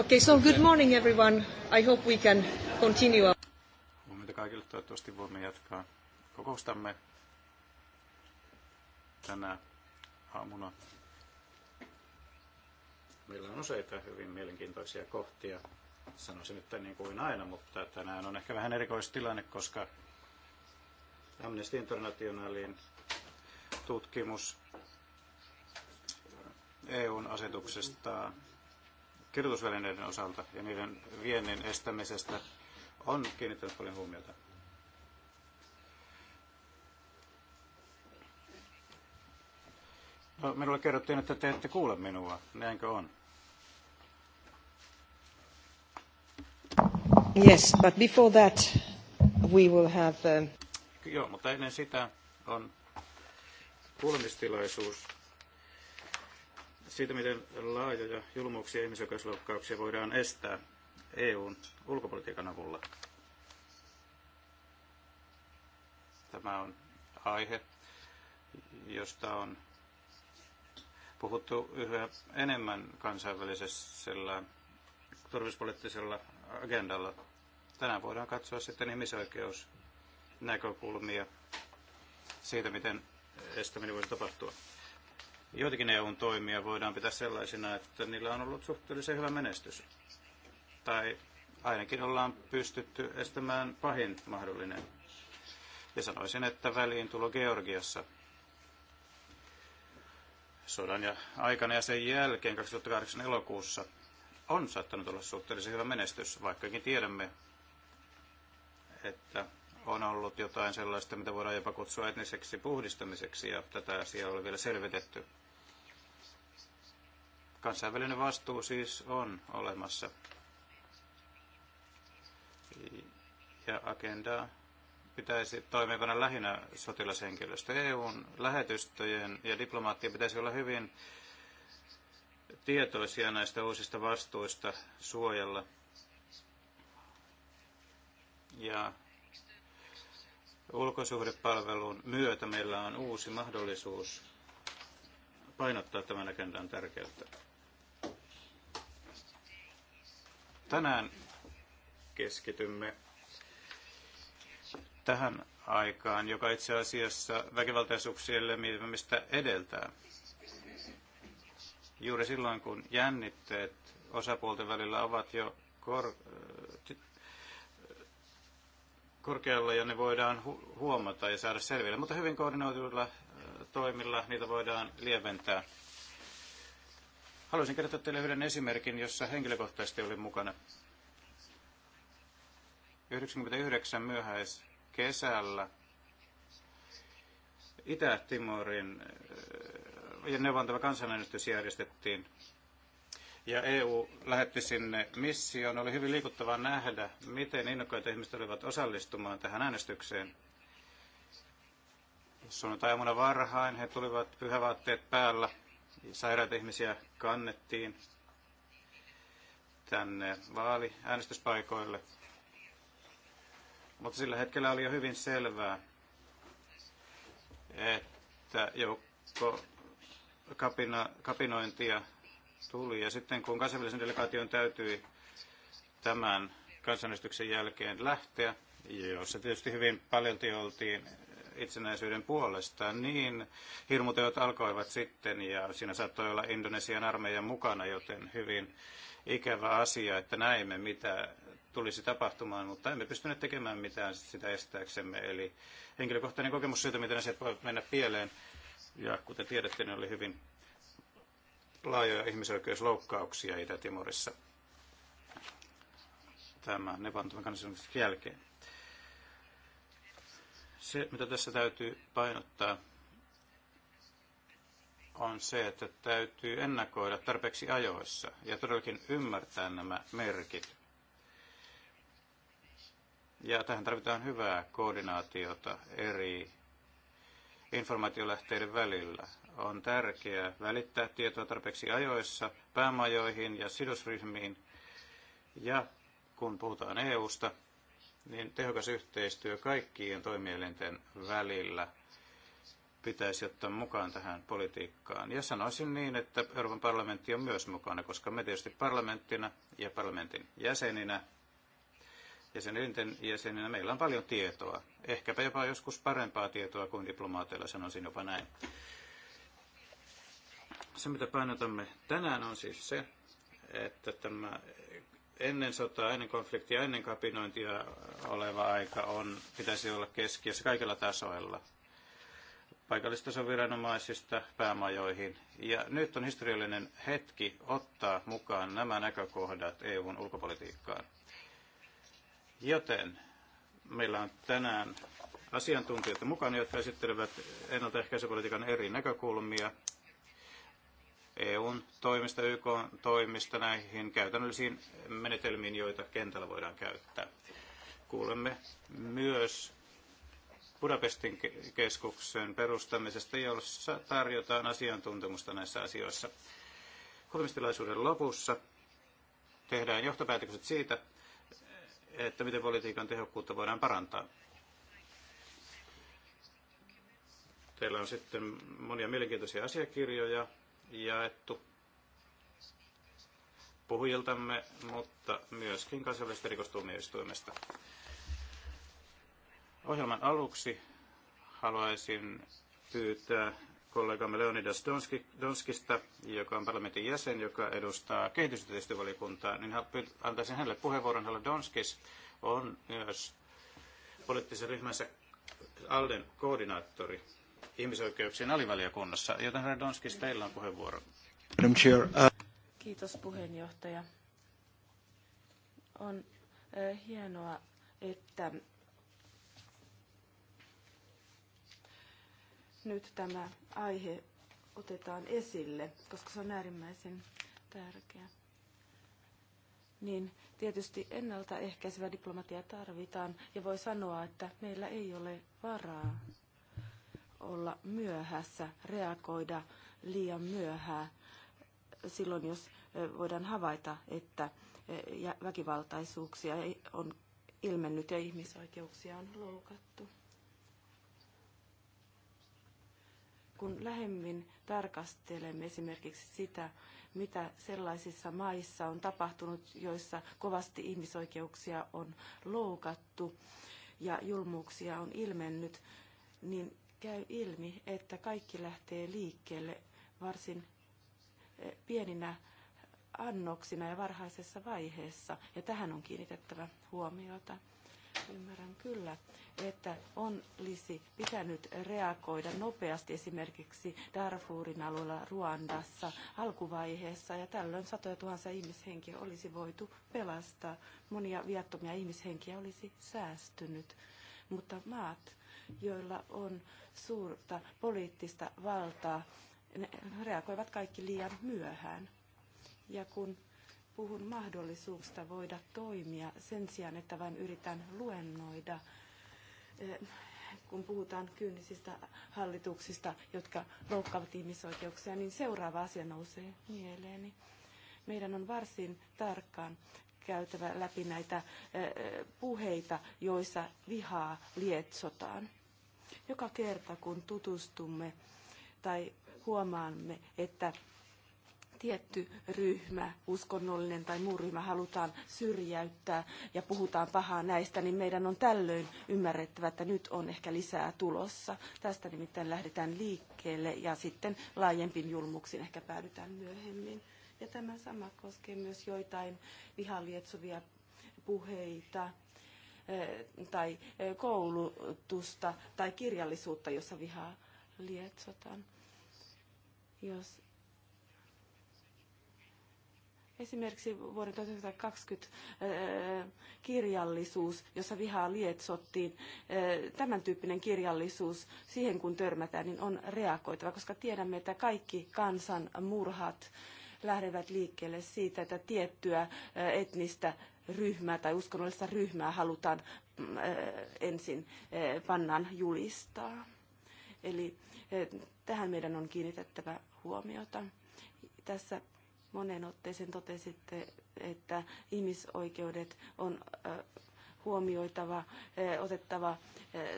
Okay, so good morning everyone. I hope we can continue. Huomenta kaikille. Toivottavasti voimme jatkaa kokoustamme tänä aamuna. Meillä on useita hyvin mielenkiintoisia kohtia. Sanoisin, että niin kuin aina, mutta tänään on ehkä vähän erikoistilanne, koska Amnesty Internationalin tutkimus EUn asetuksesta kirjoitusvälineiden osalta ja niiden viennin estämisestä on kiinnittänyt paljon huomiota. No, minulle kerrottiin, että te ette kuule minua. Näinkö on? Yes, but before that we will have... Um, Joo, mutta ennen sitä on kuulemistilaisuus siitä, miten laajoja julmuuksia ja ihmisoikeusloukkauksia voidaan estää EUn ulkopolitiikan avulla. Tämä on aihe, josta on puhuttu yhä enemmän kansainvälisellä turvallisuuspoliittisella agendalla. Tänään voidaan katsoa sitten ihmisoikeusnäkökulmia siitä, miten estäminen voisi tapahtua. Joitakin EUn toimia voidaan pitää sellaisina, että niillä on ollut suhteellisen hyvä menestys. Tai ainakin ollaan pystytty estämään pahin mahdollinen. Ja sanoisin, että väliin tulo Georgiassa sodan ja aikana ja sen jälkeen 2008 elokuussa on saattanut olla suhteellisen hyvä menestys, vaikkakin tiedämme, että on ollut jotain sellaista, mitä voidaan jopa kutsua etniseksi puhdistamiseksi, ja tätä asiaa on vielä selvitetty. Kansainvälinen vastuu siis on olemassa. Ja agenda pitäisi toimeenpanna lähinnä sotilashenkilöstö. EUn lähetystöjen ja diplomaattien pitäisi olla hyvin tietoisia näistä uusista vastuista suojella ja ulkosuhdepalvelun myötä meillä on uusi mahdollisuus painottaa tämän agendan tärkeyttä. Tänään keskitymme tähän aikaan, joka itse asiassa väkivaltaisuuksien leviämistä edeltää. Juuri silloin, kun jännitteet osapuolten välillä ovat jo kor- korkealla ja ne voidaan hu- huomata ja saada selville, mutta hyvin koordinoituilla toimilla niitä voidaan lieventää. Haluaisin kertoa teille yhden esimerkin, jossa henkilökohtaisesti olin mukana. 99 kesällä Itä-Timorin ja neuvontava kansanäänestys järjestettiin ja EU lähetti sinne mission. Oli hyvin liikuttavaa nähdä, miten innokkaita ihmiset olivat osallistumaan tähän äänestykseen. Sunnuntai-aamuna varhain he tulivat pyhävaatteet päällä. Sairaita ihmisiä kannettiin tänne vaaliäänestyspaikoille. Mutta sillä hetkellä oli jo hyvin selvää, että joukko kapina, kapinointia tuli. Ja sitten kun kansainvälisen delegaation täytyi tämän kansanäänestyksen jälkeen lähteä, jossa tietysti hyvin paljolti oltiin itsenäisyyden puolesta, niin hirmuteot alkoivat sitten ja siinä saattoi olla Indonesian armeijan mukana, joten hyvin ikävä asia, että näimme mitä tulisi tapahtumaan, mutta emme pystyneet tekemään mitään sitä estääksemme. Eli henkilökohtainen kokemus siitä, miten asiat voivat mennä pieleen, ja kuten tiedätte, ne oli hyvin laajoja ihmisoikeusloukkauksia Itä-Timorissa tämän Nepantuman kansallisuuksien jälkeen. Se, mitä tässä täytyy painottaa, on se, että täytyy ennakoida tarpeeksi ajoissa ja todellakin ymmärtää nämä merkit. Ja tähän tarvitaan hyvää koordinaatiota eri informaatiolähteiden välillä on tärkeää välittää tietoa tarpeeksi ajoissa päämajoihin ja sidosryhmiin. Ja kun puhutaan EUsta, niin tehokas yhteistyö kaikkien toimielinten välillä pitäisi ottaa mukaan tähän politiikkaan. Ja sanoisin niin, että Euroopan parlamentti on myös mukana, koska me tietysti parlamenttina ja parlamentin jäseninä, jäsenelinten jäseninä, meillä on paljon tietoa. Ehkäpä jopa joskus parempaa tietoa kuin diplomaateilla, sanoisin jopa näin. Se, mitä painotamme tänään, on siis se, että tämä ennen sotaa, ennen konfliktia, ennen kapinointia oleva aika on, pitäisi olla keskiössä kaikilla tasoilla paikallistason viranomaisista päämajoihin. Ja nyt on historiallinen hetki ottaa mukaan nämä näkökohdat EUn ulkopolitiikkaan. Joten meillä on tänään asiantuntijoita mukana, jotka esittelevät ennaltaehkäisypolitiikan eri näkökulmia EUn toimista, YK toimista näihin käytännöllisiin menetelmiin, joita kentällä voidaan käyttää. Kuulemme myös Budapestin keskuksen perustamisesta, jossa tarjotaan asiantuntemusta näissä asioissa. Kuulemistilaisuuden lopussa tehdään johtopäätökset siitä, että miten politiikan tehokkuutta voidaan parantaa. Teillä on sitten monia mielenkiintoisia asiakirjoja, jaettu puhujiltamme, mutta myöskin kansainvälisestä rikostuomioistuimesta. Ohjelman aluksi haluaisin pyytää kollegamme Leonidas Donski, Donskista, joka on parlamentin jäsen, joka edustaa kehitysyhteistyövaliokuntaa, niin antaisin hänelle puheenvuoron. Hänellä Donskis on myös poliittisen ryhmänsä Alden koordinaattori ihmisoikeuksien alivaliokunnassa, joten herra Donskis, teillä on puheenvuoro. Uh, Kiitos puheenjohtaja. On eh, hienoa, että nyt tämä aihe otetaan esille, koska se on äärimmäisen tärkeä. Niin tietysti ennaltaehkäisevä diplomatia tarvitaan ja voi sanoa, että meillä ei ole varaa olla myöhässä, reagoida liian myöhään silloin, jos voidaan havaita, että väkivaltaisuuksia on ilmennyt ja ihmisoikeuksia on loukattu. Kun lähemmin tarkastelemme esimerkiksi sitä, mitä sellaisissa maissa on tapahtunut, joissa kovasti ihmisoikeuksia on loukattu ja julmuuksia on ilmennyt, niin käy ilmi, että kaikki lähtee liikkeelle varsin eh, pieninä annoksina ja varhaisessa vaiheessa, ja tähän on kiinnitettävä huomiota. Ymmärrän kyllä, että on olisi pitänyt reagoida nopeasti esimerkiksi Darfurin alueella Ruandassa alkuvaiheessa ja tällöin satoja tuhansia ihmishenkiä olisi voitu pelastaa. Monia viattomia ihmishenkiä olisi säästynyt, mutta maat joilla on suurta poliittista valtaa, ne reagoivat kaikki liian myöhään. Ja kun puhun mahdollisuuksista voida toimia sen sijaan, että vain yritän luennoida, eh, kun puhutaan kyynisistä hallituksista, jotka loukkaavat ihmisoikeuksia, niin seuraava asia nousee mieleeni. Meidän on varsin tarkkaan käytävä läpi näitä eh, eh, puheita, joissa vihaa lietsotaan. Joka kerta kun tutustumme tai huomaamme, että tietty ryhmä, uskonnollinen tai muu ryhmä halutaan syrjäyttää ja puhutaan pahaa näistä, niin meidän on tällöin ymmärrettävä, että nyt on ehkä lisää tulossa. Tästä nimittäin lähdetään liikkeelle ja sitten laajempiin julmuksiin ehkä päädytään myöhemmin. Ja tämä sama koskee myös joitain vihalietsovia puheita tai koulutusta tai kirjallisuutta, jossa vihaa lietsotaan. Jos Esimerkiksi vuoden 1920 kirjallisuus, jossa vihaa lietsottiin, tämän tyyppinen kirjallisuus, siihen kun törmätään, niin on reagoitava, koska tiedämme, että kaikki kansan murhat lähdevät liikkeelle siitä, että tiettyä etnistä ryhmää tai uskonnollista ryhmää halutaan mm, ensin pannaan julistaa. Eli tähän meidän on kiinnitettävä huomiota. Tässä moneen otteeseen totesitte, että ihmisoikeudet on huomioitava, eh, otettava eh,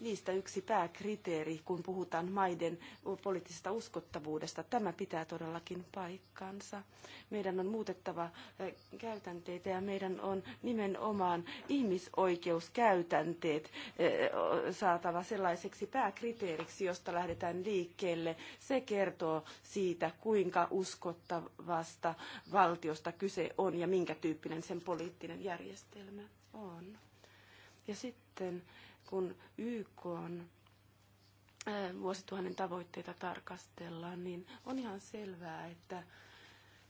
niistä yksi pääkriteeri, kun puhutaan maiden poliittisesta uskottavuudesta. Tämä pitää todellakin paikkansa. Meidän on muutettava eh, käytänteitä ja meidän on nimenomaan ihmisoikeuskäytänteet saatava sellaiseksi pääkriteeriksi, josta lähdetään liikkeelle. Se kertoo siitä, kuinka uskottavasta valtiosta kyse on ja minkä tyyppinen sen poliittinen järjestelmä on. Ja sitten kun YK on vuosituhannen tavoitteita tarkastellaan, niin on ihan selvää, että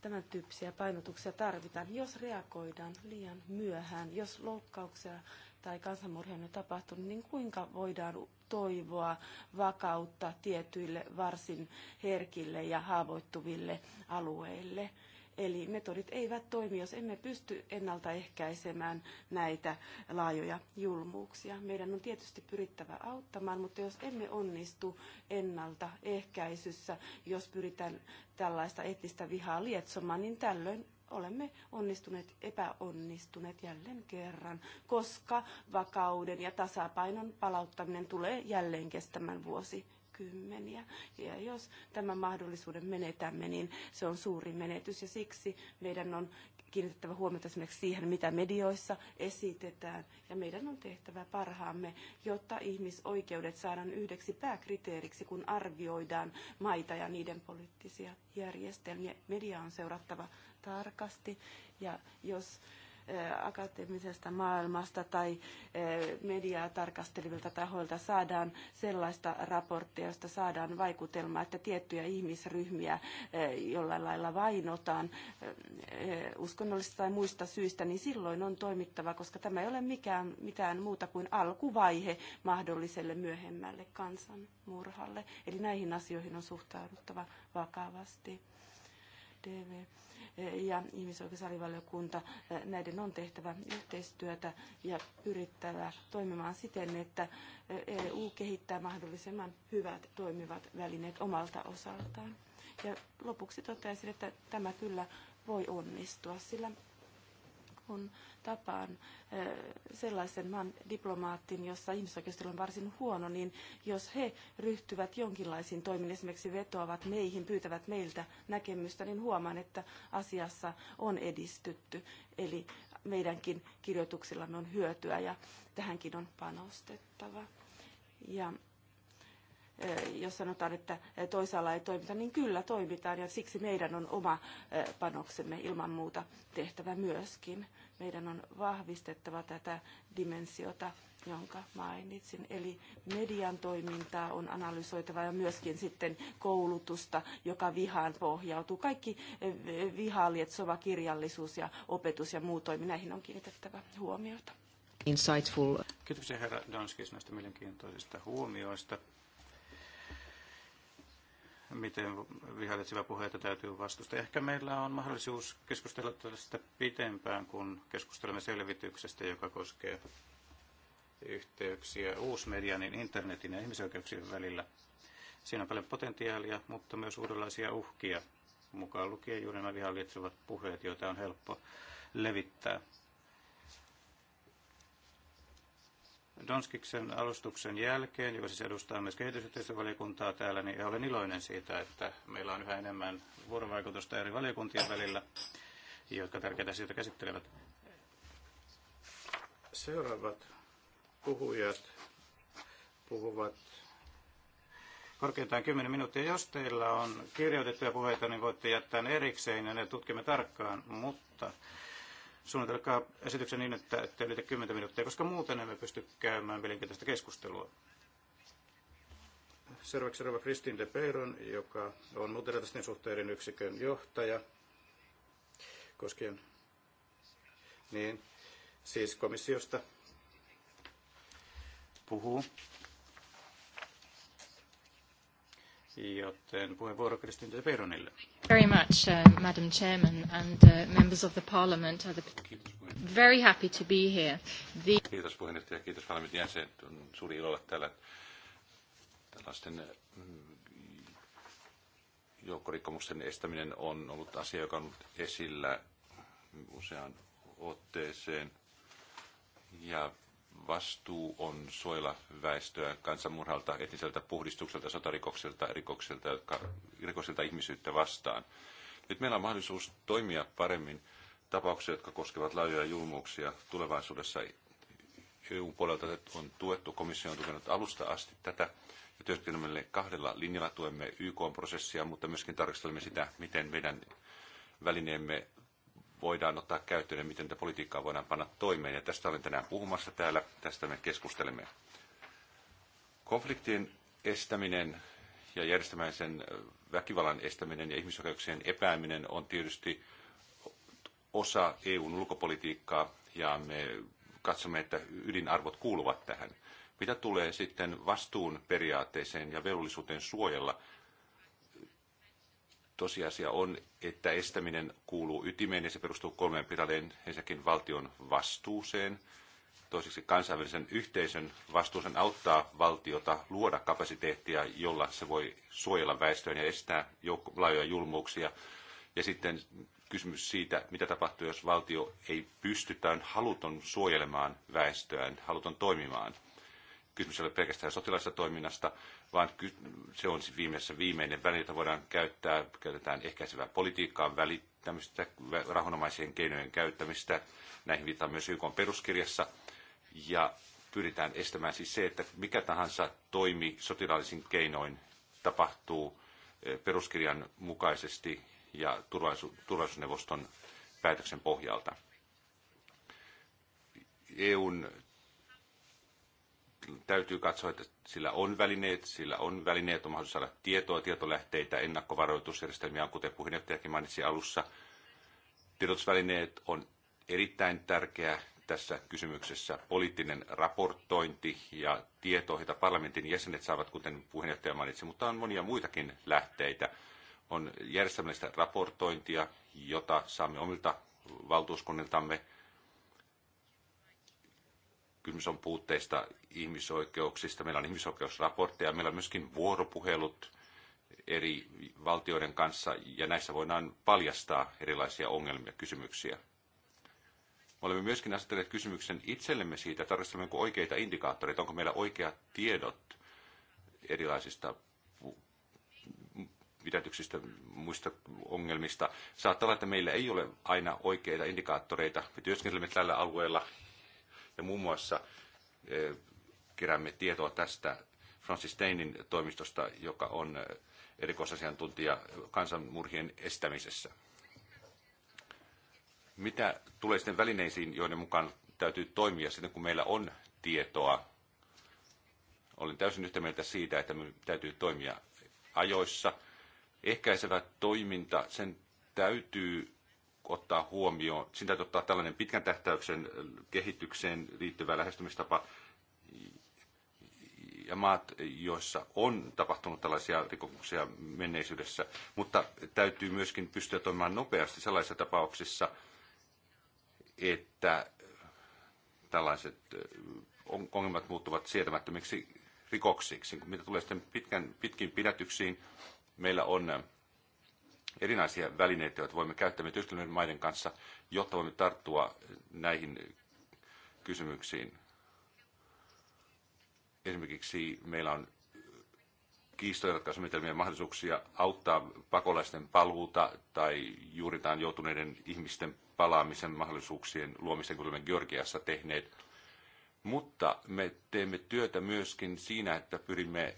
tämän tyyppisiä painotuksia tarvitaan, jos reagoidaan liian myöhään, jos loukkauksia tai kansanmurhia on tapahtunut, niin kuinka voidaan toivoa vakautta tietyille varsin herkille ja haavoittuville alueille. Eli metodit eivät toimi, jos emme pysty ennaltaehkäisemään näitä laajoja julmuuksia. Meidän on tietysti pyrittävä auttamaan, mutta jos emme onnistu ennaltaehkäisyssä, jos pyritään tällaista etnistä vihaa lietsomaan, niin tällöin olemme onnistuneet, epäonnistuneet jälleen kerran, koska vakauden ja tasapainon palauttaminen tulee jälleen kestämään vuosi vuosikymmeniä. Ja jos tämän mahdollisuuden menetämme, niin se on suuri menetys ja siksi meidän on kiinnitettävä huomiota esimerkiksi siihen, mitä medioissa esitetään. Ja meidän on tehtävä parhaamme, jotta ihmisoikeudet saadaan yhdeksi pääkriteeriksi, kun arvioidaan maita ja niiden poliittisia järjestelmiä. Media on seurattava tarkasti ja jos Eh, akateemisesta maailmasta tai eh, mediaa tarkastelevilta tahoilta saadaan sellaista raporttia, josta saadaan vaikutelma, että tiettyjä ihmisryhmiä eh, jollain lailla vainotaan uskonnollisista tai muista syistä, niin silloin on toimittava, koska tämä ei ole mikään, mitään muuta kuin alkuvaihe mahdolliselle myöhemmälle kansanmurhalle. Eli näihin asioihin on suhtauduttava vakavasti. DV ja ihmisoikeusalivaliokunta, eh, näiden on tehtävä yhteistyötä ja pyrittävä toimimaan siten, että EU eh, e kehittää mahdollisimman hyvät toimivat välineet omalta osaltaan. Ja lopuksi toteaisin, että tämä kyllä voi onnistua, sillä kun tapaan sellaisen maan diplomaattin, jossa ihmisoikeustila on varsin huono, niin jos he ryhtyvät jonkinlaisiin toimiin, esimerkiksi vetoavat meihin, pyytävät meiltä näkemystä, niin huomaan, että asiassa on edistytty. Eli meidänkin kirjoituksillamme on hyötyä ja tähänkin on panostettava. Ja jos sanotaan, että toisaalla ei toimita, niin kyllä toimitaan ja siksi meidän on oma panoksemme ilman muuta tehtävä myöskin meidän on vahvistettava tätä dimensiota, jonka mainitsin. Eli median toimintaa on analysoitava ja myöskin sitten koulutusta, joka vihaan pohjautuu. Kaikki eh, vihaa lietsova kirjallisuus ja opetus ja muu toimi, näihin on kiinnitettävä huomiota. Insightful. Kiitoksia herra Danskis näistä mielenkiintoisista huomioista miten vihailitsevä puheita täytyy vastustaa. Ehkä meillä on mahdollisuus keskustella tästä pitempään, kun keskustelemme selvityksestä, joka koskee yhteyksiä uusmedian, niin internetin ja ihmisoikeuksien välillä. Siinä on paljon potentiaalia, mutta myös uudenlaisia uhkia, mukaan lukien juuri nämä vihailitsevat puheet, joita on helppo levittää. Donskiksen alustuksen jälkeen, joka siis edustaa myös kehitysyhteistyövaliokuntaa täällä, niin olen iloinen siitä, että meillä on yhä enemmän vuorovaikutusta eri valiokuntien välillä, jotka tärkeitä asioita käsittelevät. Seuraavat puhujat puhuvat korkeintaan 10 minuuttia. Jos teillä on kirjoitettuja puheita, niin voitte jättää ne erikseen ja ne tutkimme tarkkaan, mutta Suunnitelkaa esityksen niin, että ette ylitä 10 minuuttia, koska muuten emme pysty käymään mielenkiintoista keskustelua. Seuraavaksi seuraava Kristin de Peiron, joka on moderatisten suhteiden yksikön johtaja koskien niin, siis komissiosta puhuu Joten puheenvuoro Kristin Peronille. Very much, uh, Madam Chairman and uh, members of the Parliament. Are the... Very happy to be here. The... Kiitos puheenjohtaja, kiitos parlamentin jäsen. On suuri ilo olla täällä tällaisten mm, joukkorikkomusten estäminen on ollut asia, joka on ollut esillä usean otteeseen. Ja vastuu on suojella väestöä kansanmurhalta, etniseltä puhdistukselta, sotarikoksilta, rikoksilta, jotka, rikoksilta ihmisyyttä vastaan. Nyt meillä on mahdollisuus toimia paremmin tapauksia, jotka koskevat laajoja julmuuksia tulevaisuudessa. eu puolelta on tuettu, komissio on tukenut alusta asti tätä ja työskentelemme kahdella linjalla tuemme YK-prosessia, mutta myöskin tarkastelemme sitä, miten meidän välineemme voidaan ottaa käyttöön ja miten tätä politiikkaa voidaan panna toimeen. Ja tästä olen tänään puhumassa täällä, tästä me keskustelemme. Konfliktien estäminen ja järjestämäisen väkivallan estäminen ja ihmisoikeuksien epääminen on tietysti osa EUn ulkopolitiikkaa ja me katsomme, että ydinarvot kuuluvat tähän. Mitä tulee sitten vastuun periaatteeseen ja velvollisuuteen suojella – tosiasia on, että estäminen kuuluu ytimeen ja se perustuu kolmeen pilareen. Ensinnäkin valtion vastuuseen, toiseksi kansainvälisen yhteisön vastuuseen auttaa valtiota luoda kapasiteettia, jolla se voi suojella väestöön ja estää laajoja julmuuksia. Ja sitten kysymys siitä, mitä tapahtuu, jos valtio ei pysty tai haluton suojelemaan väestöään, haluton toimimaan – kysymys ei ole pelkästään sotilaista toiminnasta, vaan se on siis viimeisessä viimeinen väline, jota voidaan käyttää. Käytetään ehkäisevää politiikkaa, välittämistä, rahonomaisien keinojen käyttämistä. Näihin viitataan myös YK peruskirjassa. Ja pyritään estämään siis se, että mikä tahansa toimi sotilaallisin keinoin tapahtuu e, peruskirjan mukaisesti ja turvallisuusneuvoston päätöksen pohjalta. EUn täytyy katsoa, että sillä on välineet, sillä on välineet, on mahdollisuus saada tietoa, tietolähteitä, ennakkovaroitusjärjestelmiä, on, kuten puheenjohtajakin mainitsi alussa. Tiedotusvälineet on erittäin tärkeä tässä kysymyksessä poliittinen raportointi ja tieto, jota parlamentin jäsenet saavat, kuten puheenjohtaja mainitsi, mutta on monia muitakin lähteitä. On järjestelmällistä raportointia, jota saamme omilta valtuuskunniltamme – kysymys on puutteista ihmisoikeuksista. Meillä on ihmisoikeusraportteja, meillä on myöskin vuoropuhelut eri valtioiden kanssa, ja näissä voidaan paljastaa erilaisia ongelmia ja kysymyksiä. Me olemme myöskin asettaneet kysymyksen itsellemme siitä, tarvitsemmeko oikeita indikaattoreita, onko meillä oikeat tiedot erilaisista pidätyksistä, muista ongelmista. Saattaa olla, että meillä ei ole aina oikeita indikaattoreita. Me työskentelemme tällä alueella ja muun muassa e, keräämme tietoa tästä Francis Steinin toimistosta, joka on e, erikoisasiantuntija kansanmurhien estämisessä. Mitä tulee sitten välineisiin, joiden mukaan täytyy toimia sitten, kun meillä on tietoa? Olen täysin yhtä mieltä siitä, että me täytyy toimia ajoissa. Ehkäisevä toiminta, sen täytyy ottaa huomioon, siinä täytyy ottaa tällainen pitkän tähtäyksen kehitykseen liittyvä lähestymistapa, ja maat, joissa on tapahtunut tällaisia rikoksia menneisyydessä, mutta täytyy myöskin pystyä toimimaan nopeasti sellaisissa tapauksissa, että tällaiset ongelmat muuttuvat sietämättömiksi rikoksiksi. Mitä tulee sitten pitkän, pitkin pidätyksiin, meillä on erinäisiä välineitä, joita voimme käyttää me maiden kanssa, jotta voimme tarttua näihin kysymyksiin. Esimerkiksi meillä on kiistojenratkaisumetelmien mahdollisuuksia auttaa pakolaisten paluuta tai juuritaan joutuneiden ihmisten palaamisen mahdollisuuksien luomisen, kuten olemme Georgiassa tehneet. Mutta me teemme työtä myöskin siinä, että pyrimme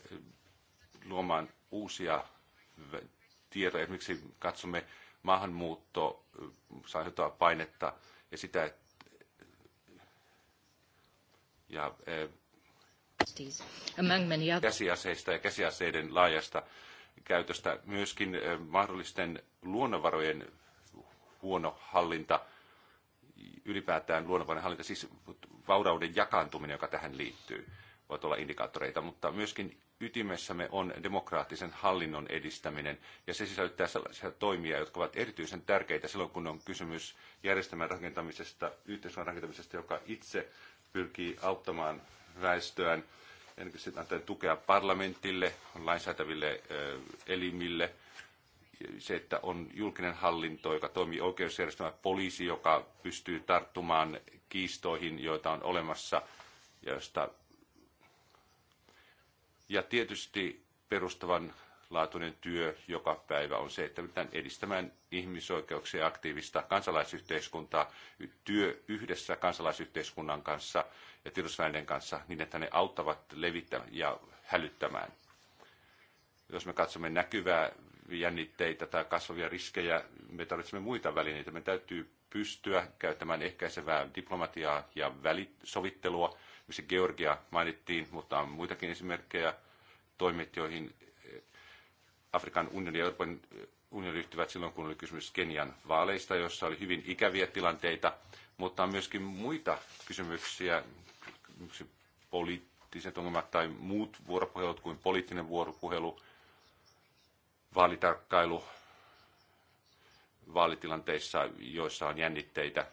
luomaan uusia tietoa. Esimerkiksi katsomme maahanmuutto, saa painetta ja sitä, että ja käsiaseista ja käsiaseiden laajasta käytöstä, myöskin mahdollisten luonnonvarojen huono hallinta, ylipäätään luonnonvarojen hallinta, siis vaurauden jakaantuminen, joka tähän liittyy, voi olla indikaattoreita, mutta myöskin ytimessämme on demokraattisen hallinnon edistäminen, ja se sisältää sellaisia toimia, jotka ovat erityisen tärkeitä silloin, kun on kysymys järjestelmän rakentamisesta, yhteiskunnan rakentamisesta, joka itse pyrkii auttamaan väestöään, ennen sitten antaa tukea parlamentille, lainsäätäville elimille, se, että on julkinen hallinto, joka toimii oikeusjärjestelmä, poliisi, joka pystyy tarttumaan kiistoihin, joita on olemassa, joista ja tietysti perustavanlaatuinen työ joka päivä on se, että pyritään edistämään ihmisoikeuksia ja aktiivista kansalaisyhteiskuntaa, työ yhdessä kansalaisyhteiskunnan kanssa ja tiedotusvälineiden kanssa niin, että ne auttavat levittämään ja hälyttämään. Jos me katsomme näkyvää jännitteitä tai kasvavia riskejä, me tarvitsemme muita välineitä. Me täytyy pystyä käyttämään ehkäisevää diplomatiaa ja välisovittelua. sovittelua missä Georgia mainittiin, mutta on muitakin esimerkkejä toimet, joihin eh, Afrikan unioni ja Euroopan eh, unioni ryhtyvät silloin, kun oli kysymys Kenian vaaleista, jossa oli hyvin ikäviä tilanteita, mutta on myöskin muita kysymyksiä, poliittiset ongelmat tai muut vuoropuhelut kuin poliittinen vuoropuhelu, vaalitarkkailu, vaalitilanteissa, joissa on jännitteitä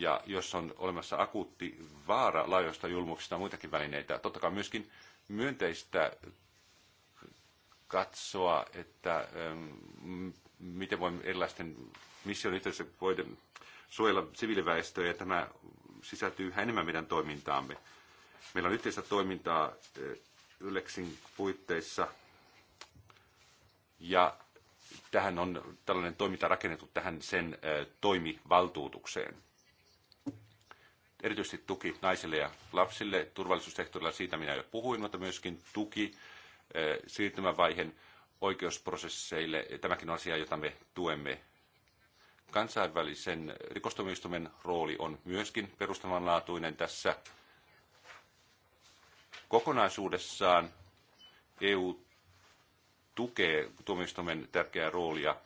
ja jos on olemassa akuutti vaara laajoista julmuksista ja muitakin välineitä, totta kai myöskin myönteistä katsoa, että miten voimme erilaisten mission yhteydessä voida suojella siviiliväestöä, ja tämä sisältyy yhä enemmän meidän toimintaamme. Meillä on yhteistä toimintaa e, Yleksin puitteissa, ja tähän on tällainen toiminta rakennettu tähän sen e, toimivaltuutukseen erityisesti tuki naisille ja lapsille turvallisuussektorilla, siitä minä jo puhuin, mutta myöskin tuki eh, siirtymävaiheen oikeusprosesseille. Tämäkin on asia, jota me tuemme. Kansainvälisen rikostuomioistuimen rooli on myöskin perustavanlaatuinen tässä. Kokonaisuudessaan EU tukee tuomioistuimen tärkeää roolia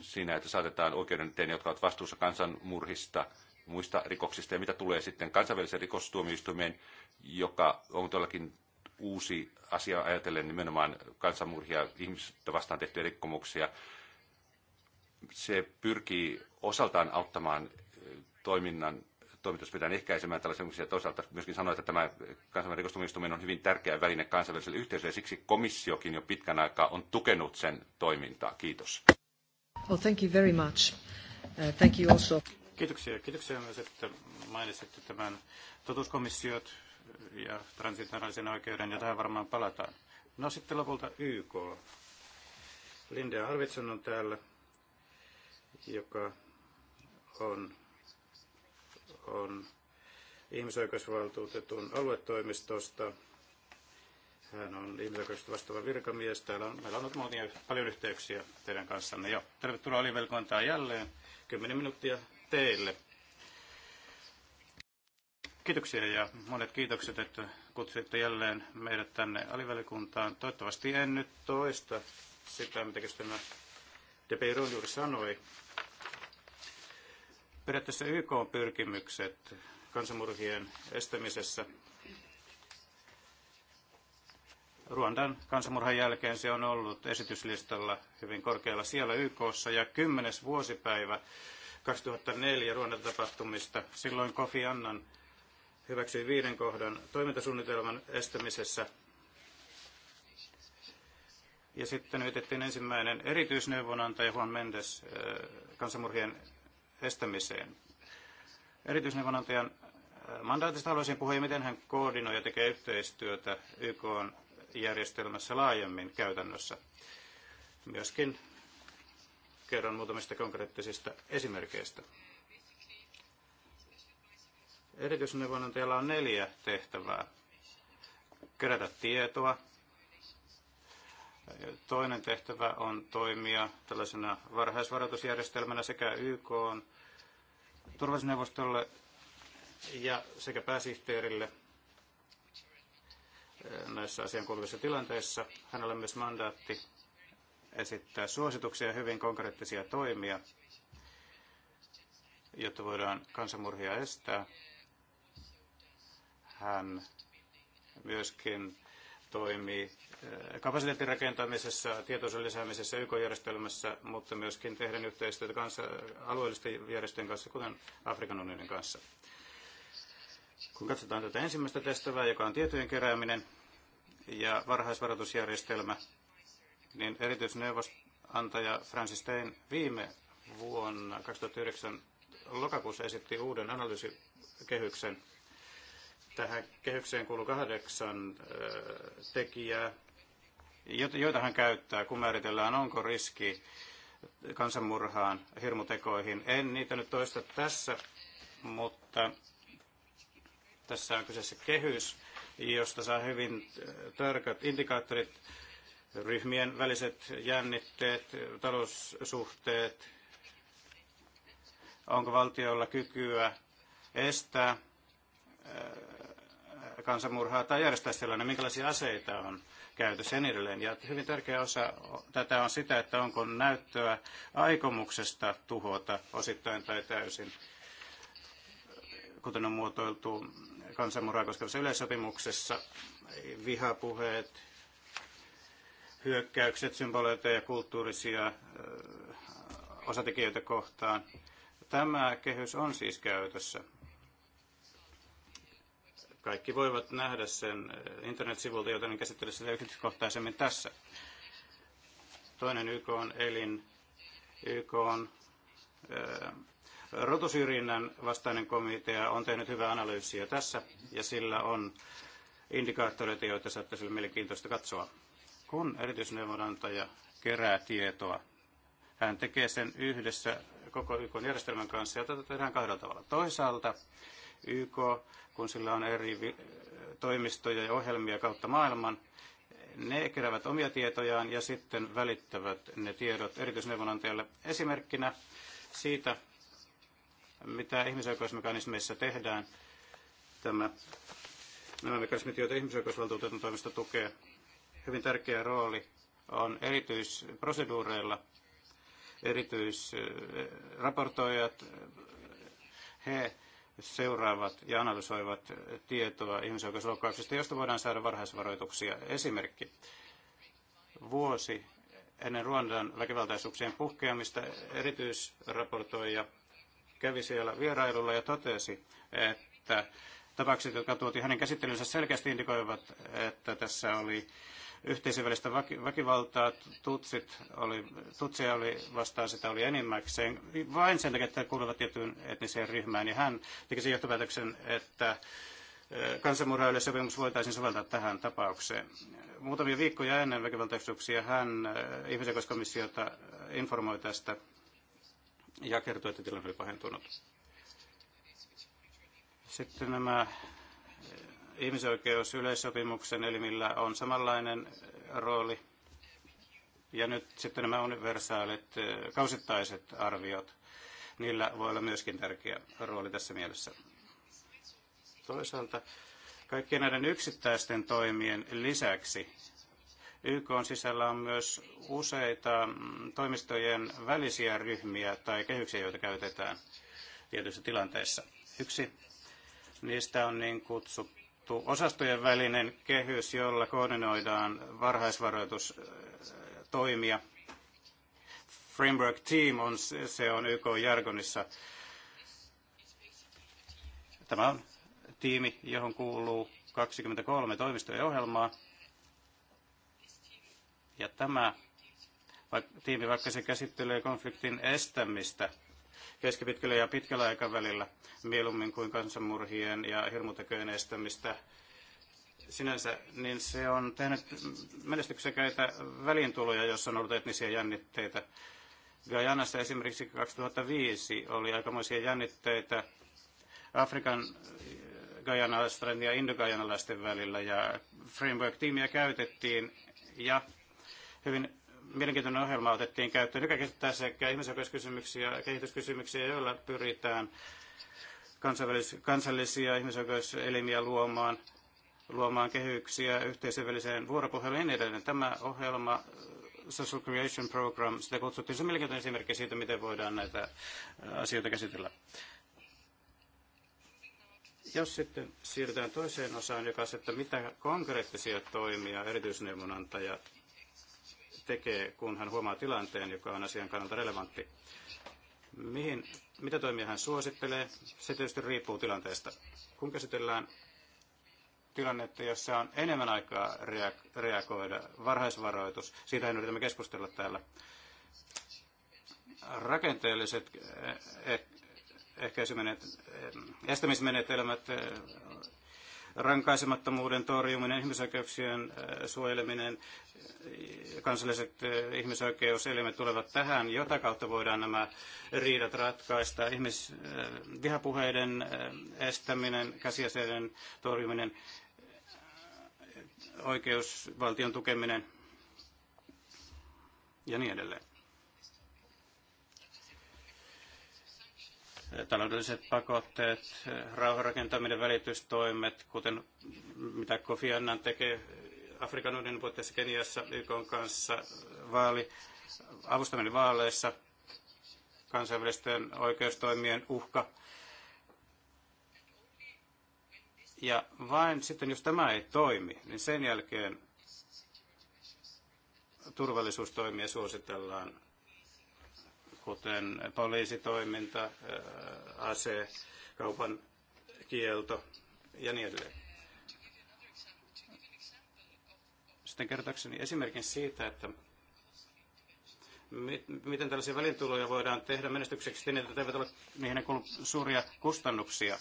siinä, että saatetaan oikeuden eteen, jotka ovat vastuussa kansanmurhista – muista rikoksista. Ja mitä tulee sitten kansainväliseen rikostuomioistuimeen, joka on todellakin uusi asia ajatellen nimenomaan kansanmurhia, ihmistä vastaan tehtyjä rikkomuksia. Se pyrkii osaltaan auttamaan eh, toiminnan pitää ehkäisemään tällaisia ja toisaalta myöskin sanoa, että tämä kansainvälinen rikostuomioistuin on hyvin tärkeä väline kansainväliselle yhteisölle, ja siksi komissiokin jo pitkän aikaa on tukenut sen toimintaa. Kiitos. Well, thank you very much. Uh, thank you also. Kiitoksia. Kiitoksia myös, että mainitsitte tämän totuuskomissiot ja transitaraisen oikeuden, ja tähän varmaan palataan. No sitten lopulta YK. Linde Arvitson on täällä, joka on, on ihmisoikeusvaltuutetun aluetoimistosta. Hän on ihmisoikeuksista vastaava virkamies. Täällä on, meillä on ollut monia, paljon yhteyksiä teidän kanssanne jo. Tervetuloa Oli jälleen. 10 minuuttia teille. Kiitoksia ja monet kiitokset, että kutsuitte jälleen meidät tänne alivälikuntaan. Toivottavasti en nyt toista sitä, mitä tämä De Peiron juuri sanoi. Periaatteessa YK on pyrkimykset kansanmurhien estämisessä Ruandan kansanmurhan jälkeen se on ollut esityslistalla hyvin korkealla siellä YKssa ja kymmenes vuosipäivä 2004 Ruonan tapahtumista. Silloin Kofi Annan hyväksyi viiden kohdan toimintasuunnitelman estämisessä. Ja sitten yritettiin ensimmäinen erityisneuvonantaja Juan Mendes äh, kansanmurhien estämiseen. Erityisneuvonantajan äh, mandaatista haluaisin puhua ja miten hän koordinoi ja tekee yhteistyötä YK järjestelmässä laajemmin käytännössä. Myöskin kerron muutamista konkreettisista esimerkkeistä. Erityisneuvonantajalla on neljä tehtävää. Kerätä tietoa. Toinen tehtävä on toimia tällaisena varhaisvaroitusjärjestelmänä sekä YK turvallisuusneuvostolle ja sekä pääsihteerille näissä asiankuuluvissa tilanteissa. Hänellä on myös mandaatti esittää suosituksia ja hyvin konkreettisia toimia, jotta voidaan kansanmurhia estää. Hän myöskin toimii eh, kapasiteetin rakentamisessa, tietoisuuden lisäämisessä YK-järjestelmässä, mutta myöskin tehdään yhteistyötä kanssa, alueellisten järjestöjen kanssa, kuten Afrikan unionin kanssa. Kun katsotaan tätä ensimmäistä tehtävää, joka on tietojen kerääminen ja varhaisvaroitusjärjestelmä, niin erityisneuvosantaja Francis Stein viime vuonna 2009 lokakuussa esitti uuden analyysikehyksen. Tähän kehykseen kuuluu kahdeksan tekijää, joita hän käyttää, kun määritellään, onko riski kansanmurhaan, hirmutekoihin. En niitä nyt toista tässä, mutta tässä on kyseessä kehys, josta saa hyvin tarkat indikaattorit ryhmien väliset jännitteet, taloussuhteet, onko valtiolla kykyä estää äh, kansanmurhaa tai järjestää sellainen, minkälaisia aseita on käytössä ja niin edelleen. Ja hyvin tärkeä osa tätä on sitä, että onko näyttöä aikomuksesta tuhota osittain tai täysin, kuten on muotoiltu kansanmurhaa koskevassa yleissopimuksessa, vihapuheet, hyökkäykset, symboleita ja kulttuurisia osatekijöitä kohtaan. Tämä kehys on siis käytössä. Kaikki voivat nähdä sen internetsivulta, joten en käsittele sitä yksityiskohtaisemmin tässä. Toinen YK on elin, YK on rotusyrjinnän vastainen komitea on tehnyt hyvää analyysiä tässä, ja sillä on indikaattoreita, joita saattaisi olla mielenkiintoista katsoa. Kun erityisneuvonantaja kerää tietoa, hän tekee sen yhdessä koko YK järjestelmän kanssa ja tätä tehdään kahdella tavalla. Toisaalta YK, kun sillä on eri toimistoja ja ohjelmia kautta maailman, ne keräävät omia tietojaan ja sitten välittävät ne tiedot erityisneuvonantajalle esimerkkinä siitä, mitä ihmisoikeusmekanismeissa tehdään. Tämä, nämä mekanismit, joita ihmisoikeusvaltuutetun toimisto tukee, hyvin tärkeä rooli on erityisproseduureilla. Erityisraportoijat, he seuraavat ja analysoivat tietoa ihmisoikeusloukkauksista, josta voidaan saada varhaisvaroituksia. Esimerkki. Vuosi ennen Ruandan väkivaltaisuuksien puhkeamista erityisraportoija kävi siellä vierailulla ja totesi, että tapaukset, jotka tuotiin hänen käsittelynsä, selkeästi indikoivat, että tässä oli yhteisövälistä väkivaltaa. Tutsit oli, tutsia oli vastaan sitä oli enimmäkseen vain sen takia, että kuuluvat tiettyyn etniseen ryhmään. Niin hän teki sen johtopäätöksen, että kansanmurhaille sopimus voitaisiin soveltaa tähän tapaukseen. Muutamia viikkoja ennen väkivaltaisuuksia hän ihmisoikeuskomissiota informoi tästä ja kertoi, että tilanne oli pahentunut. Sitten nämä ihmisoikeusyleissopimuksen elimillä on samanlainen rooli. Ja nyt sitten nämä universaalit kausittaiset arviot, niillä voi olla myöskin tärkeä rooli tässä mielessä. Toisaalta kaikkien näiden yksittäisten toimien lisäksi YK on sisällä on myös useita mm, toimistojen välisiä ryhmiä tai kehyksiä, joita käytetään tietyissä tilanteissa. Yksi niistä on niin kutsut sanottu osastojen välinen kehys, jolla koordinoidaan varhaisvaroitustoimia. Framework Team on, se on YK-jargonissa. Tämä on tiimi, johon kuuluu 23 toimistojen ohjelmaa. Ja tämä tiimi, vaikka se käsittelee konfliktin estämistä, keskipitkällä ja pitkällä aikavälillä mieluummin kuin kansanmurhien ja hirmutekojen estämistä sinänsä, niin se on tehnyt menestyksekäitä välintuloja, jossa on ollut etnisiä jännitteitä. Gajanassa esimerkiksi 2005 oli aikamoisia jännitteitä Afrikan gajanalaisten ja indogajanalaisten välillä ja framework-tiimiä käytettiin ja hyvin mielenkiintoinen ohjelma otettiin käyttöön, joka käsittää sekä ihmisoikeuskysymyksiä ja kehityskysymyksiä, joilla pyritään kansallisia ihmisoikeuselimiä luomaan, luomaan kehyksiä yhteisöväliseen vuoropuheluun ja niin edelleen. Tämä ohjelma Social Creation Program, sitä kutsuttiin, se on mielenkiintoinen esimerkki siitä, miten voidaan näitä äh, asioita käsitellä. Jos sitten siirrytään toiseen osaan, joka on, että mitä konkreettisia toimia erityisneuvonantajat tekee, kun hän huomaa tilanteen, joka on asian kannalta relevantti. Mihin, mitä toimia hän suosittelee, se tietysti riippuu tilanteesta. Kun käsitellään tilannetta, jossa on enemmän aikaa reagoida, varhaisvaroitus, siitä yritämme keskustella täällä. Rakenteelliset eh, eh, ehkäisymenet, eh, estämismenetelmät rankaisemattomuuden torjuminen, ihmisoikeuksien äh, suojeleminen, äh, kansalliset äh, ihmisoikeuselimet tulevat tähän, jota kautta voidaan nämä riidat ratkaista. Ihmis, vihapuheiden estäminen, käsiaseiden torjuminen, oikeusvaltion tukeminen ja niin edelleen. taloudelliset pakotteet, rauhanrakentaminen, välitystoimet, kuten mitä Kofi Annan tekee Afrikan unionin puitteissa Keniassa YK kanssa, vaali, avustaminen vaaleissa, kansainvälisten oikeustoimien uhka. Ja vain sitten, jos tämä ei toimi, niin sen jälkeen turvallisuustoimia suositellaan kuten poliisitoiminta, äh, ase, kaupan kielto ja niin edelleen. Sitten kertaakseni esimerkin siitä, että miten tällaisia välintuloja voidaan tehdä menestykseksi, niin että eivät ole, niihin ne suuria kustannuksia.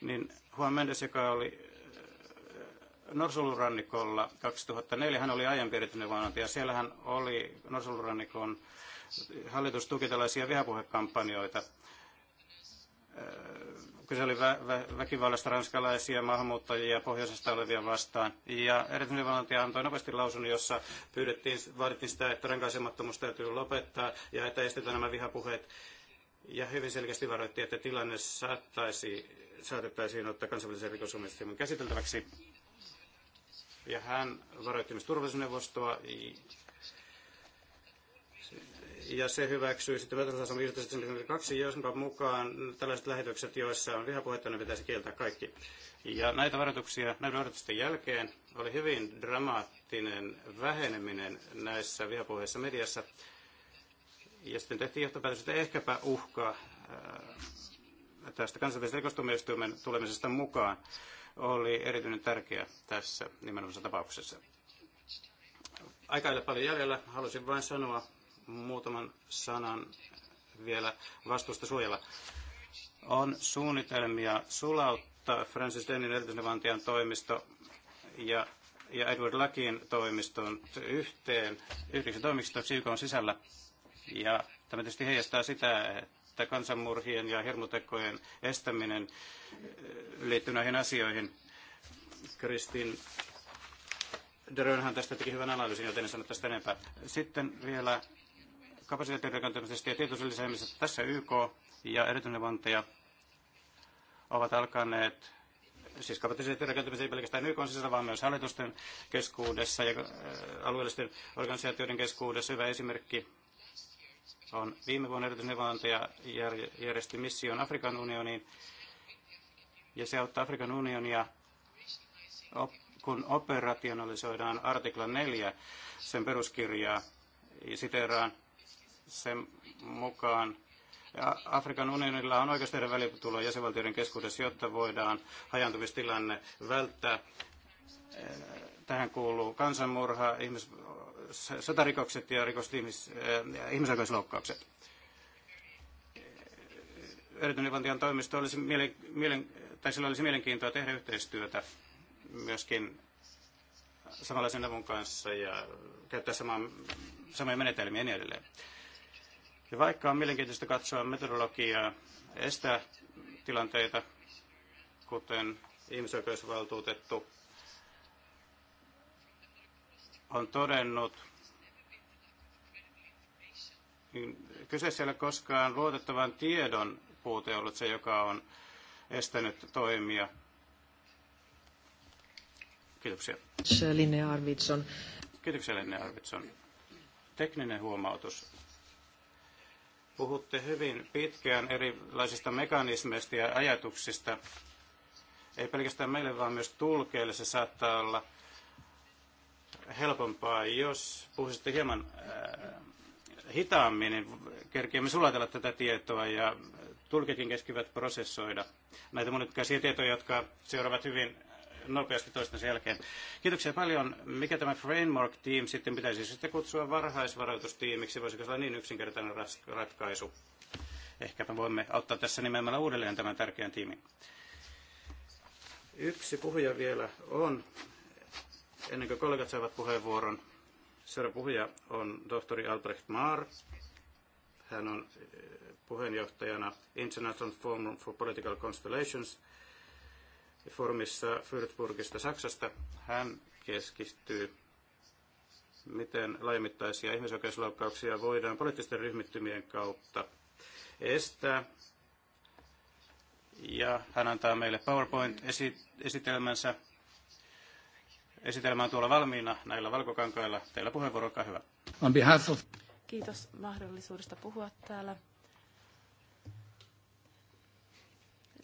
Niin Juan Mendes, joka oli äh, Norsulurannikolla 2004, hän oli aiempi erityinen ja Siellä hän oli Norsulurannikon hallitus tuki tällaisia vihapuhekampanjoita. Äh, kyse oli vä- vä- väkivallasta ranskalaisia maahanmuuttajia pohjoisesta olevia vastaan. Ja erityisvalvontaja antoi nopeasti lausunnon, jossa pyydettiin, vaadittiin sitä, että rankaisemattomuus täytyy lopettaa ja että estetään nämä vihapuheet. Ja hyvin selkeästi varoitti, että tilanne saattaisi, saatettaisiin ottaa kansainvälisen rikosomistajan käsiteltäväksi. Ja hän varoitti myös turvallisuusneuvostoa ja se hyväksyy sitten vetätasolla 1542, jonka mukaan tällaiset lähetykset, joissa on vihapuhetta, ne pitäisi kieltää kaikki. Ja näitä varoituksia, näiden varoitusten jälkeen oli hyvin dramaattinen väheneminen näissä vihapuheissa mediassa. Ja sitten tehtiin johtopäätös, että ehkäpä uhka äh, tästä kansainvälisen rikostuomioistuimen tulemisesta mukaan oli erityinen tärkeä tässä nimenomaisessa tapauksessa. Aika ei ole paljon jäljellä. Halusin vain sanoa, muutaman sanan vielä vastuusta suojella. On suunnitelmia sulauttaa Francis Dennin erityisnevantian toimisto ja, ja Edward Luckin toimiston yhteen yhdeksi toimistoksi YK sisällä. Ja tämä tietysti heijastaa sitä, että kansanmurhien ja hermotekojen estäminen eh, liittyy näihin asioihin. Kristin Dörönhän tästä teki hyvän analyysin, joten en sano tästä enempää. Sitten vielä kapasiteetin rakentamisesta ja tietoisen lisäämisestä. Tässä YK ja erityisneuvontaja ovat alkaneet siis kapasiteetin rakentamisen ei pelkästään YK sisällä, vaan myös hallitusten keskuudessa ja äh, alueellisten organisaatioiden keskuudessa. Hyvä esimerkki on viime vuonna erityisneuvontaja järjesti mission Afrikan unioniin, ja se auttaa Afrikan unionia, kun operationalisoidaan artikla 4 sen peruskirjaa, Siteraan sen mukaan Afrikan unionilla on oikeus tehdä välituloa jäsenvaltioiden keskuudessa, jotta voidaan hajantumistilanne välttää. Eh, tähän kuuluu kansanmurha, ihmis, sotarikokset ja rikosti- ihmis, eh, ihmisoikeusloukkaukset. Erityinen toimisto olisi, mielen, mielen, tai sillä olisi mielenkiintoa tehdä yhteistyötä myöskin samanlaisen avun kanssa ja käyttää samaa, samoja menetelmiä ja niin edelleen. Ja vaikka on mielenkiintoista katsoa meteorologiaa, estää tilanteita, kuten ihmisoikeusvaltuutettu on todennut, niin kyseessä ei ole koskaan luotettavan tiedon puute ollut se, joka on estänyt toimia. Kiitoksia. Linne Arvitson. Kiitoksia Linne Arvitson. Tekninen huomautus Puhutte hyvin pitkään erilaisista mekanismeista ja ajatuksista. Ei pelkästään meille, vaan myös tulkeille se saattaa olla helpompaa, jos puhuisitte hieman äh, hitaammin, niin kerkeämme sulatella tätä tietoa ja tulkekin keskivät prosessoida näitä monitkaisia tietoja, jotka seuraavat hyvin äh, nopeasti toistensa jälkeen. Kiitoksia paljon. Mikä tämä Framework Team sitten pitäisi sitten kutsua varhaisvaroitustiimiksi? Voisiko se olla niin yksinkertainen ratkaisu? Ehkä me voimme auttaa tässä nimenomaan uudelleen tämän tärkeän tiimin. Yksi puhuja vielä on, ennen kuin kollegat saavat puheenvuoron. Seuraava puhuja on tohtori Albrecht Maar. Hän on eh, puheenjohtajana International Forum for Political Constellations – formissa Würzburgista Saksasta. Hän keskittyy, miten laimittaisia ihmisoikeusloukkauksia voidaan poliittisten ryhmittymien kautta estää. Ja hän antaa meille PowerPoint-esitelmänsä. Esitelmä on tuolla valmiina näillä valkokankailla. Teillä puheenvuoro, olkaa hyvä. On behalf of... Kiitos mahdollisuudesta puhua täällä.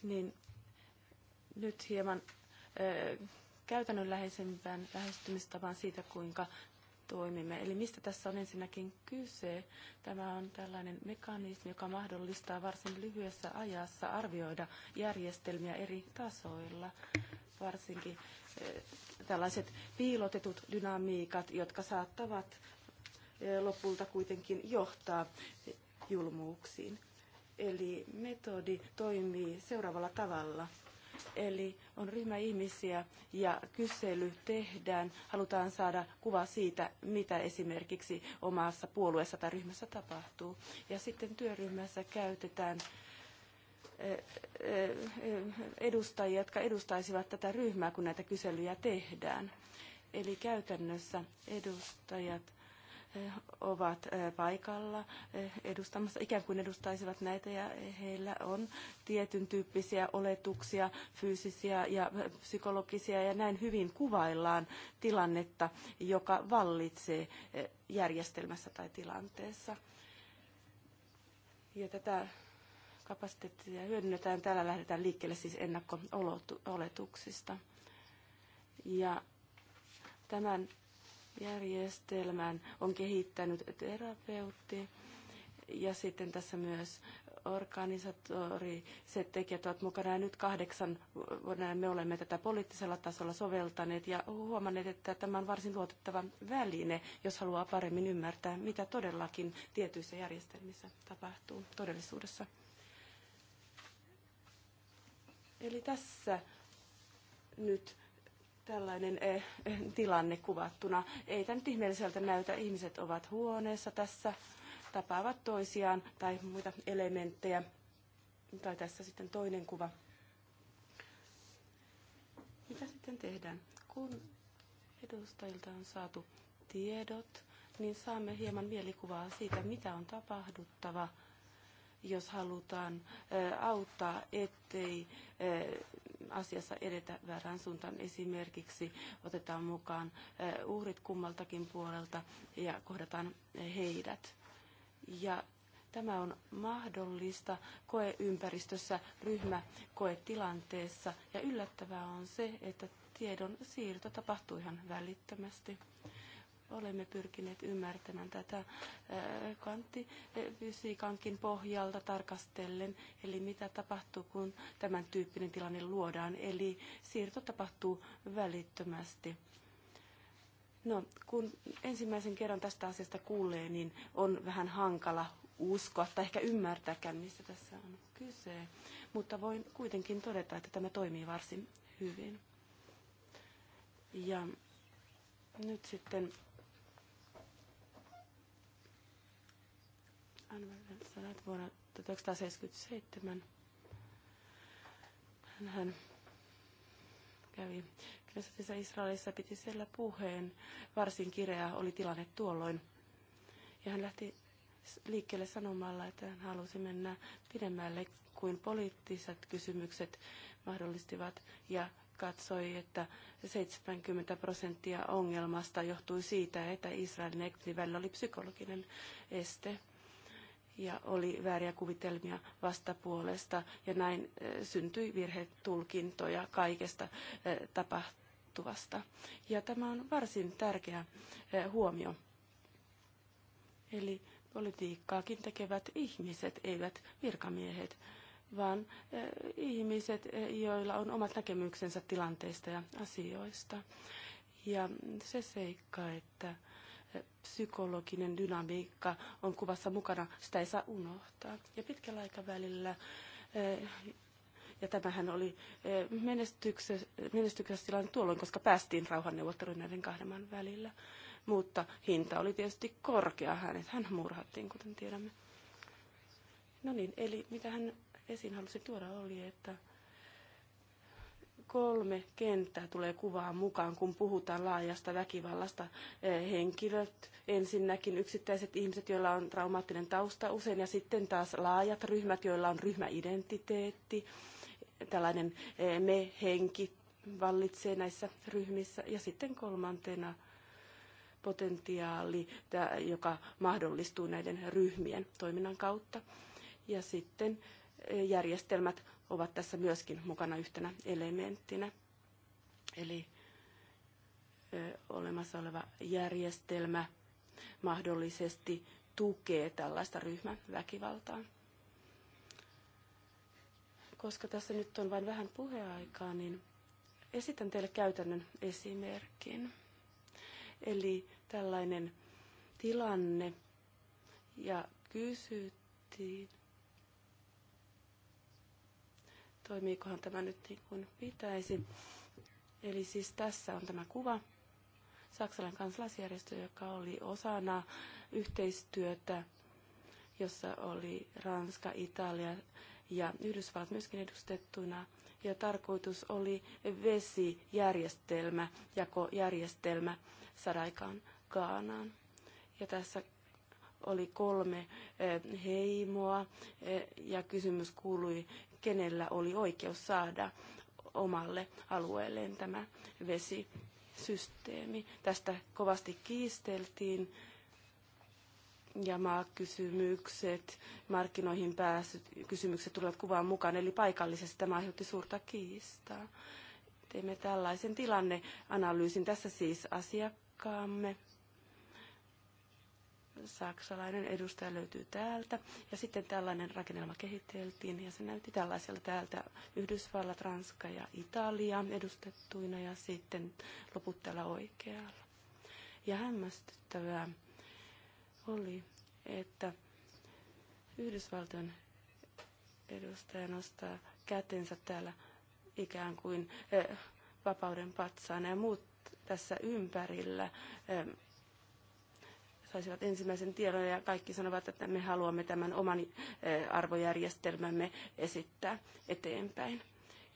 Niin nyt hieman käytännönläheisempään lähestymistapaan siitä, kuinka toimimme. Eli mistä tässä on ensinnäkin kyse? Tämä on tällainen mekanismi, joka mahdollistaa varsin lyhyessä ajassa arvioida järjestelmiä eri tasoilla, varsinkin tällaiset piilotetut dynamiikat, jotka saattavat lopulta kuitenkin johtaa julmuuksiin. Eli metodi toimii seuraavalla tavalla. Eli on ryhmä ihmisiä ja kysely tehdään. Halutaan saada kuva siitä, mitä esimerkiksi omassa puolueessa tai ryhmässä tapahtuu. Ja sitten työryhmässä käytetään eh, eh, edustajia, jotka edustaisivat tätä ryhmää, kun näitä kyselyjä tehdään. Eli käytännössä edustajat ovat eh, paikalla eh, edustamassa, ikään kuin edustaisivat näitä ja heillä on tietyn tyyppisiä oletuksia, fyysisiä ja eh, psykologisia ja näin hyvin kuvaillaan tilannetta, joka vallitsee järjestelmässä tai tilanteessa. Ja tätä kapasiteettia hyödynnetään. Täällä lähdetään liikkeelle siis ennakko-oletuksista. Ja tämän järjestelmän on kehittänyt terapeutti ja sitten tässä myös se tekijät ovat mukana ja nyt kahdeksan vuonna me olemme tätä poliittisella tasolla soveltaneet ja huomanneet, että tämä on varsin luotettava väline, jos haluaa paremmin ymmärtää, mitä todellakin tietyissä järjestelmissä tapahtuu todellisuudessa. Eli tässä nyt tällainen eh, tilanne kuvattuna. Ei tämä nyt ihmeelliseltä näytä. Ihmiset ovat huoneessa tässä, tapaavat toisiaan tai muita elementtejä. Tai tässä sitten toinen kuva. Mitä sitten tehdään? Kun edustajilta on saatu tiedot, niin saamme hieman mielikuvaa siitä, mitä on tapahduttava – jos halutaan auttaa, ettei asiassa edetä väärään suuntaan. Esimerkiksi otetaan mukaan uhrit kummaltakin puolelta ja kohdataan heidät. Ja tämä on mahdollista koeympäristössä, koetilanteessa. ja yllättävää on se, että tiedon siirto tapahtuu ihan välittömästi olemme pyrkineet ymmärtämään tätä kvanttifysiikankin pohjalta tarkastellen, eli mitä tapahtuu, kun tämän tyyppinen tilanne luodaan, eli siirto tapahtuu välittömästi. No, kun ensimmäisen kerran tästä asiasta kuulee, niin on vähän hankala uskoa tai ehkä ymmärtääkään, mistä tässä on kyse. Mutta voin kuitenkin todeta, että tämä toimii varsin hyvin. Ja nyt sitten Anvarin sanat vuonna 1977. Hän kävi Knessetissä Israelissa, piti siellä puheen. Varsin kireä oli tilanne tuolloin. Ja hän lähti liikkeelle sanomalla, että hän halusi mennä pidemmälle kuin poliittiset kysymykset mahdollistivat ja katsoi, että 70 prosenttia ongelmasta johtui siitä, että Israelin ja Egyptin välillä oli psykologinen este ja oli vääriä kuvitelmia vastapuolesta ja näin eh, syntyi virhetulkintoja kaikesta eh, tapahtuvasta. Ja tämä on varsin tärkeä eh, huomio. Eli politiikkaakin tekevät ihmiset, eivät virkamiehet, vaan ihmiset, joilla on omat näkemyksensä tilanteista ja asioista. Ja se seikka, että psykologinen dynamiikka on kuvassa mukana, sitä ei saa unohtaa. Ja pitkällä aikavälillä eh, ja tämähän oli eh, menestyksessä tilanne tuolloin, koska päästiin rauhanneuvotteluun näiden kahden maan välillä. Mutta hinta oli tietysti korkea hänet. Hän murhattiin, kuten tiedämme. No niin, eli mitä hän esiin halusi tuoda oli, että kolme kenttää tulee kuvaan mukaan, kun puhutaan laajasta väkivallasta. Eh, henkilöt, ensinnäkin yksittäiset ihmiset, joilla on traumaattinen tausta usein, ja sitten taas laajat ryhmät, joilla on ryhmäidentiteetti, tällainen eh, me-henki vallitsee näissä ryhmissä, ja sitten kolmantena potentiaali, joka mahdollistuu näiden ryhmien toiminnan kautta. Ja sitten eh, järjestelmät ovat tässä myöskin mukana yhtenä elementtinä. Eli ö, olemassa oleva järjestelmä mahdollisesti tukee tällaista ryhmäväkivaltaa. Koska tässä nyt on vain vähän puheaikaa, niin esitän teille käytännön esimerkin. Eli tällainen tilanne ja kysyttiin, Toimiikohan tämä nyt niin kuin pitäisi? Eli siis tässä on tämä kuva. Saksalainen kansalaisjärjestö, joka oli osana yhteistyötä, jossa oli Ranska, Italia ja Yhdysvallat myöskin edustettuna. Ja tarkoitus oli vesijärjestelmä, jakojärjestelmä saada Kaanaan. Ja tässä oli kolme eh, heimoa eh, ja kysymys kuului, kenellä oli oikeus saada omalle alueelleen tämä vesisysteemi. Tästä kovasti kiisteltiin ja maakysymykset, markkinoihin pääsyt, kysymykset tulevat kuvaan mukaan, eli paikallisesti tämä aiheutti suurta kiistaa. Teemme tällaisen tilanneanalyysin. Tässä siis asiakkaamme saksalainen edustaja löytyy täältä. Ja sitten tällainen rakennelma kehiteltiin ja se näytti tällaisella täältä Yhdysvallat, Ranska ja Italia edustettuina ja sitten loput täällä oikealla. Ja hämmästyttävää oli, että Yhdysvaltojen edustaja nostaa kätensä täällä ikään kuin eh, vapauden patsaana ja muut tässä ympärillä eh, saisivat ensimmäisen tiedon ja kaikki sanovat, että me haluamme tämän oman eh, arvojärjestelmämme esittää eteenpäin.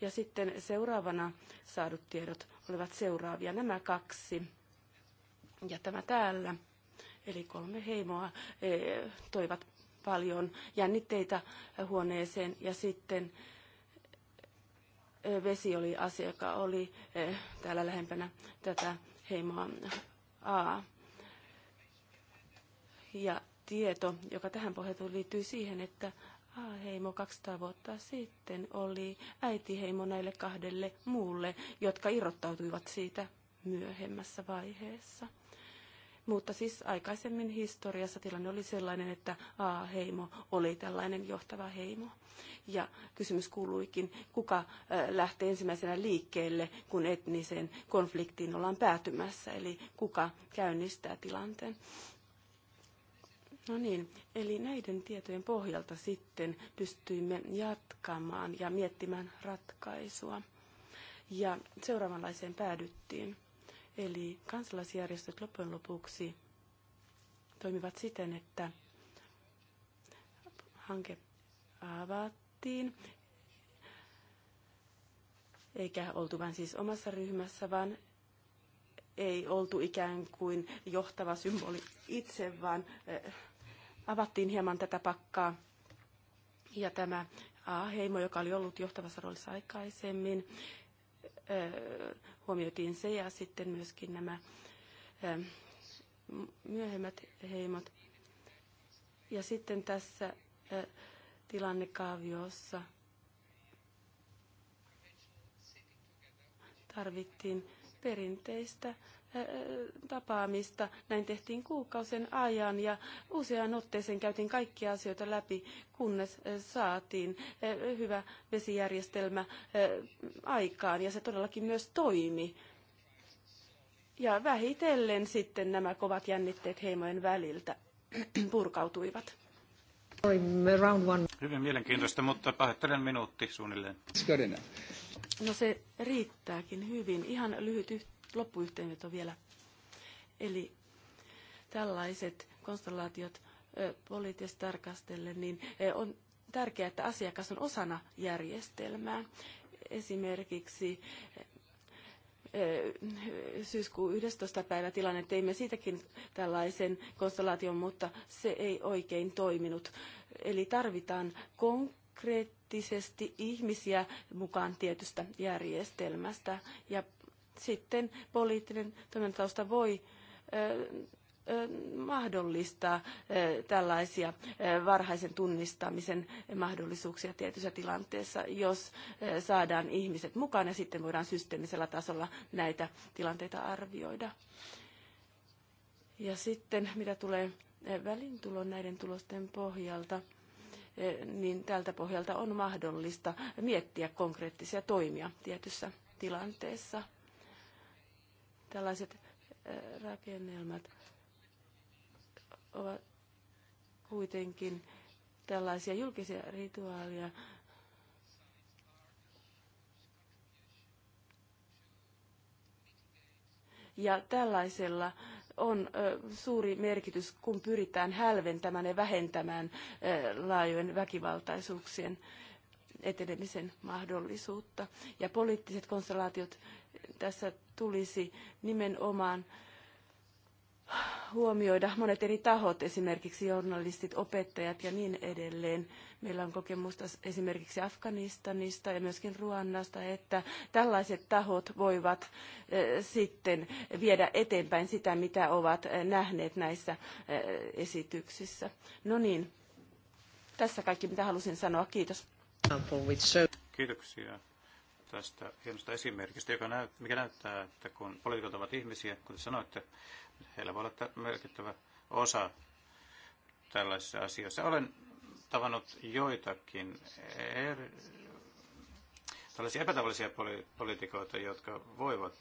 Ja sitten seuraavana saadut tiedot olivat seuraavia. Nämä kaksi ja tämä täällä, eli kolme heimoa, eh, toivat paljon jännitteitä huoneeseen ja sitten eh, vesi oli asia, joka oli täällä lähempänä tätä heimoa A. Ja tieto, joka tähän pohjautuu, liittyy siihen, että A-heimo 200 vuotta sitten oli äitiheimo näille kahdelle muulle, jotka irrottautuivat siitä myöhemmässä vaiheessa. Mutta siis aikaisemmin historiassa tilanne oli sellainen, että A-heimo oli tällainen johtava heimo. Ja kysymys kuuluikin, kuka lähtee ensimmäisenä liikkeelle, kun etniseen konfliktiin ollaan päätymässä, eli kuka käynnistää tilanteen. No niin, eli näiden tietojen pohjalta sitten pystyimme jatkamaan ja miettimään ratkaisua. Ja seuraavanlaiseen päädyttiin. Eli kansalaisjärjestöt loppujen lopuksi toimivat siten, että hanke avattiin, eikä oltu vain siis omassa ryhmässä, vaan ei oltu ikään kuin johtava symboli itse, vaan eh, avattiin hieman tätä pakkaa. Ja tämä A-heimo, joka oli ollut johtavassa roolissa aikaisemmin, huomioitiin se ja sitten myöskin nämä myöhemmät heimot. Ja sitten tässä tilannekaaviossa tarvittiin perinteistä tapaamista. Näin tehtiin kuukausien ajan ja useaan otteeseen käytiin kaikkia asioita läpi, kunnes saatiin hyvä vesijärjestelmä aikaan ja se todellakin myös toimi. Ja vähitellen sitten nämä kovat jännitteet heimojen väliltä purkautuivat. Hyvin mielenkiintoista, mutta pahoittelen minuutti suunnilleen. No se riittääkin hyvin. Ihan lyhyt yhteys loppuyhteenveto vielä. Eli tällaiset konstellaatiot poliittisesti tarkastellen, niin on tärkeää, että asiakas on osana järjestelmää. Esimerkiksi syyskuun 11. päivä tilanne, teimme siitäkin tällaisen konstellaation, mutta se ei oikein toiminut. Eli tarvitaan konkreettisesti ihmisiä mukaan tietystä järjestelmästä ja sitten poliittinen toimintatausta voi mahdollistaa tällaisia varhaisen tunnistamisen mahdollisuuksia tietyissä tilanteissa, jos saadaan ihmiset mukaan ja sitten voidaan systeemisellä tasolla näitä tilanteita arvioida. Ja sitten mitä tulee välintulon näiden tulosten pohjalta, niin tältä pohjalta on mahdollista miettiä konkreettisia toimia tietyssä tilanteessa. Tällaiset äh, rakennelmat ovat kuitenkin tällaisia julkisia rituaaleja. Ja tällaisella on suuri merkitys, kun pyritään hälventämään ja vähentämään laajojen väkivaltaisuuksien etenemisen mahdollisuutta. Ja poliittiset konstellaatiot tässä tulisi nimenomaan huomioida monet eri tahot, esimerkiksi journalistit, opettajat ja niin edelleen. Meillä on kokemusta esimerkiksi Afganistanista ja myöskin Ruannasta, että tällaiset tahot voivat eh, sitten viedä eteenpäin sitä, mitä ovat eh, nähneet näissä eh, esityksissä. No niin, tässä kaikki mitä halusin sanoa. Kiitos. Kiitoksia tästä hienosta esimerkistä, joka näyt, mikä näyttää, että kun poliitikot ovat ihmisiä, kuten sanoitte, heillä voi olla merkittävä osa tällaisissa asioissa. Olen tavannut joitakin eri, tällaisia epätavallisia poli- poliitikoita, jotka voivat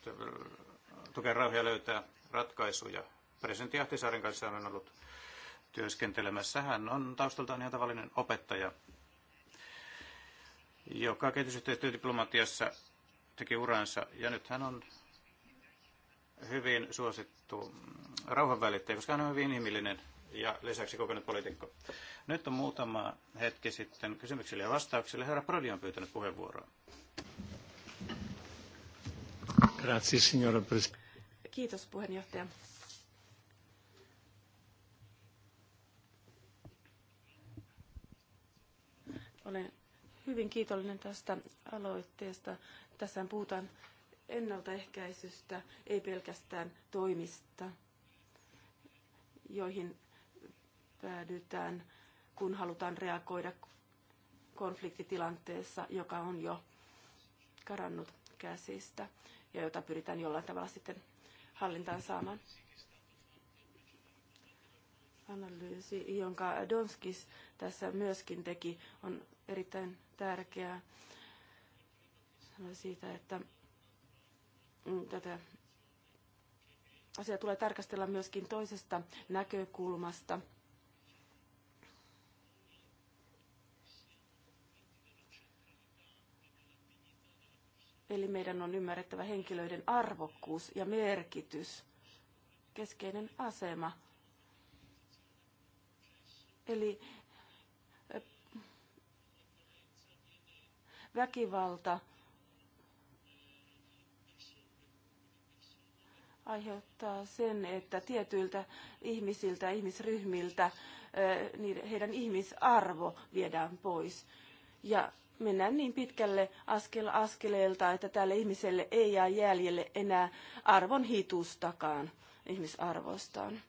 tukea rauhia löytää ratkaisuja. Presidentti Ahtisaaren kanssa olen ollut työskentelemässä. Hän on taustaltaan ihan tavallinen opettaja joka kehitysyhteistyödiplomatiassa teki uransa. Ja nyt hän on hyvin suosittu rauhanvälittäjä, koska hän on hyvin inhimillinen ja lisäksi kokenut poliitikko. Nyt on muutama hetki sitten kysymyksille ja vastauksille. Herra Prodi on pyytänyt puheenvuoroa. Grazie, signora Kiitos puheenjohtaja. Olen hyvin kiitollinen tästä aloitteesta. Tässä puhutaan ennaltaehkäisystä, ei pelkästään toimista, joihin päädytään, kun halutaan reagoida konfliktitilanteessa, joka on jo karannut käsistä ja jota pyritään jollain tavalla sitten hallintaan saamaan. Analyysi, jonka Donskis tässä myöskin teki, on erittäin tärkeää siitä, että mm, tätä asiaa tulee tarkastella myöskin toisesta näkökulmasta. Eli meidän on ymmärrettävä henkilöiden arvokkuus ja merkitys, keskeinen asema. Eli Väkivalta aiheuttaa sen, että tietyiltä ihmisiltä, ihmisryhmiltä niin heidän ihmisarvo viedään pois. Ja mennään niin pitkälle askel askeleelta, että tälle ihmiselle ei jää jäljelle enää arvon hitustakaan ihmisarvoistaan.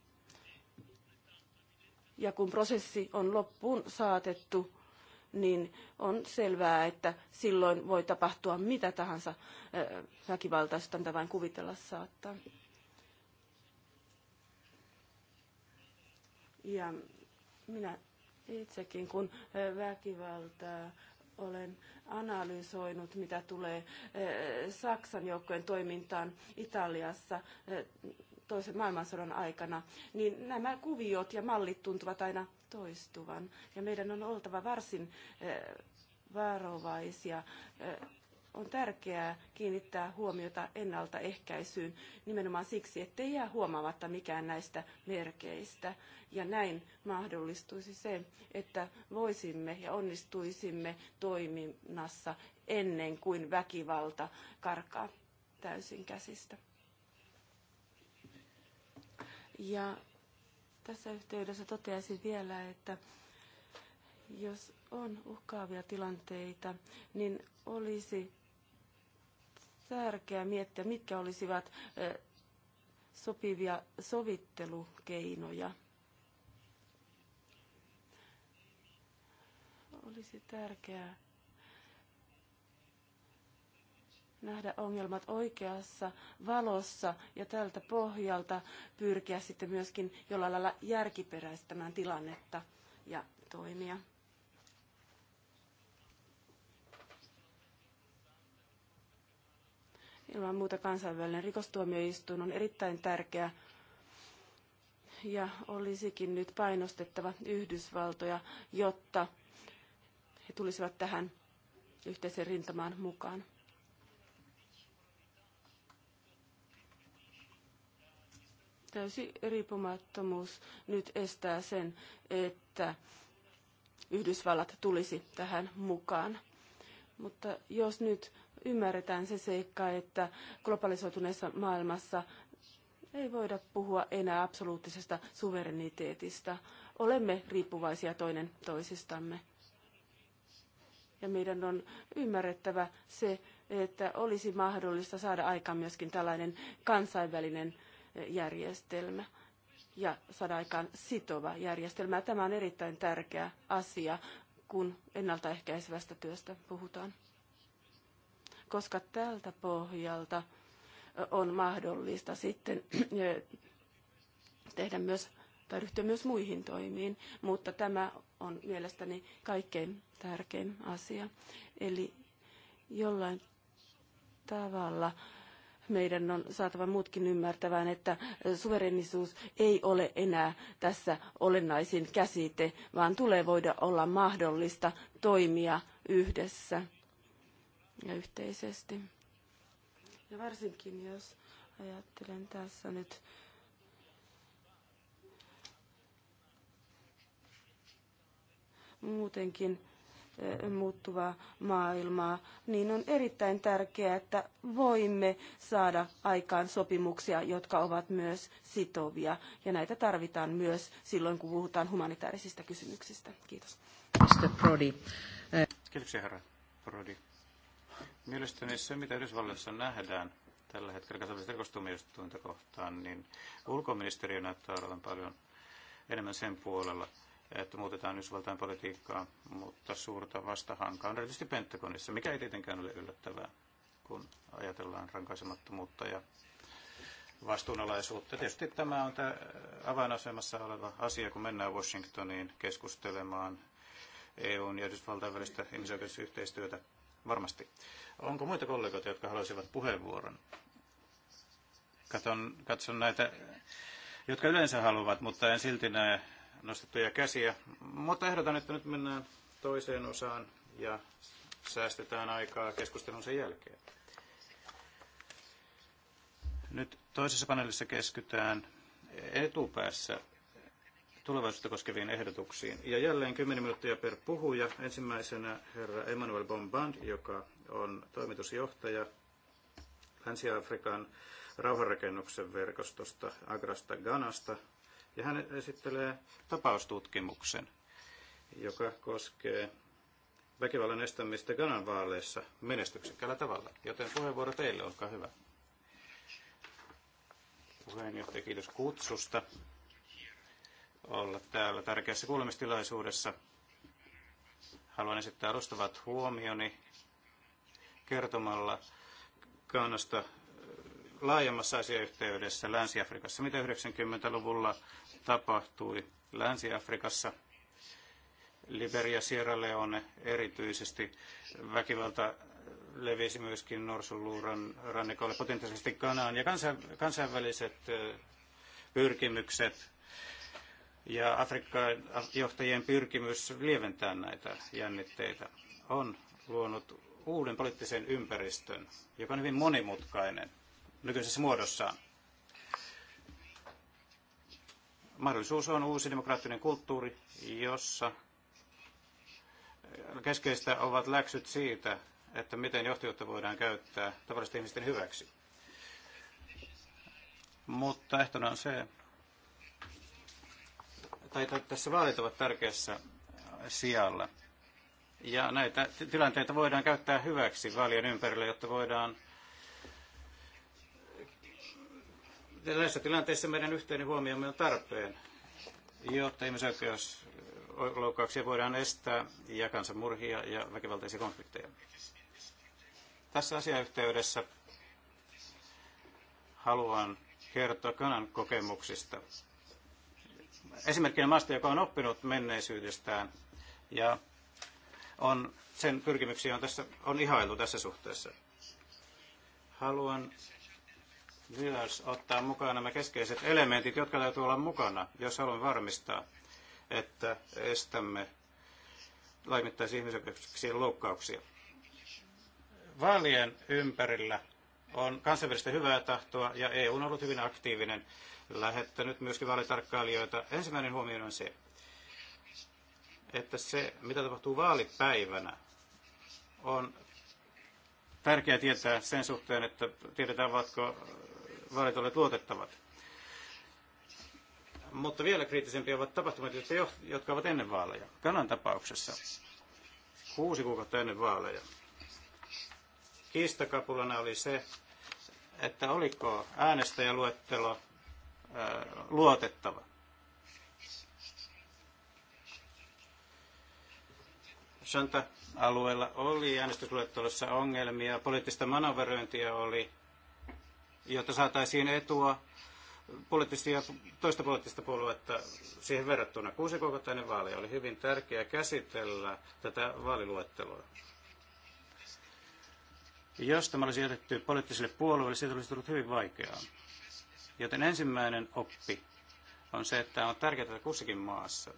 Ja kun prosessi on loppuun saatettu, niin on selvää, että silloin voi tapahtua mitä tahansa väkivaltaista, mitä vain kuvitella saattaa. Ja minä itsekin, kun väkivaltaa olen analysoinut, mitä tulee Saksan joukkojen toimintaan Italiassa toisen maailmansodan aikana, niin nämä kuviot ja mallit tuntuvat aina toistuvan. Ja meidän on oltava varsin eh, varovaisia. Eh, on tärkeää kiinnittää huomiota ennaltaehkäisyyn nimenomaan siksi, ettei jää huomaamatta mikään näistä merkeistä. Ja näin mahdollistuisi se, että voisimme ja onnistuisimme toiminnassa ennen kuin väkivalta karkaa täysin käsistä. Ja tässä yhteydessä toteaisin vielä, että jos on uhkaavia tilanteita, niin olisi tärkeää miettiä, mitkä olisivat sopivia sovittelukeinoja. Olisi tärkeää nähdä ongelmat oikeassa valossa ja tältä pohjalta pyrkiä sitten myöskin jollain lailla järkiperäistämään tilannetta ja toimia. Ilman muuta kansainvälinen rikostuomioistuin on erittäin tärkeä ja olisikin nyt painostettava Yhdysvaltoja, jotta he tulisivat tähän yhteisen rintamaan mukaan. täysi riippumattomuus nyt estää sen, että Yhdysvallat tulisi tähän mukaan. Mutta jos nyt ymmärretään se seikka, että globalisoituneessa maailmassa ei voida puhua enää absoluuttisesta suvereniteetista. Olemme riippuvaisia toinen toisistamme. Ja meidän on ymmärrettävä se, että olisi mahdollista saada aikaan myöskin tällainen kansainvälinen järjestelmä ja saada aikaan sitova järjestelmä. Tämä on erittäin tärkeä asia, kun ennaltaehkäisevästä työstä puhutaan, koska tältä pohjalta on mahdollista sitten tehdä myös tai ryhtyä myös muihin toimiin, mutta tämä on mielestäni kaikkein tärkein asia. Eli jollain tavalla meidän on saatava muutkin ymmärtävään, että suverenisuus ei ole enää tässä olennaisin käsite, vaan tulee voida olla mahdollista toimia yhdessä ja yhteisesti. Ja varsinkin jos ajattelen tässä nyt muutenkin muuttuvaa maailmaa, niin on erittäin tärkeää, että voimme saada aikaan sopimuksia, jotka ovat myös sitovia. Ja näitä tarvitaan myös silloin, kun puhutaan humanitaarisista kysymyksistä. Kiitos. Mr. Prodi. Kiitoksia, herra Prodi. Mielestäni se, mitä Yhdysvalloissa nähdään tällä hetkellä kansainvälistä rikostuomioistuinta kohtaan, niin ulkoministeriö näyttää olevan paljon enemmän sen puolella – että muutetaan Yhdysvaltain politiikkaa, mutta suurta vastahankaa on erityisesti Pentagonissa, mikä ei tietenkään ole yllättävää, kun ajatellaan rankaisemattomuutta ja vastuunalaisuutta. Tietysti tämä on tämä avainasemassa oleva asia, kun mennään Washingtoniin keskustelemaan EUn ja Yhdysvaltain välistä ihmisoikeusyhteistyötä. Varmasti. Onko muita kollegoita, jotka haluaisivat puheenvuoron? Katson, katson näitä, jotka yleensä haluavat, mutta en silti näe nostettuja käsiä. Mutta ehdotan, että nyt mennään toiseen osaan ja säästetään aikaa keskustelun sen jälkeen. Nyt toisessa paneelissa keskytään etupäässä tulevaisuutta koskeviin ehdotuksiin. Ja jälleen 10 minuuttia per puhuja. Ensimmäisenä herra Emmanuel Bomband, joka on toimitusjohtaja Länsi-Afrikan rauhanrakennuksen verkostosta Agrasta Ganasta. Ja hän esittelee tapaustutkimuksen, joka koskee väkivallan estämistä Ganan vaaleissa menestyksekkäällä tavalla. Joten puheenvuoro teille, olkaa hyvä. Puheenjohtaja, kiitos kutsusta olla täällä tärkeässä kuulemistilaisuudessa. Haluan esittää alustavat huomioni kertomalla kannasta laajemmassa asiayhteydessä Länsi-Afrikassa, mitä 90-luvulla tapahtui Länsi-Afrikassa, Liberia, Sierra Leone erityisesti. Väkivalta levisi myöskin Norsuluuran rannikolle, potentiaalisesti Kanaan. Ja kansainväliset pyrkimykset ja Afrikan johtajien pyrkimys lieventää näitä jännitteitä on luonut uuden poliittisen ympäristön, joka on hyvin monimutkainen nykyisessä muodossaan. mahdollisuus on uusi demokraattinen kulttuuri, jossa keskeistä ovat läksyt siitä, että miten johtajuutta voidaan käyttää tavallisten ihmisten hyväksi. Mutta ehtona on se, tai tässä vaalit ovat tärkeässä sijalla. Ja näitä tilanteita voidaan käyttää hyväksi vaalien ympärillä, jotta voidaan Näissä tilanteissa meidän yhteinen huomiomme on tarpeen, jotta ihmisoikeusloukkauksia voidaan estää ja kansanmurhia ja väkivaltaisia konflikteja. Tässä asiayhteydessä haluan kertoa Kanan kokemuksista. Esimerkkinä maasta, joka on oppinut menneisyydestään ja on, sen pyrkimyksiä on, tässä, on ihailtu tässä suhteessa. Haluan myös ottaa mukaan nämä keskeiset elementit, jotka täytyy olla mukana, jos haluamme varmistaa, että estämme laimittaisi ihmisoikeuksien loukkauksia. Vaalien ympärillä on kansainvälistä hyvää tahtoa ja EU on ollut hyvin aktiivinen, lähettänyt myöskin vaalitarkkailijoita. Ensimmäinen huomio on se, että se, mitä tapahtuu vaalipäivänä, on tärkeää tietää sen suhteen, että tiedetään, ovatko vaalit olleet luotettavat. Mutta vielä kriittisempiä ovat tapahtumat, jotka ovat ennen vaaleja. Kanan tapauksessa kuusi kuukautta ennen vaaleja. Kiistakapulana oli se, että oliko äänestäjäluettelo ää, luotettava. santa alueella oli äänestysluettelossa ongelmia, poliittista manöveröintiä oli jotta saataisiin etua poliittista ja toista poliittista puoluetta siihen verrattuna. Kuusi ennen vaaleja oli hyvin tärkeää käsitellä tätä vaaliluetteloa. Jos tämä olisi jätetty poliittisille puolueille, siitä olisi tullut hyvin vaikeaa. Joten ensimmäinen oppi on se, että on tärkeää että kussakin maassa.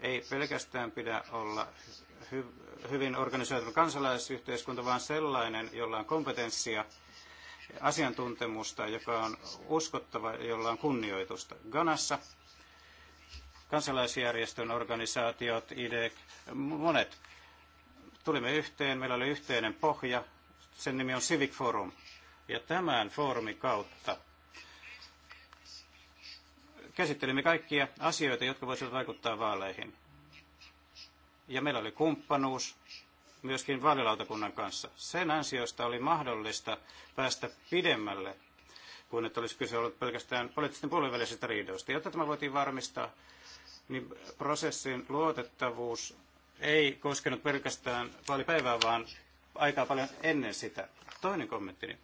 Ei pelkästään pidä olla hy- hyvin organisoitunut kansalaisyhteiskunta, vaan sellainen, jolla on kompetenssia asiantuntemusta, joka on uskottava, jolla on kunnioitusta. Ganassa kansalaisjärjestön organisaatiot, IDEC, monet. Tulimme yhteen, meillä oli yhteinen pohja, sen nimi on Civic Forum. Ja tämän foorumin kautta käsittelimme kaikkia asioita, jotka voisivat vaikuttaa vaaleihin. Ja meillä oli kumppanuus, myöskin vaalilautakunnan kanssa. Sen ansiosta oli mahdollista päästä pidemmälle kuin että olisi kyse ollut pelkästään poliittisten välisistä riidoista. Jotta tämä voitiin varmistaa, niin prosessin luotettavuus ei koskenut pelkästään vaalipäivää, vaan aikaa paljon ennen sitä. Toinen kommentti,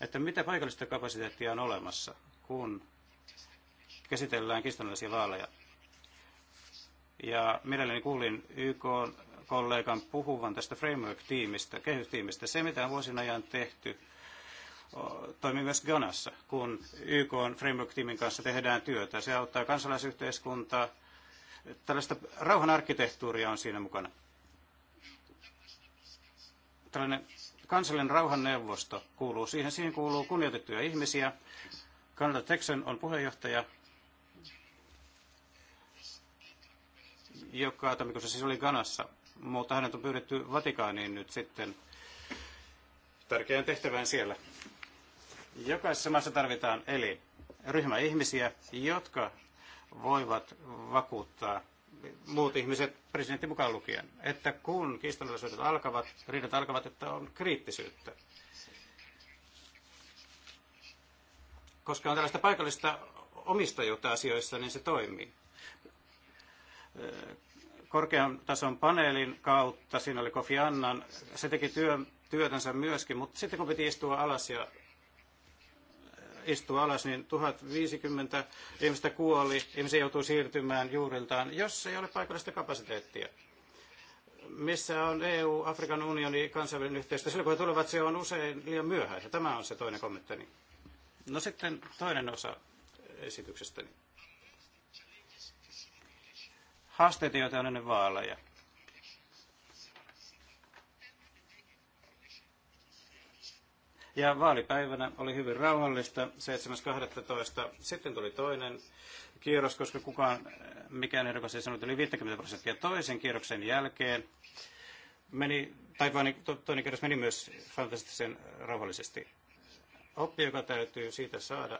että mitä paikallista kapasiteettia on olemassa, kun käsitellään kiistanalaisia vaaleja. Ja mielelläni kuulin YK kollegan puhuvan tästä framework-tiimistä, kehystiimistä. Se, mitä on vuosien ajan tehty, toimii myös Ganassa, kun YK on framework-tiimin kanssa tehdään työtä. Se auttaa kansalaisyhteiskuntaa. Tällaista rauhan arkkitehtuuria on siinä mukana. Tällainen kansallinen rauhanneuvosto kuuluu siihen. Siihen kuuluu kunnioitettuja ihmisiä. Canada Texan on puheenjohtaja, joka tammikuussa siis oli Ganassa mutta hänet on pyydetty Vatikaaniin nyt sitten tärkeään tehtävään siellä. Jokaisessa maassa tarvitaan eli ryhmä ihmisiä, jotka voivat vakuuttaa muut ihmiset, presidentti mukaan lukien, että kun kiistanalaisuudet alkavat, riidat alkavat, että on kriittisyyttä. Koska on tällaista paikallista omistajuutta asioissa, niin se toimii korkean tason paneelin kautta, siinä oli Kofi Annan, se teki työ, työtänsä myöskin, mutta sitten kun piti istua alas ja äh, istua alas, niin 1050 ihmistä kuoli, ihmisiä joutuu siirtymään juuriltaan, jos ei ole paikallista kapasiteettia. Missä on EU, Afrikan unioni, kansainvälinen yhteistyö? Silloin kun he tulevat, se on usein liian myöhäistä. Tämä on se toinen kommenttini. No sitten toinen osa esityksestäni haasteita, joita on ennen vaaleja. Ja vaalipäivänä oli hyvin rauhallista, 7.12. Sitten tuli toinen kierros, koska kukaan, mikään ehdokas ei sanonut yli 50 prosenttia toisen kierroksen jälkeen. Meni, tai toinen kierros meni myös fantastisen rauhallisesti. Oppi, joka täytyy siitä saada,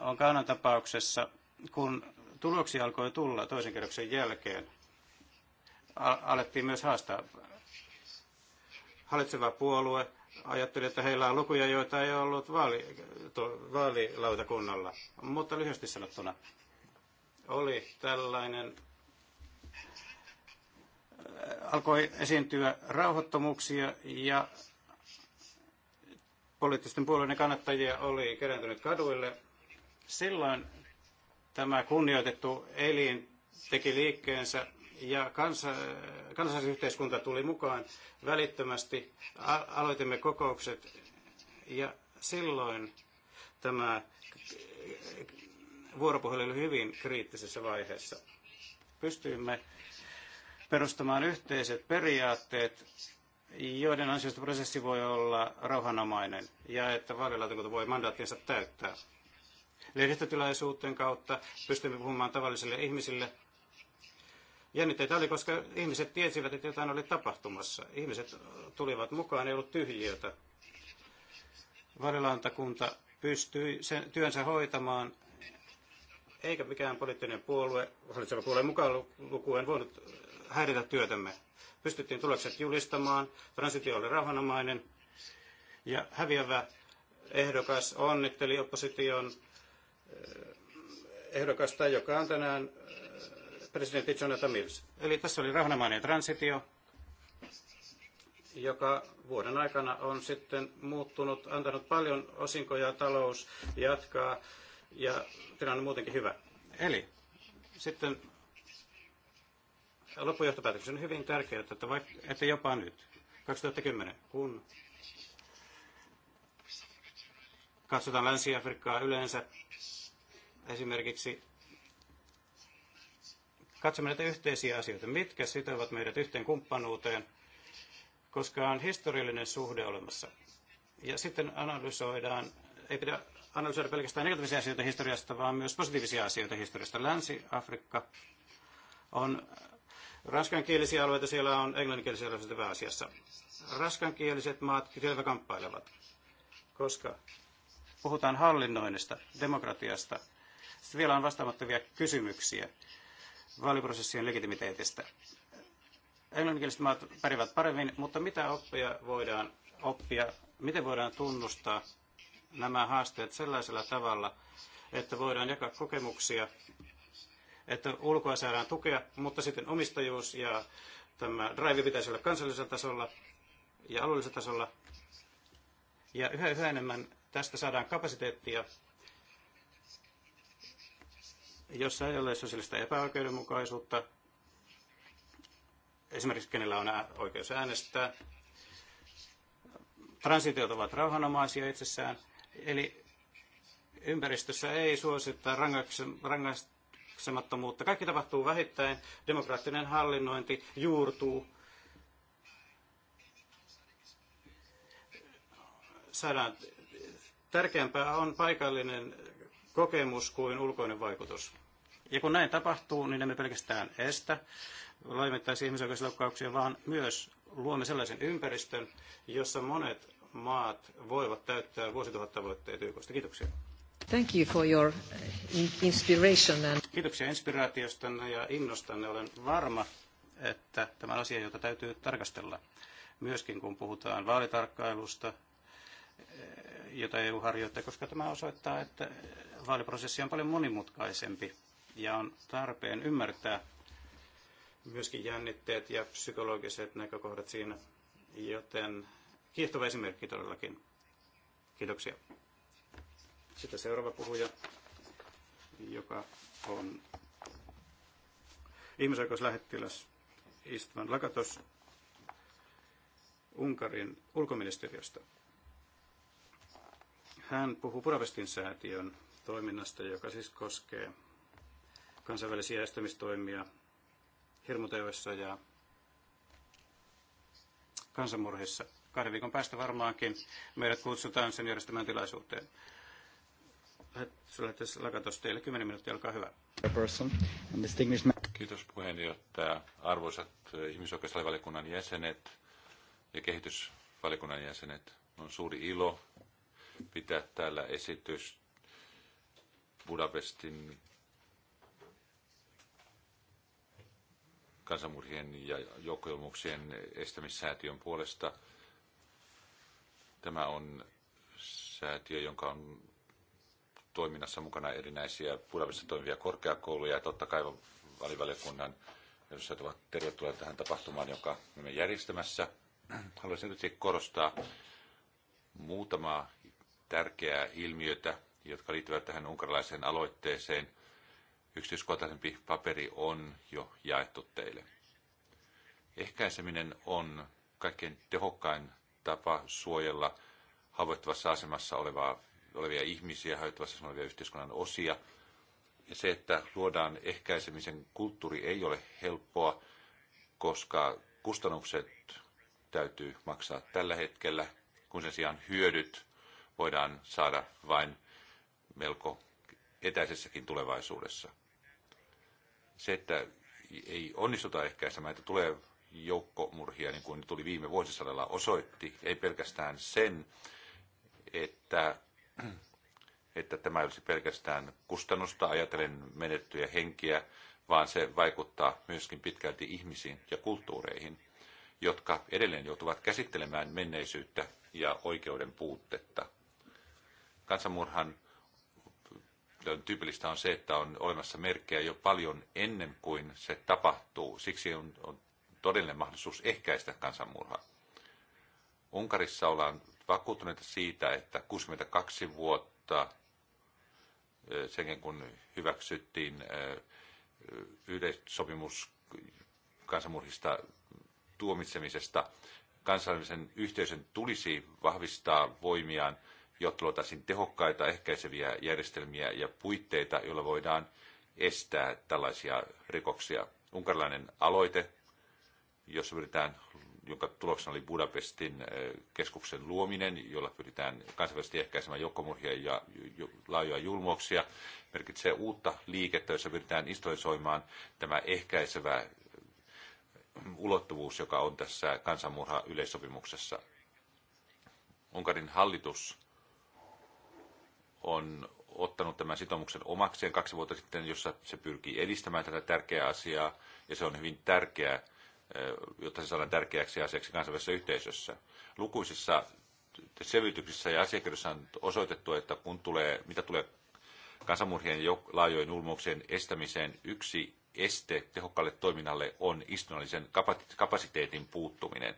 on Kaanan tapauksessa, kun tuloksia alkoi tulla toisen kerroksen jälkeen, alettiin myös haastaa. Hallitseva puolue ajatteli, että heillä on lukuja, joita ei ollut vaali, to, vaalilautakunnalla. Mutta lyhyesti sanottuna oli tällainen, äh, alkoi esiintyä rauhoittomuuksia ja poliittisten puolueiden kannattajia oli kerääntynyt kaduille. Silloin Tämä kunnioitettu elin teki liikkeensä ja kansa, kansallisyhteiskunta tuli mukaan välittömästi. Aloitimme kokoukset ja silloin tämä vuoropuhelu oli hyvin kriittisessä vaiheessa. Pystyimme perustamaan yhteiset periaatteet, joiden ansiosta prosessi voi olla rauhanomainen ja että vaalilautakunta voi mandaattinsa täyttää lehdistötilaisuuteen kautta, pystymme puhumaan tavallisille ihmisille. Jännitteitä oli, koska ihmiset tiesivät, että jotain oli tapahtumassa. Ihmiset tulivat mukaan, ei ollut tyhjiötä. Varilantakunta pystyi sen työnsä hoitamaan, eikä mikään poliittinen puolue, hallitseva puolue mukaan lukuen, voinut häiritä työtämme. Pystyttiin tulokset julistamaan, transitio oli rauhanomainen ja häviävä ehdokas onnitteli opposition ehdokasta, joka on tänään äh, presidentti Jonathan Mills. Eli tässä oli rauhanomainen transitio, joka vuoden aikana on sitten muuttunut, antanut paljon osinkoja, talous jatkaa ja tilanne on muutenkin hyvä. Eli sitten loppujohtopäätöksen on hyvin tärkeää, että, vaikka, että jopa nyt, 2010, kun katsotaan Länsi-Afrikkaa yleensä, esimerkiksi katsomme näitä yhteisiä asioita, mitkä sitovat meidät yhteen kumppanuuteen, koska on historiallinen suhde olemassa. Ja sitten analysoidaan, ei pidä analysoida pelkästään negatiivisia asioita historiasta, vaan myös positiivisia asioita historiasta. Länsi-Afrikka on ranskankielisiä alueita, siellä on englanninkielisiä alueita pääasiassa. Ranskankieliset maat kyllä kamppailevat, koska puhutaan hallinnoinnista, demokratiasta. Sitten vielä on vastaamattomia kysymyksiä vaaliprosessien legitimiteetistä. Englanninkieliset maat pärjäävät paremmin, mutta mitä oppia voidaan oppia, miten voidaan tunnustaa nämä haasteet sellaisella tavalla, että voidaan jakaa kokemuksia, että ulkoa saadaan tukea, mutta sitten omistajuus ja tämä drive pitäisi olla kansallisella tasolla ja alueellisella tasolla. Ja yhä, yhä enemmän Tästä saadaan kapasiteettia, jossa ei ole sosiaalista epäoikeudenmukaisuutta, esimerkiksi kenellä on oikeus äänestää. Transitiot ovat rauhanomaisia itsessään, eli ympäristössä ei suosita rangaistamattomuutta. Kaikki tapahtuu vähittäin, demokraattinen hallinnointi juurtuu. Saadaan Tärkeämpää on paikallinen kokemus kuin ulkoinen vaikutus. Ja kun näin tapahtuu, niin emme pelkästään estä laimentaisi ihmisoikeusloukkauksia, vaan myös luomme sellaisen ympäristön, jossa monet maat voivat täyttää vuosituhattavoitteet YKsta. Kiitoksia. Thank you for your uh, inspiration and... Kiitoksia inspiraatiostanne ja innostanne. Olen varma, että tämä on asia, jota täytyy tarkastella myöskin, kun puhutaan vaalitarkkailusta, jota EU harjoittaa, koska tämä osoittaa, että vaaliprosessi on paljon monimutkaisempi ja on tarpeen ymmärtää myöskin jännitteet ja psykologiset näkökohdat siinä, joten kiehtova esimerkki todellakin. Kiitoksia. Sitten seuraava puhuja, joka on ihmisoikeuslähettiläs Istvan Lakatos Unkarin ulkoministeriöstä. Hän puhuu Budapestin säätiön toiminnasta, joka siis koskee kansainvälisiä estämistoimia hirmuteoissa ja kansanmurhissa. Kahden viikon päästä varmaankin meidät kutsutaan sen järjestämään tilaisuuteen. Lähettäisiin lakatos teille 10 minuuttia, olkaa hyvä. Kiitos puheenjohtaja. Arvoisat eh, ihmisoikeusvaliokunnan jäsenet ja kehitysvaliokunnan jäsenet, on suuri ilo pitää täällä esitys Budapestin kansanmurhien ja joukkoilmuuksien estämissäätiön puolesta. Tämä on säätiö, jonka on toiminnassa mukana erinäisiä Budapestissa toimivia korkeakouluja ja totta kai valivaliokunnan edustajat ovat tervetulleet tähän tapahtumaan, jonka me järjestämässä. Haluaisin nyt korostaa muutamaa tärkeää ilmiötä, jotka liittyvät tähän unkarilaiseen aloitteeseen. Yksityiskohtaisempi paperi on jo jaettu teille. Ehkäiseminen on kaikkein tehokkain tapa suojella haavoittuvassa asemassa olevaa, olevia ihmisiä, haavoittuvassa asemassa olevia yhteiskunnan osia. Ja se, että luodaan ehkäisemisen kulttuuri ei ole helppoa, koska kustannukset täytyy maksaa tällä hetkellä, kun sen sijaan hyödyt voidaan saada vain melko etäisessäkin tulevaisuudessa. Se, että ei onnistuta ehkäisemään, että tulee joukkomurhia, niin kuin tuli viime vuosisadalla, osoitti ei pelkästään sen, että, että tämä olisi pelkästään kustannusta ajatellen menettyjä henkiä, vaan se vaikuttaa myöskin pitkälti ihmisiin ja kulttuureihin, jotka edelleen joutuvat käsittelemään menneisyyttä ja oikeuden puutetta. Kansanmurhan tyypillistä on se, että on olemassa merkkejä jo paljon ennen kuin se tapahtuu. Siksi on, on todellinen mahdollisuus ehkäistä kansanmurhaa. Unkarissa ollaan vakuuttuneita siitä, että 62 vuotta sen kun hyväksyttiin yleissopimus kansanmurhista tuomitsemisesta, kansainvälisen yhteisön tulisi vahvistaa voimiaan – jotta luotaisiin tehokkaita ehkäiseviä järjestelmiä ja puitteita, joilla voidaan estää tällaisia rikoksia. Unkarilainen aloite, jossa pyritään, jonka tuloksena oli Budapestin keskuksen luominen, jolla pyritään kansainvälisesti ehkäisemään joukkomurhia ja laajoja julmuuksia, merkitsee uutta liikettä, jossa pyritään istoisoimaan tämä ehkäisevä ulottuvuus, joka on tässä kansanmurha yleissopimuksessa. Unkarin hallitus on ottanut tämän sitoumuksen omakseen kaksi vuotta sitten, jossa se pyrkii edistämään tätä tärkeää asiaa, ja se on hyvin tärkeää, jotta se saadaan tärkeäksi asiaksi kansainvälisessä yhteisössä. Lukuisissa selvityksissä ja asiakirjoissa on osoitettu, että kun tulee, mitä tulee kansanmurhien ja laajojen ulmouksien estämiseen, yksi este tehokkaalle toiminnalle on istunnallisen kapasiteetin puuttuminen.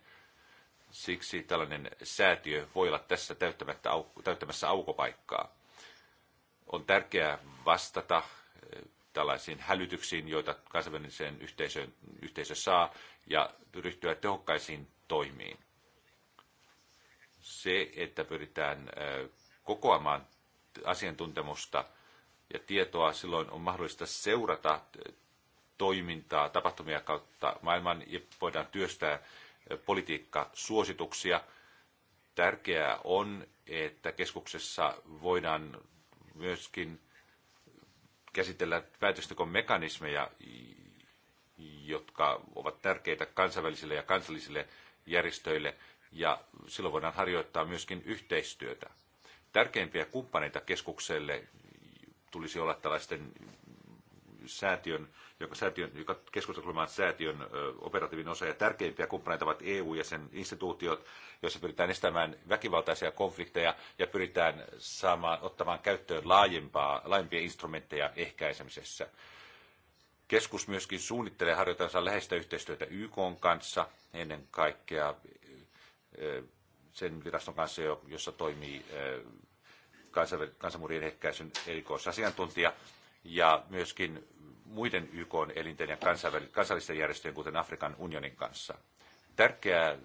Siksi tällainen säätiö voi olla tässä täyttämättä, täyttämässä aukopaikkaa. On tärkeää vastata eh, tällaisiin hälytyksiin, joita kansainvälisen yhteisöön yhteisö saa, ja ryhtyä tehokkaisiin toimiin. Se, että pyritään eh, kokoamaan asiantuntemusta ja tietoa, silloin on mahdollista seurata eh, toimintaa, tapahtumia kautta maailman ja voidaan työstää politiikkasuosituksia. Tärkeää on, että keskuksessa voidaan myöskin käsitellä päätöksentekon mekanismeja, jotka ovat tärkeitä kansainvälisille ja kansallisille järjestöille, ja silloin voidaan harjoittaa myöskin yhteistyötä. Tärkeimpiä kumppaneita keskukselle tulisi olla tällaisten säätiön, joka, säätiön, joka keskustelumaan säätiön operatiivinen osa. Ja tärkeimpiä kumppaneita ovat EU ja sen instituutiot, joissa pyritään estämään väkivaltaisia konflikteja ja pyritään saamaan, ottamaan käyttöön laajempaa, laajempia instrumentteja ehkäisemisessä. Keskus myöskin suunnittelee harjoitansa läheistä yhteistyötä YK kanssa, ennen kaikkea sen viraston kanssa, jossa toimii kansanmurien ehkäisyn erikoisasiantuntija ja myöskin muiden YK elinten ja kansallisten järjestöjen, kuten Afrikan unionin kanssa. Tärkeä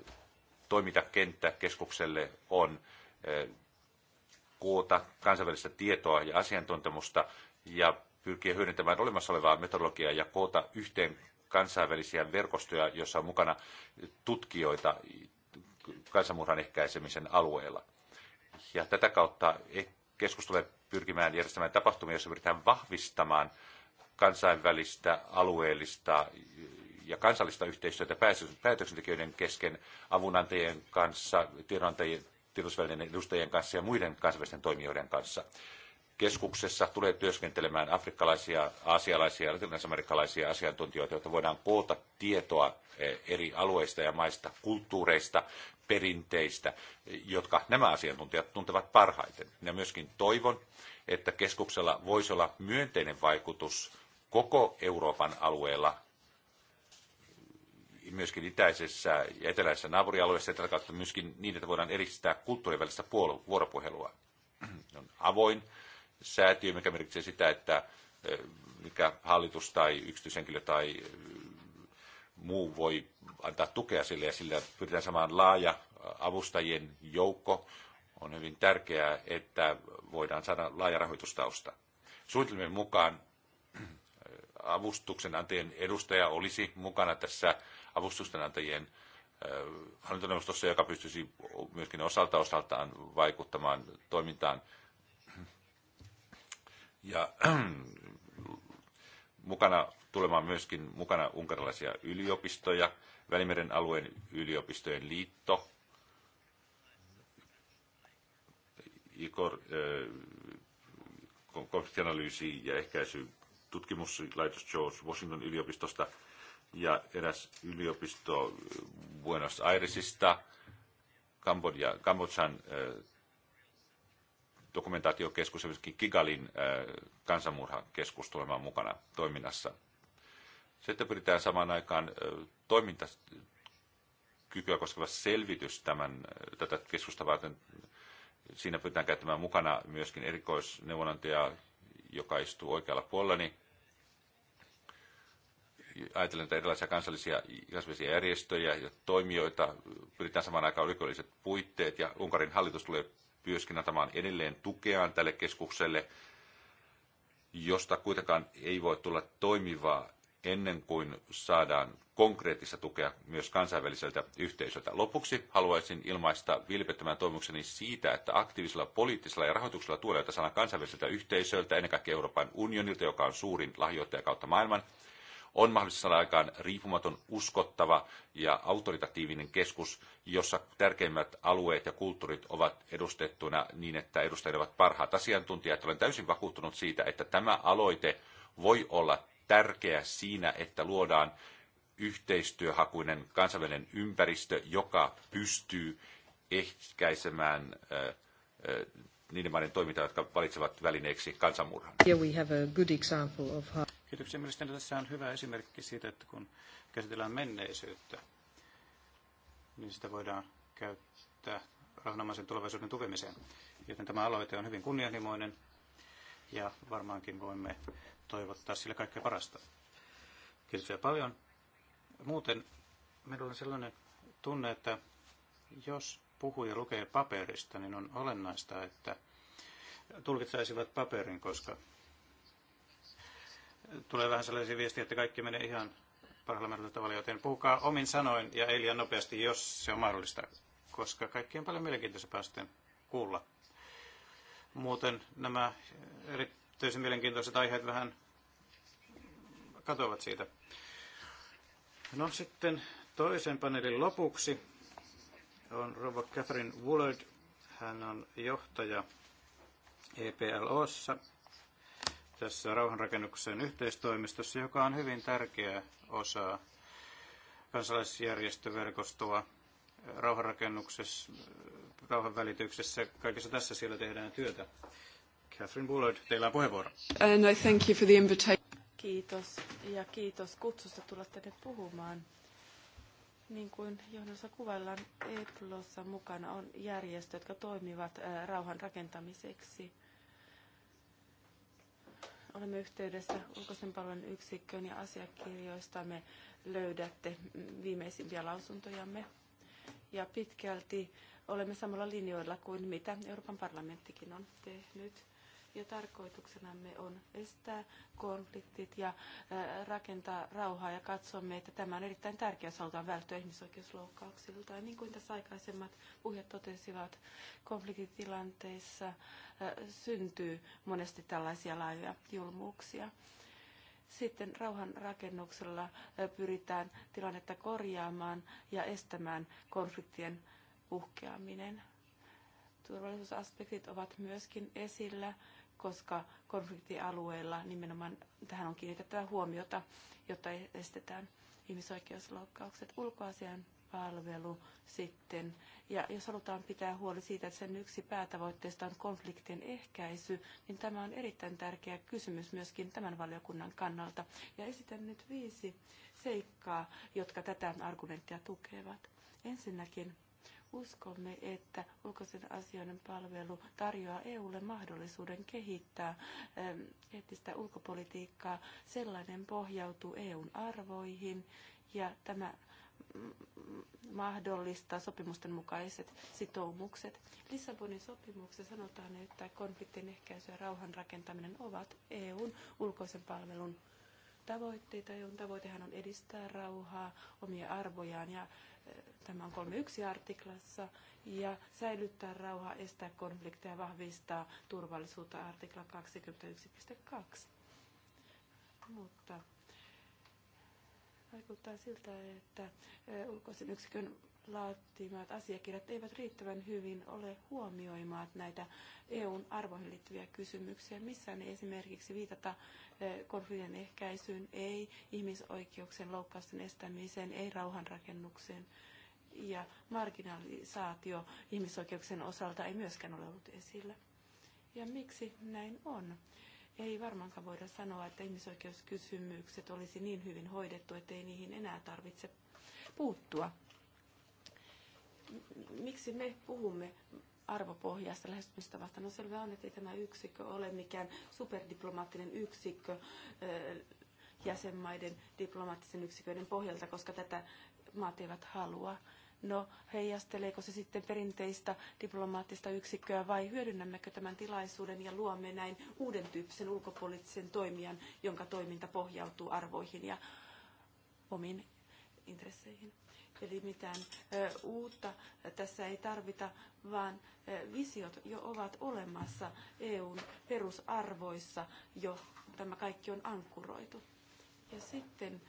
toimintakenttä keskukselle on eh, koota kansainvälistä tietoa ja asiantuntemusta ja pyrkiä hyödyntämään olemassa olevaa metodologiaa ja koota yhteen kansainvälisiä verkostoja, joissa on mukana tutkijoita kansanmurhan ehkäisemisen alueella. Ja tätä kautta keskus tulee pyrkimään järjestämään tapahtumia, joissa pyritään vahvistamaan kansainvälistä, alueellista ja kansallista yhteistyötä päätöksentekijöiden kesken, avunantajien kanssa, tiedonantajien, tiedotusvälineiden edustajien kanssa ja muiden kansainvälisten toimijoiden kanssa keskuksessa tulee työskentelemään afrikkalaisia, aasialaisia ja latinalaisamerikkalaisia asiantuntijoita, jotta voidaan koota tietoa eh, eri alueista ja maista, kulttuureista, perinteistä, eh, jotka nämä asiantuntijat tuntevat parhaiten. Ja myöskin toivon, että keskuksella voisi olla myönteinen vaikutus koko Euroopan alueella, myöskin itäisessä ja eteläisessä naapurialueessa, ja tätä kautta myöskin niin, että voidaan edistää kulttuurivälistä vuoropuhelua. On avoin säätiö, mikä merkitsee sitä, että mikä hallitus tai yksityishenkilö tai muu voi antaa tukea sille ja sillä pyritään samaan laaja avustajien joukko. On hyvin tärkeää, että voidaan saada laaja rahoitustausta. Suunnitelmien mukaan avustuksen antajien edustaja olisi mukana tässä avustusten antajien hallintoneuvostossa, joka pystyisi myöskin osalta osaltaan vaikuttamaan toimintaan ja mukana tulemaan myöskin mukana unkarilaisia yliopistoja, Välimeren alueen yliopistojen liitto, Igor, äh, konfliktianalyysi ja ehkäisy tutkimuslaitos George Washington yliopistosta ja eräs yliopisto Buenos Airesista, Kambodjan dokumentaatiokeskus ja myöskin Kigalin äh, kansanmurhakeskus tulemaan mukana toiminnassa. Sitten pyritään samaan aikaan äh, toimintakykyä koskeva selvitys tämän, äh, tätä keskusta varten. Siinä pyritään käyttämään mukana myöskin erikoisneuvonantaja, joka istuu oikealla puolellani. Ajatellen että erilaisia kansallisia kasvisia järjestöjä ja toimijoita, pyritään samaan aikaan oikeudelliset puitteet ja Unkarin hallitus tulee myöskin antamaan edelleen tukeaan tälle keskukselle, josta kuitenkaan ei voi tulla toimivaa ennen kuin saadaan konkreettista tukea myös kansainväliseltä yhteisöltä. Lopuksi haluaisin ilmaista vilpettömän toimukseni siitä, että aktiivisella poliittisella ja rahoituksella tuella, jota saadaan kansainväliseltä yhteisöltä, ennen kaikkea Euroopan unionilta, joka on suurin lahjoittaja kautta maailman, on mahdollista saada aikaan riippumaton, uskottava ja autoritatiivinen keskus, jossa tärkeimmät alueet ja kulttuurit ovat edustettuina niin, että edustajat ovat parhaat asiantuntijat. Olen täysin vakuuttunut siitä, että tämä aloite voi olla tärkeä siinä, että luodaan yhteistyöhakuinen kansainvälinen ympäristö, joka pystyy ehkäisemään niiden maiden toimintaa, jotka valitsevat välineeksi kansanmurhan. Kiitoksia. Mielestäni tässä on hyvä esimerkki siitä, että kun käsitellään menneisyyttä, niin sitä voidaan käyttää rauhanomaisen tulevaisuuden tukemiseen. Joten tämä aloite on hyvin kunnianhimoinen ja varmaankin voimme toivottaa sille kaikkea parasta. Kiitoksia paljon. Muuten minulla on sellainen tunne, että jos puhuu ja lukee paperista, niin on olennaista, että tulkitsaisivat paperin, koska tulee vähän sellaisia viestiä, että kaikki menee ihan parhaalla mahdollisella tavalla, joten puhukaa omin sanoin ja ei liian nopeasti, jos se on mahdollista, koska kaikki on paljon mielenkiintoisempaa sitten kuulla. Muuten nämä erityisen mielenkiintoiset aiheet vähän katoavat siitä. No sitten toisen paneelin lopuksi on Rova Catherine Woolard. Hän on johtaja EPLOssa tässä rauhanrakennuksen yhteistoimistossa, joka on hyvin tärkeä osa kansalaisjärjestöverkostoa rauhanrakennuksessa, rauhanvälityksessä, kaikessa tässä siellä tehdään työtä. Catherine Bullard, teillä on puheenvuoro. And uh, no, I thank you for the invitation. Kiitos ja kiitos kutsusta tulla tänne puhumaan. Niin kuin johdossa kuvaillaan, EPLOssa mukana on järjestöt, jotka toimivat uh, rauhan rakentamiseksi – Olemme yhteydessä ulkoisen palvelun yksikköön ja asiakirjoistamme löydätte viimeisimpiä lausuntojamme. Ja pitkälti olemme samalla linjoilla kuin mitä Euroopan parlamenttikin on tehnyt ja tarkoituksenamme on estää konfliktit ja rakentaa rauhaa ja katsomme, että tämä on erittäin tärkeä jos halutaan välttyä ihmisoikeusloukkauksilta. Ja niin kuin tässä aikaisemmat puheet totesivat, konfliktitilanteissa syntyy monesti tällaisia laajoja julmuuksia. Sitten rauhan rakennuksella pyritään tilannetta korjaamaan ja estämään konfliktien puhkeaminen turvallisuusaspektit ovat myöskin esillä koska konfliktialueilla nimenomaan tähän on kiinnitettävä huomiota, jotta estetään ihmisoikeusloukkaukset ulkoasian palvelu sitten. Ja jos halutaan pitää huoli siitä, että sen yksi päätavoitteesta on konfliktien ehkäisy, niin tämä on erittäin tärkeä kysymys myöskin tämän valiokunnan kannalta. Ja esitän nyt viisi seikkaa, jotka tätä argumenttia tukevat. Ensinnäkin Uskomme, että ulkoisen asioiden palvelu tarjoaa EUlle mahdollisuuden kehittää ähm, eettistä ulkopolitiikkaa. Sellainen pohjautuu EUn arvoihin ja tämä mm, mahdollistaa sopimusten mukaiset sitoumukset. Lissabonin sopimuksessa sanotaan, että konfliktin ehkäisy ja rauhan rakentaminen ovat EUn ulkoisen palvelun tavoitteita. joiden tavoitehan on edistää rauhaa, omia arvojaan ja eh, tämä on 31 artiklassa ja säilyttää rauha, estää konflikteja, vahvistaa turvallisuutta artikla 21.2. Mutta vaikuttaa siltä, että eh, ulkoisen yksikön laatimat asiakirjat eivät riittävän hyvin ole huomioimaan näitä EUn arvoihin liittyviä kysymyksiä. Missään ei esimerkiksi viitata eh, konfliktien ehkäisyyn, ei ihmisoikeuksien loukkausten estämiseen, ei rauhanrakennukseen ja marginalisaatio ihmisoikeuksien osalta ei myöskään ole ollut esillä. Ja miksi näin on? Ei varmaankaan voida sanoa, että ihmisoikeuskysymykset olisi niin hyvin hoidettu, ettei niihin enää tarvitse puuttua miksi me puhumme arvopohjaista lähestymistavasta. No selvä on, että ei tämä yksikkö ole mikään superdiplomaattinen yksikkö jäsenmaiden diplomaattisen yksiköiden pohjalta, koska tätä maat eivät halua. No, heijasteleeko se sitten perinteistä diplomaattista yksikköä vai hyödynnämmekö tämän tilaisuuden ja luomme näin uuden tyyppisen ulkopoliittisen toimijan, jonka toiminta pohjautuu arvoihin ja omiin intresseihin? Eli mitään uutta tässä ei tarvita, vaan visiot jo ovat olemassa EUn perusarvoissa jo. Tämä kaikki on ankkuroitu. Ja sitten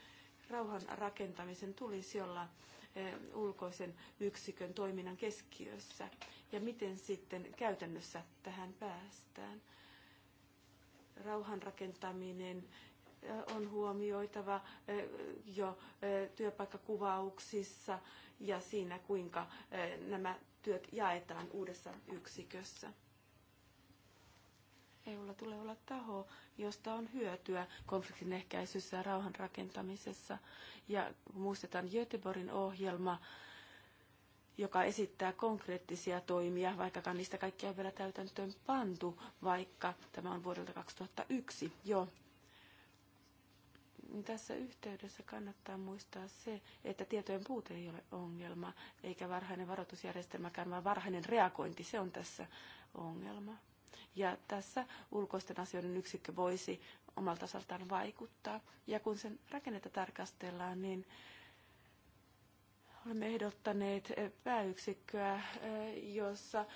rauhan rakentamisen tulisi olla ulkoisen yksikön toiminnan keskiössä ja miten sitten käytännössä tähän päästään. Rauhan rakentaminen on huomioitava jo työpaikkakuvauksissa ja siinä, kuinka nämä työt jaetaan uudessa yksikössä. EUlla tulee olla taho, josta on hyötyä konfliktin ehkäisyssä ja rauhan rakentamisessa. Ja muistetaan Göteborgin ohjelma, joka esittää konkreettisia toimia, vaikkakaan niistä kaikkia on vielä täytäntöön pantu, vaikka tämä on vuodelta 2001 jo. Niin tässä yhteydessä kannattaa muistaa se, että tietojen puute ei ole ongelma, eikä varhainen varoitusjärjestelmäkään, vaan varhainen reagointi, se on tässä ongelma. Ja tässä ulkoisten asioiden yksikkö voisi omalta osaltaan vaikuttaa. Ja kun sen rakennetta tarkastellaan, niin Olemme ehdottaneet eh, pääyksikköä, eh, jossa eh,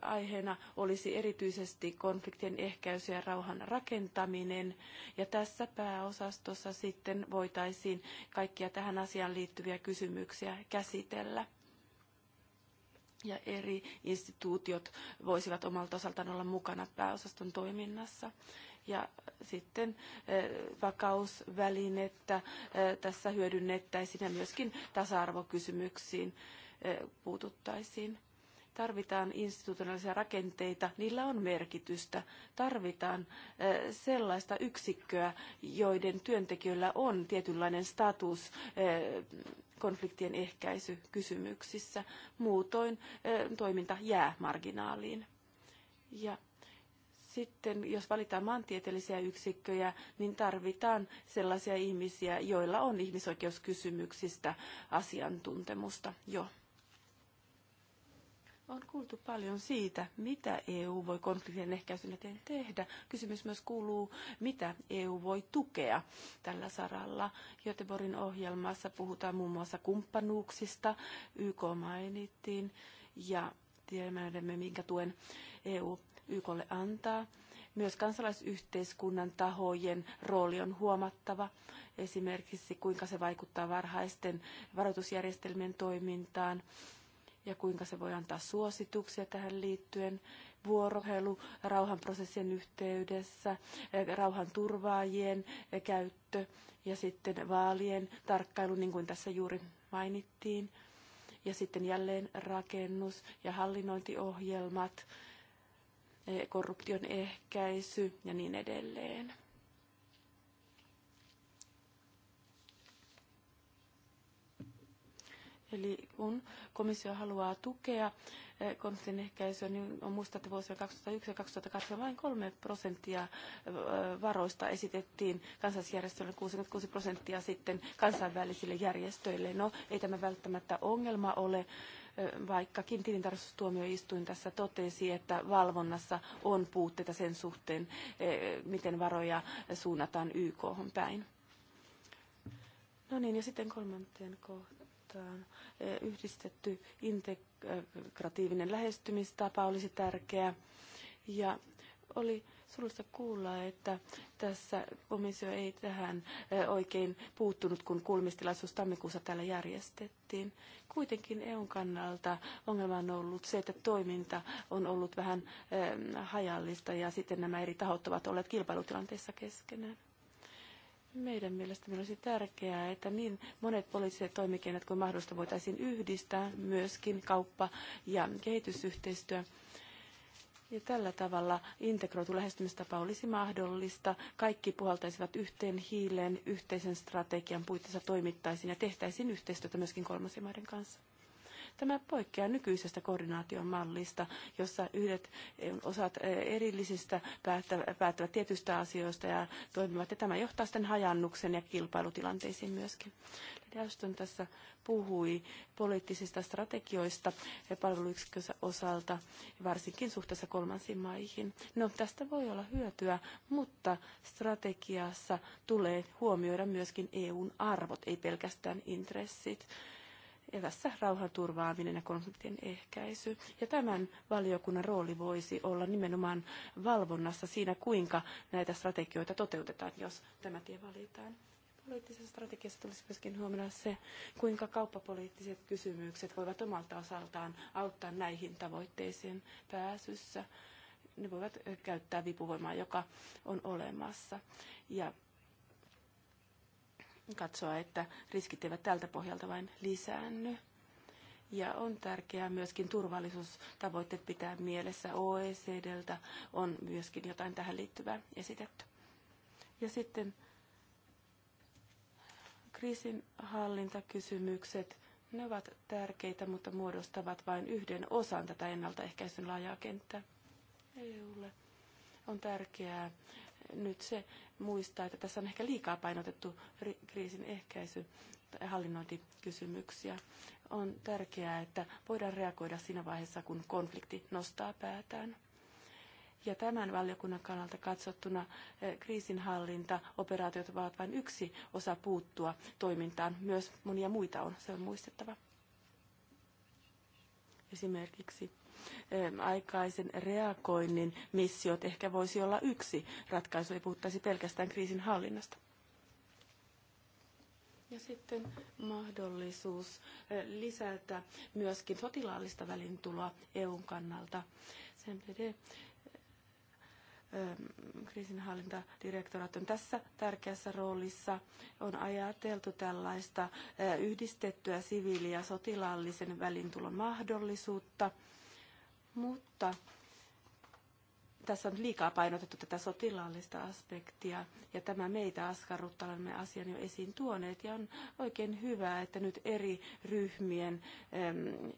aiheena olisi erityisesti konfliktien ehkäisy ja rauhan rakentaminen. Ja tässä pääosastossa sitten voitaisiin kaikkia tähän asiaan liittyviä kysymyksiä käsitellä. Ja eri instituutiot voisivat omalta osaltaan olla mukana pääosaston toiminnassa ja sitten eh, vakausvälinettä eh, tässä hyödynnettäisiin ja myöskin tasa-arvokysymyksiin eh, puututtaisiin. Tarvitaan institutionaalisia rakenteita, niillä on merkitystä. Tarvitaan sellaista yksikköä, joiden työntekijöillä on tietynlainen status konfliktien ehkäisykysymyksissä. Muutoin toiminta jää marginaaliin. Ja sitten jos valitaan maantieteellisiä yksikköjä, niin tarvitaan sellaisia ihmisiä, joilla on ihmisoikeuskysymyksistä asiantuntemusta jo. On kuultu paljon siitä, mitä EU voi konfliktien ehkäisyn eteen tehdä. Kysymys myös kuuluu, mitä EU voi tukea tällä saralla. Göteborgin ohjelmassa puhutaan muun muassa kumppanuuksista, YK mainittiin, ja tiedämme, minkä tuen EU YKlle antaa. Myös kansalaisyhteiskunnan tahojen rooli on huomattava, esimerkiksi kuinka se vaikuttaa varhaisten varoitusjärjestelmien toimintaan ja kuinka se voi antaa suosituksia tähän liittyen. Vuorohelu rauhanprosessien yhteydessä, rauhanturvaajien käyttö ja sitten vaalien tarkkailu, niin kuin tässä juuri mainittiin. Ja sitten jälleen rakennus ja hallinnointiohjelmat korruption ehkäisy ja niin edelleen. Eli kun komissio haluaa tukea eh, konfliktin ehkäisyä, niin on muista, että vuosina 2001 ja 2002 vain 3 prosenttia eh, varoista esitettiin kansallisjärjestöille, 66 prosenttia sitten kansainvälisille järjestöille. No, ei tämä välttämättä ongelma ole eh, vaikkakin tilintarkastustuomioistuin tässä totesi, että valvonnassa on puutteita sen suhteen, miten varoja suunnataan YK päin. No niin, ja sitten kolmanteen kohtaan puolestaan yhdistetty integratiivinen lähestymistapa olisi tärkeä. Ja oli surullista kuulla, että tässä komissio ei tähän oikein puuttunut, kun kulmistilaisuus tammikuussa täällä järjestettiin. Kuitenkin EUn kannalta ongelma on ollut se, että toiminta on ollut vähän hajallista ja sitten nämä eri tahot ovat olleet kilpailutilanteessa keskenään. Meidän mielestämme olisi tärkeää, että niin monet poliittiset toimikennat kuin mahdollista voitaisiin yhdistää, myöskin kauppa- ja kehitysyhteistyö. Ja tällä tavalla integroitu lähestymistapa olisi mahdollista. Kaikki puhaltaisivat yhteen hiileen, yhteisen strategian puitteissa toimittaisiin ja tehtäisiin yhteistyötä myöskin kolmansien maiden kanssa. Tämä poikkeaa nykyisestä koordinaation mallista, jossa yhdet eh, osat eh, erillisistä päättävät tietystä asioista ja toimivat. Ja tämä johtaa sitten hajannuksen ja kilpailutilanteisiin myöskin. Jauston tässä puhui poliittisista strategioista ja palveluyksikönsä osalta, varsinkin suhteessa kolmansiin maihin. No, tästä voi olla hyötyä, mutta strategiassa tulee huomioida myöskin EUn arvot, ei pelkästään intressit evässä rauhanturvaaminen ja konfliktien ehkäisy. Ja tämän valiokunnan rooli voisi olla nimenomaan valvonnassa siinä, kuinka näitä strategioita toteutetaan, jos tämä tie valitaan. Poliittisessa strategiassa tulisi myöskin huomioida se, kuinka kauppapoliittiset kysymykset voivat omalta osaltaan auttaa näihin tavoitteisiin pääsyssä ne voivat käyttää vipuvoimaa, joka on olemassa. Ja katsoa, että riskit eivät tältä pohjalta vain lisäänny. Ja on tärkeää myöskin turvallisuustavoitteet pitää mielessä. OECDltä on myöskin jotain tähän liittyvää esitetty. Ja sitten kriisinhallintakysymykset, ne ovat tärkeitä, mutta muodostavat vain yhden osan tätä ennaltaehkäisyn laajaa kenttää EUlle. On tärkeää nyt se muistaa, että tässä on ehkä liikaa painotettu kriisin ehkäisy- tai hallinnointikysymyksiä. On tärkeää, että voidaan reagoida siinä vaiheessa, kun konflikti nostaa päätään. Ja tämän valiokunnan kannalta katsottuna eh, kriisinhallinta, operaatiot ovat vain yksi osa puuttua toimintaan. Myös monia muita on, se on muistettava. Esimerkiksi aikaisen reagoinnin missiot ehkä voisi olla yksi ratkaisu, ei puhuttaisi pelkästään kriisin hallinnasta. Ja sitten mahdollisuus eh, lisätä myöskin sotilaallista välintuloa EUn kannalta. CMPD eh, kriisinhallintadirektorat on tässä tärkeässä roolissa. On ajateltu tällaista eh, yhdistettyä siviili- ja sotilaallisen välintulon mahdollisuutta. Mutta tässä on liikaa painotettu tätä sotilaallista aspektia, ja tämä meitä askarruttaa, olemme asian jo esiin tuoneet, ja on oikein hyvä, että nyt eri ryhmien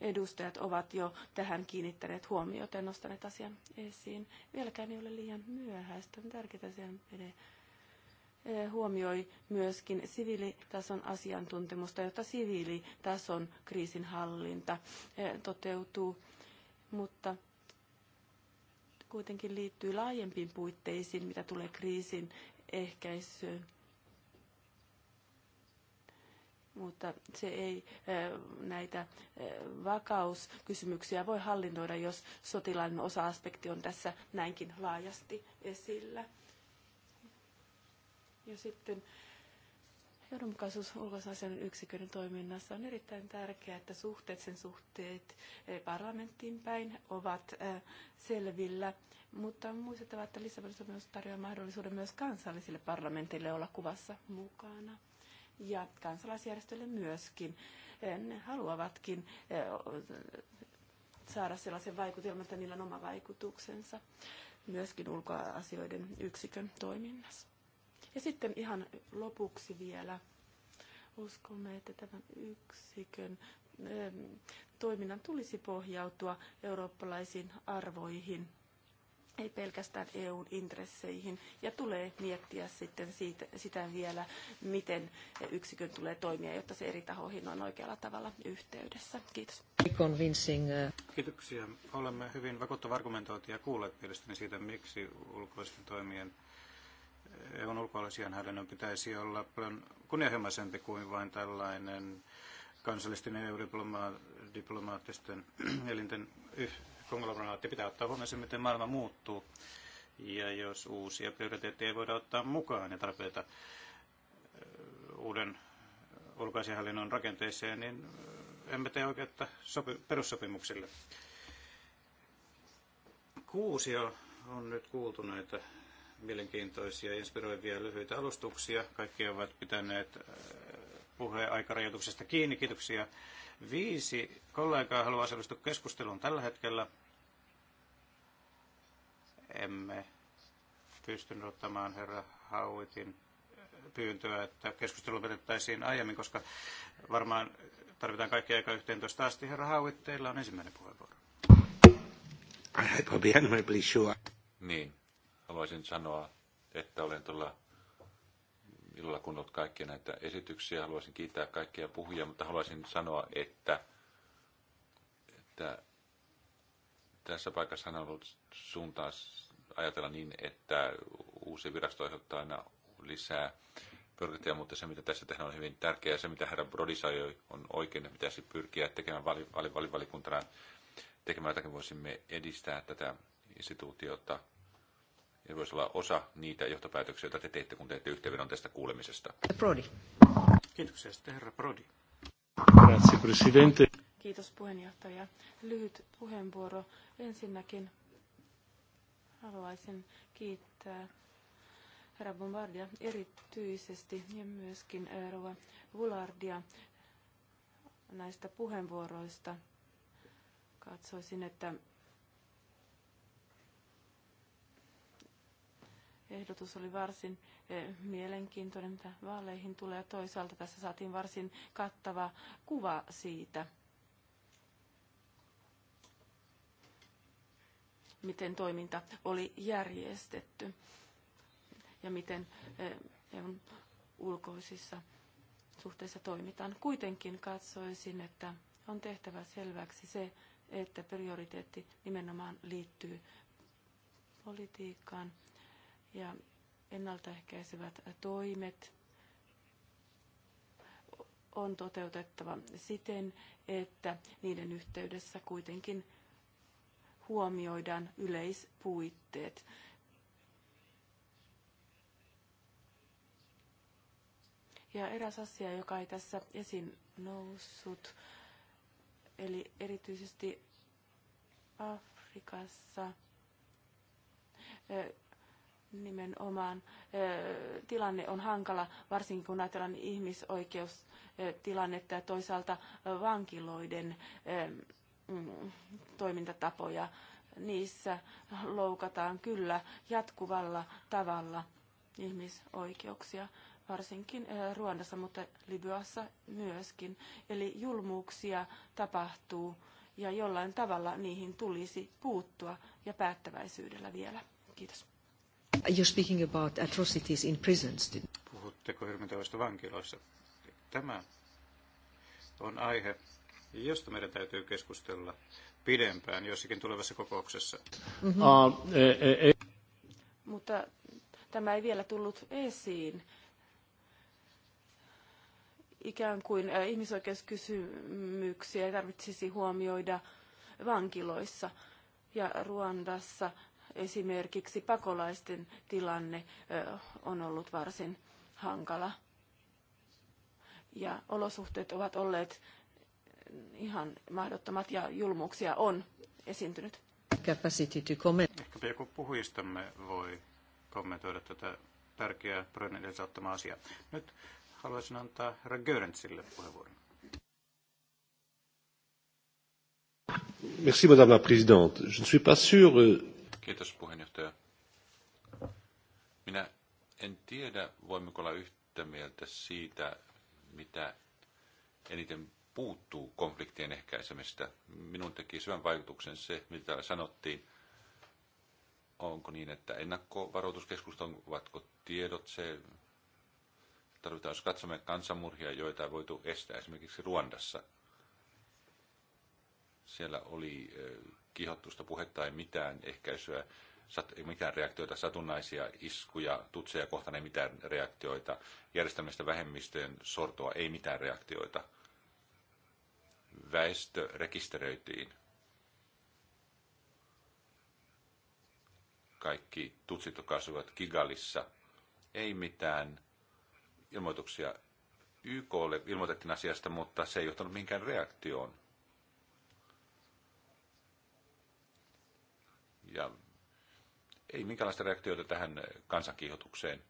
edustajat ovat jo tähän kiinnittäneet huomiota ja nostaneet asian esiin. Vieläkään ei ole liian myöhäistä, on tärkeää sen menee e, huomioi myöskin siviilitason asiantuntemusta, jotta siviilitason kriisinhallinta e, toteutuu mutta kuitenkin liittyy laajempiin puitteisiin, mitä tulee kriisin ehkäisyyn. Mutta se ei näitä vakauskysymyksiä voi hallinnoida, jos sotilaallinen osa-aspekti on tässä näinkin laajasti esillä. Ja sitten Johdonmukaisuus ulkoisen yksikön toiminnassa on erittäin tärkeää, että suhteet, sen suhteet eh, parlamenttiin päin ovat eh, selvillä, mutta on muistettava, että Lissabonin sopimus tarjoaa mahdollisuuden myös kansallisille parlamentille olla kuvassa mukana ja kansalaisjärjestöille myöskin. Eh, ne haluavatkin saada sellaisen vaikutelman, että niillä on oma vaikutuksensa myöskin ulkoasioiden yksikön toiminnassa. Ja sitten ihan lopuksi vielä uskomme, että tämän yksikön toiminnan tulisi pohjautua eurooppalaisiin arvoihin, ei pelkästään EUn intresseihin, ja tulee miettiä sitten siitä, sitä vielä, miten yksikön tulee toimia, jotta se eri tahoihin on oikealla tavalla yhteydessä. Kiitos. Uh, Kiitoksia. Olemme hyvin vakuuttava argumentointia kuulleet mielestäni siitä, miksi ulkoisten toimien EUn hallinnon pitäisi olla paljon kunnianhimoisempi kuin vain tällainen kansallisten EU-diplomaattisten elinten konglomeraatti. Pitää ottaa huomioon se, miten maailma muuttuu. Ja jos uusia prioriteetteja voida ottaa mukaan ja tarpeita uuden ulkoasianhallinnon rakenteeseen, niin emme tee oikeutta sopi- perussopimuksille. Kuusio on nyt kuultu näitä mielenkiintoisia ja inspiroivia lyhyitä alustuksia. Kaikki ovat pitäneet äh, puheen aikarajoituksesta kiinni. Kiitoksia. Viisi kollegaa haluaa osallistua keskusteluun tällä hetkellä. Emme pystynyt ottamaan herra Hauitin äh, pyyntöä, että keskustelu vedettäisiin aiemmin, koska varmaan tarvitaan kaikki aika 11 asti. Herra Hauit, teillä on ensimmäinen puheenvuoro. I'm really sure. Niin, haluaisin sanoa, että olen tuolla illalla kuunnellut kaikkia näitä esityksiä. Haluaisin kiittää kaikkia puhujia, mutta haluaisin sanoa, että, että tässä paikassa on ollut suuntaan ajatella niin, että uusi virasto aiheuttaa aina lisää byrokratiaa, mutta se mitä tässä tehdään on hyvin tärkeää. Se mitä herra Brody sanoi on oikein, että pitäisi pyrkiä tekemään vali, vali, vali, valikuntana tekemään jotakin voisimme edistää tätä instituutiota ja voisi olla osa niitä johtopäätöksiä, joita te teitte, kun teette yhteenvedon tästä kuulemisesta. Prodi. Kiitoksia sitten herra Prodi. Grazie, presidente. Kiitos puheenjohtaja. Lyhyt puheenvuoro. Ensinnäkin haluaisin kiittää herra Bombardia erityisesti ja myöskin eh, rouva Vulardia näistä puheenvuoroista. Katsoisin, että ehdotus oli varsin eh, mielenkiintoinen, mitä vaaleihin tulee. Toisaalta tässä saatiin varsin kattava kuva siitä, miten toiminta oli järjestetty ja miten eh, EUn ulkoisissa suhteissa toimitaan. Kuitenkin katsoisin, että on tehtävä selväksi se, että prioriteetti nimenomaan liittyy politiikkaan ja ennaltaehkäisevät toimet on toteutettava siten, että niiden yhteydessä kuitenkin huomioidaan yleispuitteet. Ja eräs asia, joka ei tässä esiin noussut, eli erityisesti Afrikassa nimenomaan tilanne on hankala, varsinkin kun ajatellaan ihmisoikeustilannetta ja toisaalta vankiloiden mm, toimintatapoja. Niissä loukataan kyllä jatkuvalla tavalla ihmisoikeuksia, varsinkin Ruandassa, mutta Libyassa myöskin. Eli julmuuksia tapahtuu ja jollain tavalla niihin tulisi puuttua ja päättäväisyydellä vielä. Kiitos. You're speaking about atrocities in prisons. Puhutteko hirmuteoista vankiloissa? Tämä on aihe, josta meidän täytyy keskustella pidempään jossakin tulevassa kokouksessa. Mm-hmm. Uh, e, e, e. Mutta tämä ei vielä tullut esiin. Ikään kuin ihmisoikeuskysymyksiä ei tarvitsisi huomioida vankiloissa ja Ruandassa Esimerkiksi pakolaisten tilanne on ollut varsin hankala. Ja olosuhteet ovat olleet ihan mahdottomat ja julmuuksia on esiintynyt. Capacity to comment. joku puhujistamme voi kommentoida tätä tärkeää Brönnin saattamaa asiaa. Nyt haluaisin antaa herra Görensille puheenvuoron. Merci, madame la présidente. Je ne suis pas sûr euh, Kiitos puheenjohtaja. Minä en tiedä, voimmeko olla yhtä mieltä siitä, mitä eniten puuttuu konfliktien ehkäisemistä. Minun teki syvän vaikutuksen se, mitä täällä sanottiin. Onko niin, että ennakkovaroituskeskusta, ovatko tiedot se, tarvitaan, jos katsomme kansanmurhia, joita ei voitu estää esimerkiksi Ruandassa. Siellä oli kiihottusta puhetta, ei mitään ehkäisyä, sat, mitään reaktioita, satunnaisia iskuja, tutseja kohtaan ei mitään reaktioita, järjestämistä vähemmistöjen sortoa ei mitään reaktioita. Väestö rekisteröitiin. Kaikki tutsit, jotka Kigalissa, ei mitään ilmoituksia YKlle ilmoitettiin asiasta, mutta se ei johtanut minkään reaktioon. ja ei minkäänlaista reaktiota tähän kansankiihotukseen.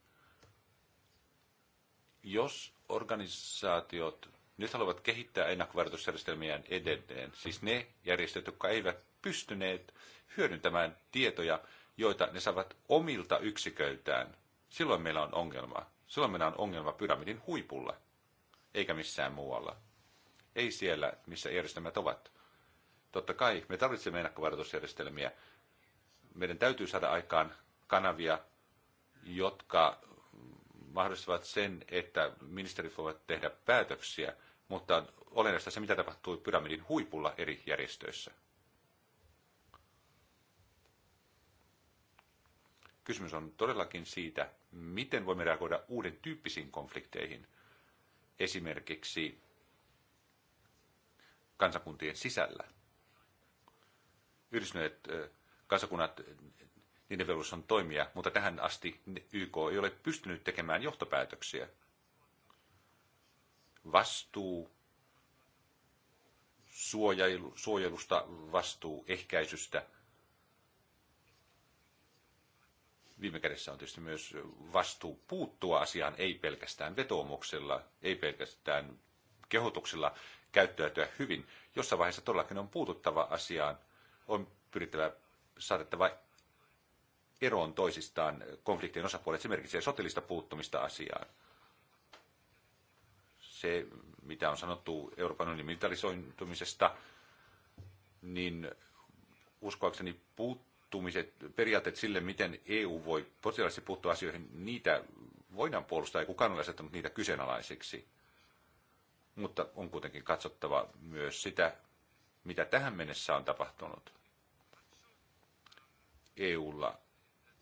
Jos organisaatiot nyt haluavat kehittää ennakkovaroitusjärjestelmiään edelleen, siis ne järjestöt, jotka eivät pystyneet hyödyntämään tietoja, joita ne saavat omilta yksiköiltään, silloin meillä on ongelma. Silloin meillä on ongelma pyramidin huipulla, eikä missään muualla. Ei siellä, missä järjestelmät ovat. Totta kai me tarvitsemme ennakkovaroitusjärjestelmiä, meidän täytyy saada aikaan kanavia, jotka mahdollistavat sen, että ministerit voivat tehdä päätöksiä, mutta on olennaista se, mitä tapahtui pyramidin huipulla eri järjestöissä. Kysymys on todellakin siitä, miten voimme reagoida uuden tyyppisiin konflikteihin, esimerkiksi kansakuntien sisällä. Yhdistyneet kansakunnat, niiden velvollisuus on toimia, mutta tähän asti YK ei ole pystynyt tekemään johtopäätöksiä. Vastuu suojelu, suojelusta, vastuu ehkäisystä. Viime kädessä on tietysti myös vastuu puuttua asiaan, ei pelkästään vetoomuksella, ei pelkästään kehotuksella käyttäytyä hyvin. Jossain vaiheessa todellakin on puututtava asiaan, on pyrittävä saatettava eroon toisistaan konfliktien osapuolet. Se merkitsee sotilista puuttumista asiaan. Se, mitä on sanottu Euroopan unionin militarisoitumisesta, niin uskoakseni puuttumiset, periaatteet sille, miten EU voi potilaisesti puuttua asioihin, niitä voidaan puolustaa, ei kukaan ole asettanut niitä kyseenalaisiksi. Mutta on kuitenkin katsottava myös sitä, mitä tähän mennessä on tapahtunut. EUlla,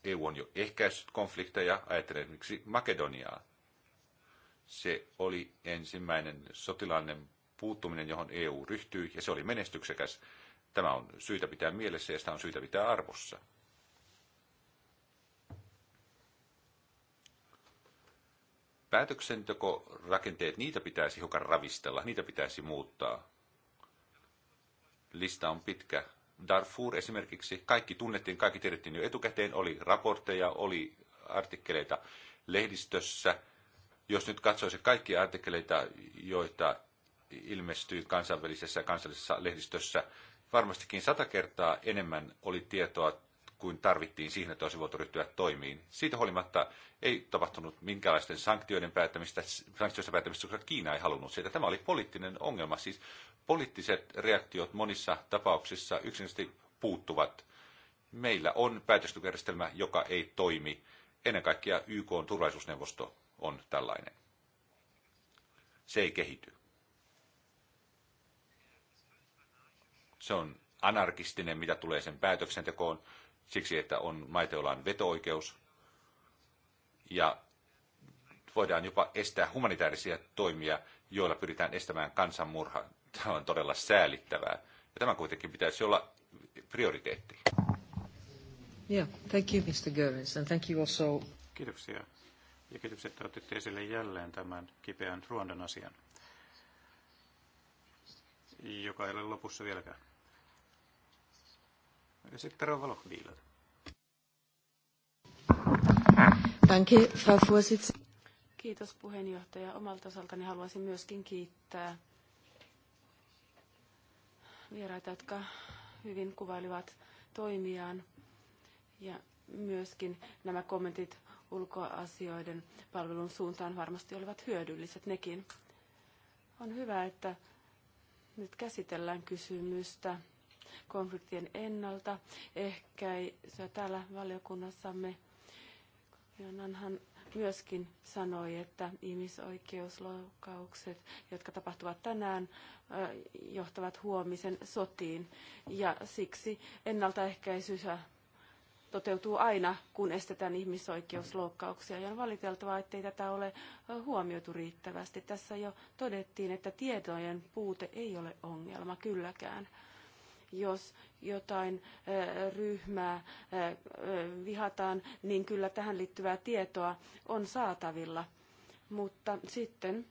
EU on jo ehkäissyt konflikteja, ajattelen esimerkiksi Makedoniaa. Se oli ensimmäinen sotilaallinen puuttuminen, johon EU ryhtyi, ja se oli menestyksekäs. Tämä on syytä pitää mielessä ja sitä on syytä pitää arvossa. Päätöksentekorakenteet, niitä pitäisi hiukan ravistella, niitä pitäisi muuttaa. Lista on pitkä, Darfur esimerkiksi, kaikki tunnettiin, kaikki tiedettiin jo etukäteen, oli raportteja, oli artikkeleita lehdistössä. Jos nyt katsoisi kaikkia artikkeleita, joita ilmestyy kansainvälisessä ja kansallisessa lehdistössä, varmastikin sata kertaa enemmän oli tietoa kuin tarvittiin siihen, että olisi voitu ryhtyä toimiin. Siitä huolimatta ei tapahtunut minkäänlaisten sanktioiden päättämistä, sanktioista päättämistä, koska Kiina ei halunnut sitä. Tämä oli poliittinen ongelma. Siis poliittiset reaktiot monissa tapauksissa yksinkertaisesti puuttuvat. Meillä on päätöstukijärjestelmä, joka ei toimi. Ennen kaikkea YK on turvallisuusneuvosto on tällainen. Se ei kehity. Se on anarkistinen, mitä tulee sen päätöksentekoon siksi, että on maita, joilla on veto-oikeus, ja voidaan jopa estää humanitaarisia toimia, joilla pyritään estämään kansanmurha. Tämä on todella säälittävää. Ja tämä kuitenkin pitäisi olla prioriteetti. Yeah, thank you, Mr. Goerens, and thank you also... Kiitoksia. Ja kiitoksia, että otitte esille jälleen tämän kipeän Ruandan asian, joka ei ole lopussa vieläkään. Ja sitten Rova Lohviiler. Danke, Frau Kiitos puheenjohtaja. Omalta osaltani haluaisin myöskin kiittää vieraita, jotka hyvin kuvailivat toimiaan ja myöskin nämä kommentit ulkoasioiden palvelun suuntaan varmasti olivat hyödylliset nekin. On hyvä, että nyt käsitellään kysymystä konfliktien ennalta ehkäisyä täällä valiokunnassamme. Jonanhan myöskin sanoi, että ihmisoikeusloukkaukset, jotka tapahtuvat tänään, johtavat huomisen sotiin. Ja siksi ennaltaehkäisyä toteutuu aina, kun estetään ihmisoikeusloukkauksia. Ja on valiteltavaa, ettei tätä ole huomioitu riittävästi. Tässä jo todettiin, että tietojen puute ei ole ongelma kylläkään jos jotain ryhmää vihataan, niin kyllä tähän liittyvää tietoa on saatavilla. Mutta sitten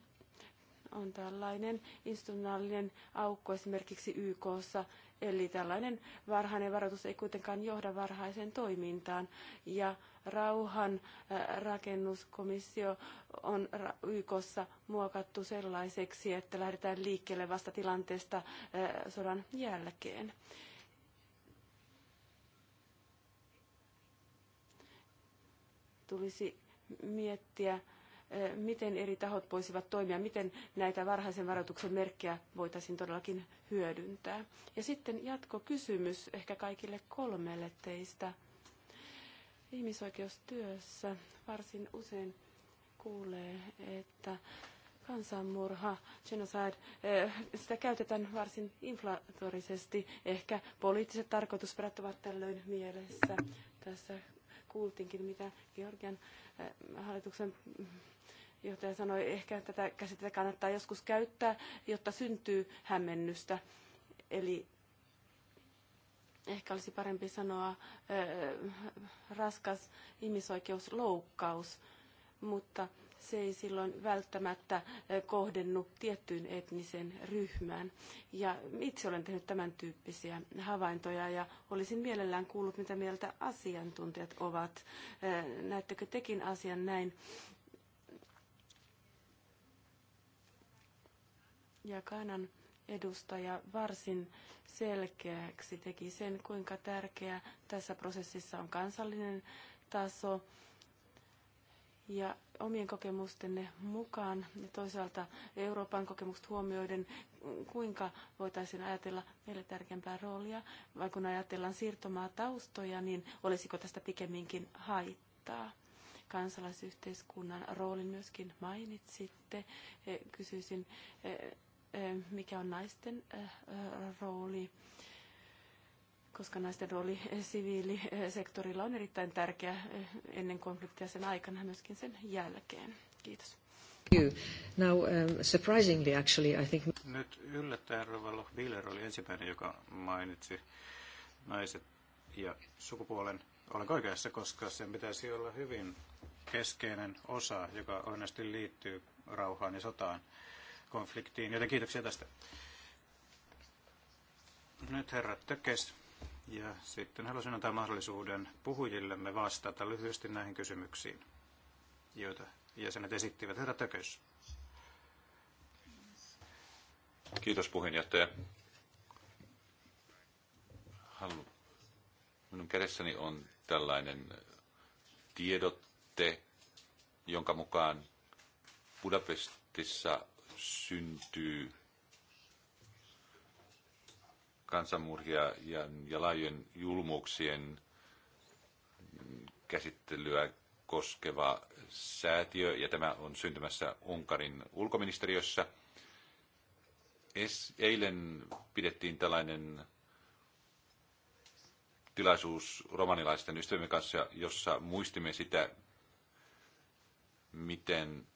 on tällainen institutionaalinen aukko esimerkiksi YKssa, eli tällainen varhainen varoitus ei kuitenkaan johda varhaiseen toimintaan. Ja rauhan rakennuskomissio on YKssa muokattu sellaiseksi, että lähdetään liikkeelle vasta tilanteesta sodan jälkeen. Tulisi miettiä, miten eri tahot voisivat toimia, miten näitä varhaisen varoituksen merkkejä voitaisiin todellakin hyödyntää. Ja sitten jatkokysymys ehkä kaikille kolmelle teistä. Ihmisoikeustyössä varsin usein kuulee, että kansanmurha, genocide, eh, sitä käytetään varsin inflatorisesti. Ehkä poliittiset tarkoitusperät ovat tällöin mielessä. Tässä kuultiinkin, mitä Georgian eh, hallituksen johtaja sanoi, ehkä tätä käsitettä kannattaa joskus käyttää, jotta syntyy hämmennystä. Eli ehkä olisi parempi sanoa raskas ihmisoikeusloukkaus, mutta se ei silloin välttämättä kohdennu tiettyyn etniseen ryhmään. Ja itse olen tehnyt tämän tyyppisiä havaintoja ja olisin mielellään kuullut, mitä mieltä asiantuntijat ovat. Näettekö tekin asian näin? Ja Kainan edustaja varsin selkeäksi teki sen, kuinka tärkeä tässä prosessissa on kansallinen taso ja omien kokemustenne mukaan ja toisaalta Euroopan kokemukset huomioiden, kuinka voitaisiin ajatella meille tärkeämpää roolia, vai kun ajatellaan siirtomaataustoja, niin olisiko tästä pikemminkin haittaa? Kansalaisyhteiskunnan roolin myöskin mainitsitte. Kysyisin, Eh, mikä on naisten eh, eh, rooli, koska naisten rooli siviilisektorilla on erittäin tärkeä ennen konfliktia sen aikana ja myöskin sen jälkeen. Kiitos. Now, um, surprisingly, actually, I think... Nyt yllättäen Rova Lohbiller oli ensimmäinen, joka mainitsi naiset ja sukupuolen. Olen oikeassa, koska sen pitäisi olla hyvin keskeinen osa, joka onnesti liittyy rauhaan ja sotaan konfliktiin, joten kiitoksia tästä. Nyt herra Tökes, ja sitten haluaisin antaa mahdollisuuden puhujillemme vastata lyhyesti näihin kysymyksiin, joita jäsenet esittivät. Herra Tökes. Kiitos puheenjohtaja. Halu. Minun kädessäni on tällainen tiedotte, jonka mukaan Budapestissa syntyy kansanmurhia ja, ja laajojen julmuuksien käsittelyä koskeva säätiö, ja tämä on syntymässä Unkarin ulkoministeriössä. Es, eilen pidettiin tällainen tilaisuus romanilaisten ystävien kanssa, jossa muistimme sitä, miten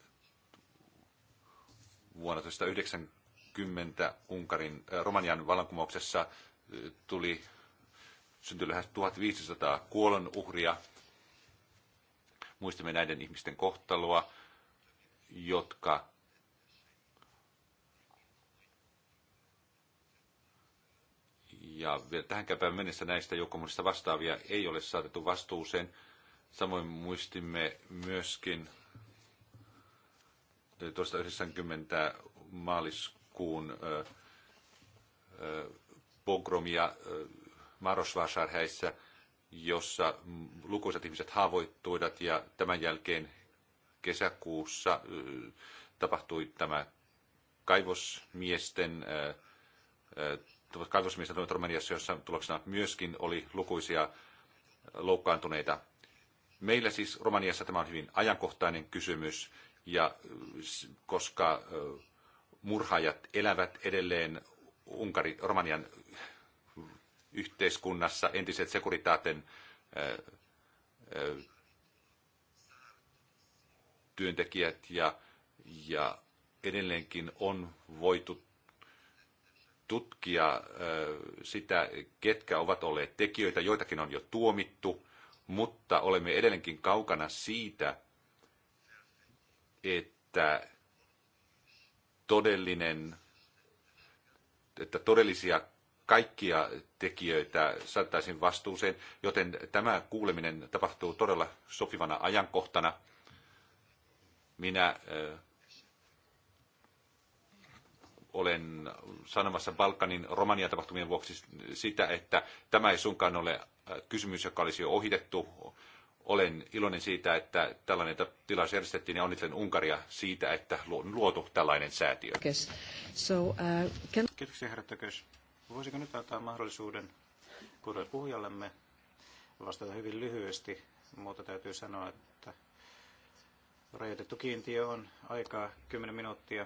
vuonna 1990 Unkarin, äh, Romanian vallankumouksessa äh, tuli syntyi lähes 1500 kuolonuhria. Muistamme näiden ihmisten kohtaloa, jotka ja vielä tähänkään päivän mennessä näistä joukkomuodista vastaavia ei ole saatettu vastuuseen. Samoin muistimme myöskin 1990 maaliskuun pogromia Marosvasarhäissä, jossa lukuisat ihmiset haavoittuivat ja tämän jälkeen kesäkuussa tapahtui tämä kaivosmiesten kaivosmiesten toimet Romaniassa, jossa tuloksena myöskin oli lukuisia loukkaantuneita. Meillä siis Romaniassa tämä on hyvin ajankohtainen kysymys ja koska murhaajat elävät edelleen Unkari, Romanian yhteiskunnassa, entiset sekuritaaten työntekijät ja, ja edelleenkin on voitu tutkia sitä, ketkä ovat olleet tekijöitä. Joitakin on jo tuomittu, mutta olemme edelleenkin kaukana siitä, että todellinen, että todellisia kaikkia tekijöitä saattaisiin vastuuseen, joten tämä kuuleminen tapahtuu todella sopivana ajankohtana. Minä äh, olen sanomassa Balkanin Romania tapahtumien vuoksi sitä, että tämä ei suinkaan ole eh, kysymys, joka olisi jo ohitettu olen iloinen siitä, että tällainen tilaisuus järjestettiin ja onnittelen Unkaria siitä, että on luotu tällainen säätiö. So, uh, can... Kiitoksia, herra Tökös. Voisiko nyt antaa mahdollisuuden kuudelle puhujallemme vastata hyvin lyhyesti, mutta täytyy sanoa, että rajoitettu kiintiö on aikaa 10 minuuttia.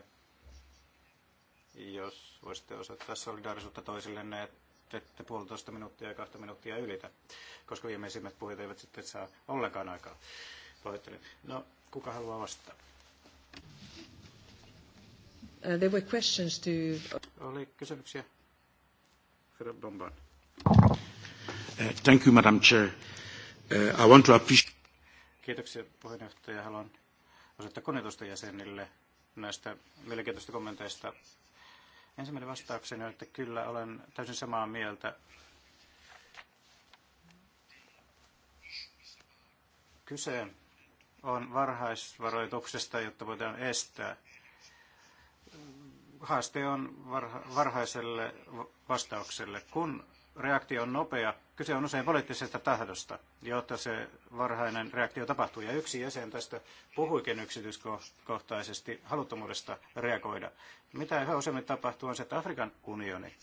Jos voisitte osoittaa solidaarisuutta toisillenne, että ette puolitoista minuuttia ja kahta minuuttia ylitä, koska viimeisimmät puhujat eivät sitten saa ollenkaan aikaa. Pahoittelen. No, kuka haluaa vastata? Uh, there were questions to... Oli kysymyksiä. Herra Bomban. Uh, thank you, Madam Chair. Uh, I want to appreciate... Kiitoksia puheenjohtaja. Haluan osoittaa kunnioitusta jäsenille näistä mielenkiintoista kommenteista Ensimmäinen vastaukseni on, että kyllä olen täysin samaa mieltä. Kyse on varhaisvaroituksesta, jotta voidaan estää. Haaste on varha- varhaiselle vastaukselle. Kun reaktio on nopea. Kyse on usein poliittisesta tahdosta, jotta se varhainen reaktio tapahtuu. Ja yksi jäsen tästä puhuikin yksityiskohtaisesti haluttomuudesta reagoida. Mitä yhä useammin tapahtuu on se, että Afrikan unioni